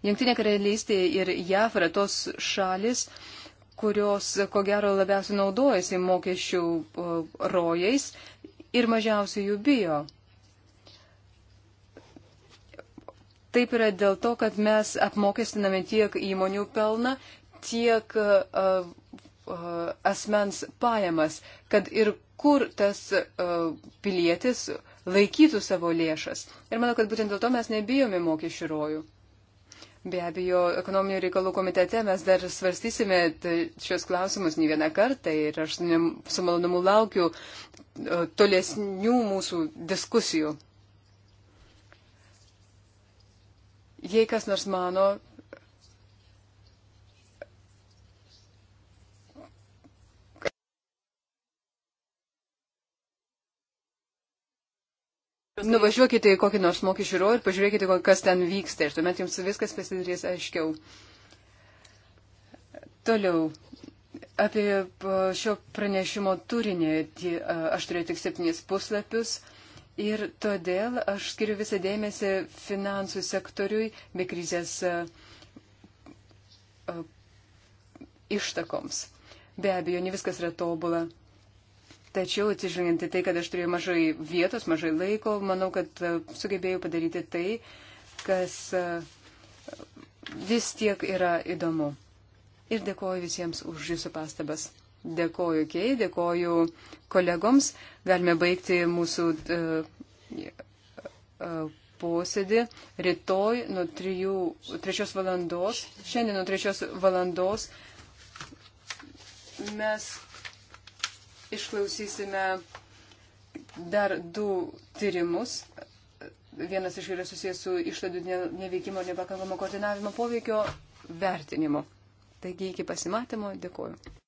Jungtinė karalystė ir JAF yra tos šalis, kurios, ko gero, labiausiai naudojasi mokesčių rojais ir mažiausiai jų bijo. Taip yra dėl to, kad mes apmokestiname tiek įmonių pelną, tiek uh, uh, asmens pajamas, kad ir kur tas uh, pilietis laikytų savo lėšas. Ir manau, kad būtent dėl to mes nebijome mokesčių rojų. Be abejo, ekonominio reikalų komitete mes dar svarstysime šios klausimus ne vieną kartą ir aš su malonumu laukiu tolesnių mūsų diskusijų. Jei kas nors mano, nuvažiuokite į kokį nors mokesčių ir pažiūrėkite, kas ten vyksta ir tuomet jums viskas pasidarys aiškiau. Toliau. Apie šio pranešimo turinį aš turėjau tik septynis puslapius. Ir todėl aš skiriu visą dėmesį finansų sektoriui bei krizės ištakoms. Be abejo, ne viskas yra tobula. Tačiau atsižvelgiant į tai, kad aš turėjau mažai vietos, mažai laiko, manau, kad e, sugebėjau padaryti tai, kas e, vis tiek yra įdomu. Ir dėkoju visiems už jūsų pastabas. Dėkoju Kei, dėkoju kolegoms. Galime baigti mūsų uh, uh, posėdį rytoj nuo 3, 3 valandos. Šiandien nuo 3 valandos mes išklausysime dar du tyrimus. Vienas iš jų yra susijęs su išlaidų neveikimo ir nepakankamo koordinavimo poveikio vertinimu. Taigi iki pasimatymo, dėkuoju.